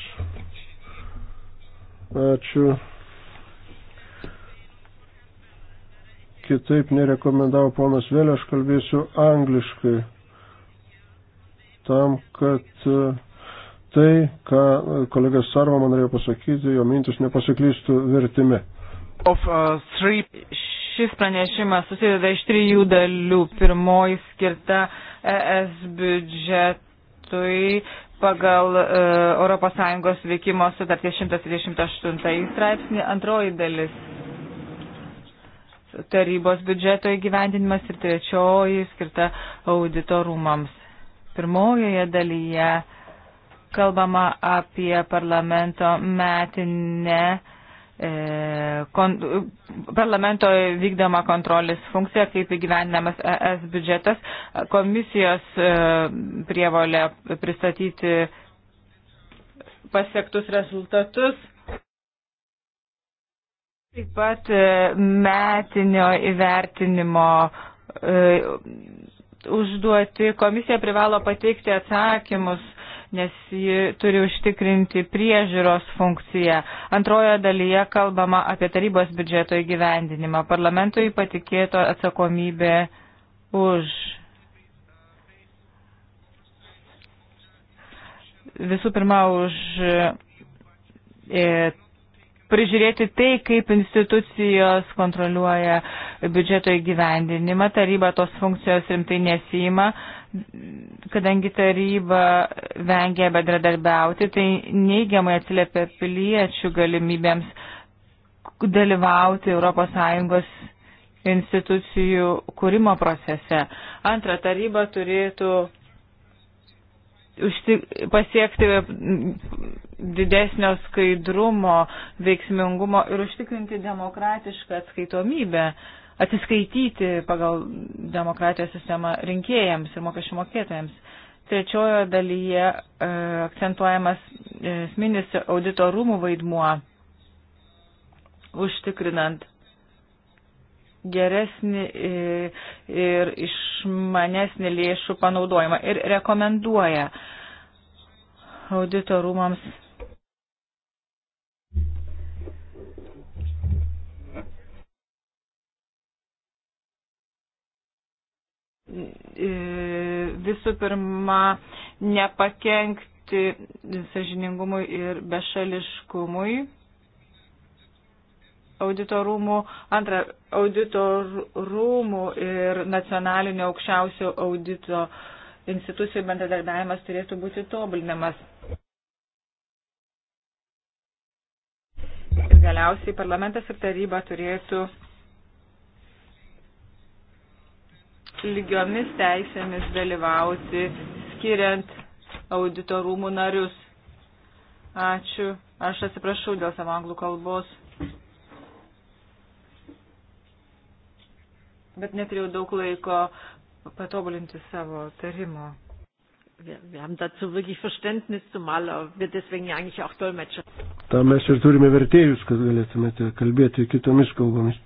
Ačiū. Kitaip nerekomendavo ponas Vėlė, aš kalbėsiu angliškai, tam, kad e, tai, ką kolegas Sarva man norėjo pasakyti, jo mintis nepasiklystų vertime. Of, uh, three... Šis pranešimas susideda iš trijų dalių. Pirmoji skirta uh, ES biudžetui pagal ES veikimo sutarties 128 straipsnį antroji dalis tarybos biudžeto įgyvendinimas ir trečioji skirta auditorumams. Pirmojoje dalyje kalbama apie parlamento metinę E, kon, parlamento vykdoma kontrolės funkcija, kaip įgyvendinamas ES biudžetas, komisijos e, prievolė pristatyti pasiektus rezultatus. Taip pat e, metinio įvertinimo užduoti komisija privalo pateikti atsakymus nes ji turi užtikrinti priežiūros funkciją. Antrojoje dalyje kalbama apie tarybos biudžeto įgyvendinimą. Parlamentui patikėto atsakomybė už visų pirma už e, prižiūrėti tai, kaip institucijos kontroliuoja biudžeto įgyvendinimą. Taryba tos funkcijos rimtai nesima. E, kadangi taryba vengia bedradarbiauti, tai neigiamai atsiliepia piliečių galimybėms dalyvauti ES institucijų kūrimo procese. Antra, taryba turėtų pasiekti didesnio skaidrumo, veiksmingumo ir užtikrinti demokratišką atskaitomybę. Uh, atsiskaityti pagal demokratijos sistemą rinkėjams ir mokesčių mokėtojams. Trečiojo dalyje e, akcentuojamas e, esminis audito rūmų vaidmuo, užtikrinant geresnį e, ir išmanesnį lėšų panaudojimą ir rekomenduoja audito rūmams visų pirma nepakenkti sažiningumui ir bešališkumui auditorumų, antra, auditorumų ir nacionalinio aukščiausio audito institucijų bendradarbiavimas turėtų būti tobulinamas. Ir galiausiai parlamentas ir taryba turėtų lygiomis teisėmis dalyvauti, skiriant auditorumų narius. Ačiū. Aš atsiprašau dėl savo anglų kalbos. Bet neturėjau daug laiko patobulinti savo tarimo. Tam mes ir turime vertėjus, kad galėtumėte kalbėti kitomis kalbomis.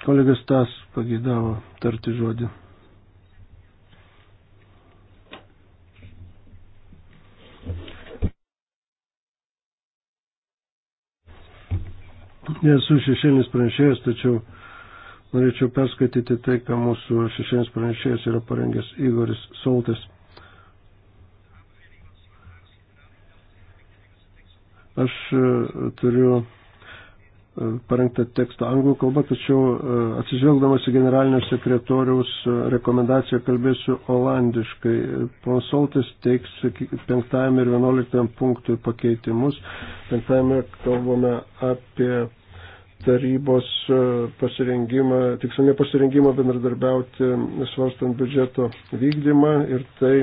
Kolegas Tas pagėdavo tarti žodį. Nesu šešėlis pranešėjas, tačiau norėčiau perskaityti tai, ką mūsų šešėlis pranešėjas yra parengęs Igoris Soltas. Aš e, turiu parengtą tekstą anglų kalba, tačiau e, atsižvelgdamas į generalinio sekretoriaus e, rekomendaciją kalbėsiu olandiškai. Ponsoltis teiks penktame ir vienuoliktame punktui pakeitimus. Penktame kalbame apie tarybos e, pasirengimą, tiksliau ne pasirengimą bendradarbiauti svarstant biudžeto vykdymą ir tai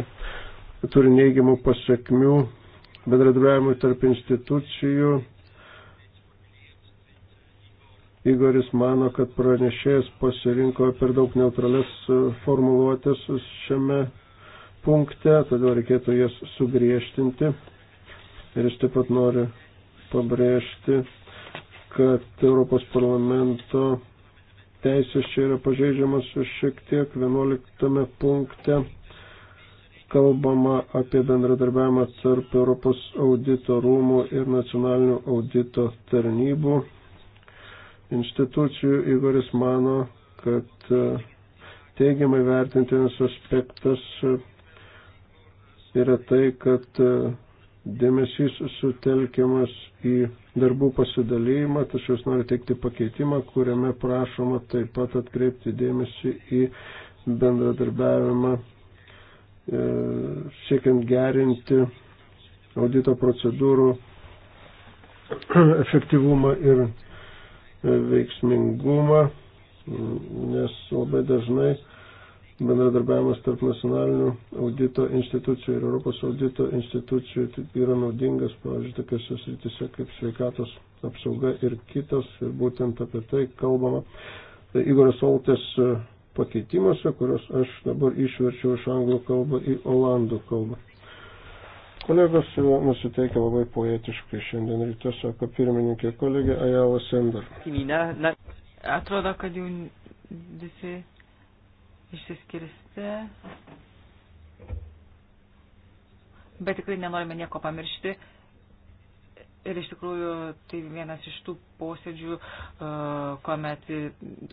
turi neigiamų pasiekmių bendradarbiavimui tarp institucijų Igoris mano, kad pranešėjas pasirinko per daug neutrales e, formuluotės šiame punkte, todėl reikėtų jas sugriežtinti. Ir jis taip pat nori pabrėžti, kad Europos parlamento teisės čia yra pažeidžiamas šiek tiek 11 punkte. Kalbama apie bendradarbiavimą tarp Europos audito rūmų ir nacionalinių audito tarnybų institucijų Igoris mano, kad e, teigiamai vertintinas aspektas e, yra tai, kad e, dėmesys sutelkiamas į darbų pasidalymą, tačiau jis nori teikti pakeitimą, kuriame prašoma taip pat atkreipti dėmesį į bendradarbiavimą, siekiant gerinti audito procedūrų efektyvumą ir veiksmingumą, nes labai dažnai bendradarbiavimas tarp nacionalinių audito institucijų ir Europos audito institucijų tai yra naudingas, pavyzdžiui, tokiuose srityse kaip sveikatos apsauga ir kitos, ir būtent apie tai kalbama. Tai Igoras Oltės e, pakeitimuose, kuriuos aš dabar išverčiau iš anglų kalbą į olandų kalbą. Kolegos yra nusiteikę labai poetiškai šiandien ryte, sako pirmininkė kolegė Ajala Sender. Atrodo, kad jau visi išsiskirsti. Bet tikrai nenorime nieko pamiršti. Ir iš tikrųjų tai vienas iš tų posėdžių, e, kuomet,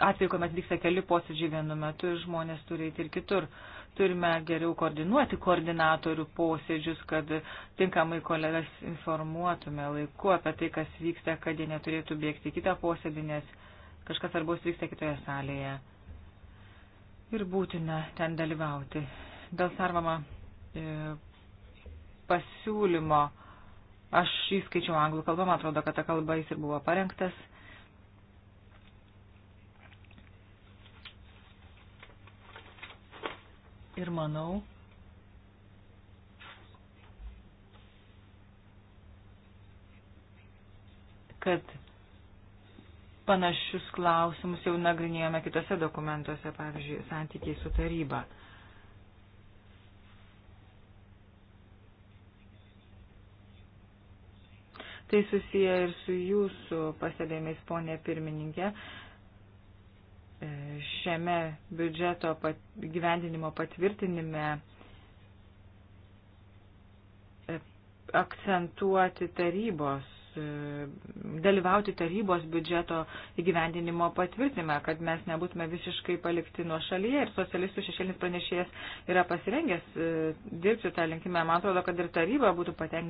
atveju, kuomet vyksta keli posėdžiai vienu metu ir žmonės turi eiti ir kitur. Turime geriau koordinuoti koordinatorių posėdžius, kad tinkamai kolegas informuotume laiku apie tai, kas vyksta, kad jie neturėtų bėgti kitą posėdį, nes kažkas svarbaus vyksta kitoje salėje. Ir būtina ten dalyvauti. Dėl sarvama e, pasiūlymo Aš įskaičiau anglų kalbą, man atrodo, kad ta kalba jis ir buvo parengtas. Ir manau, kad panašius klausimus jau nagrinėjome kitose dokumentuose, pavyzdžiui, santykiai su taryba. Tai susiję ir su jūsų pastebėjimais, ponė pirmininkė. E, šiame biudžeto pat, gyvendinimo patvirtinime e, akcentuoti tarybos, e, dalyvauti tarybos biudžeto įgyvendinimo patvirtinimą, kad mes nebūtume visiškai palikti nuo šalyje ir socialistų šešėlinis pranešėjas yra pasirengęs dirbti tą linkimą. Man atrodo, kad ir taryba būtų patenkinta.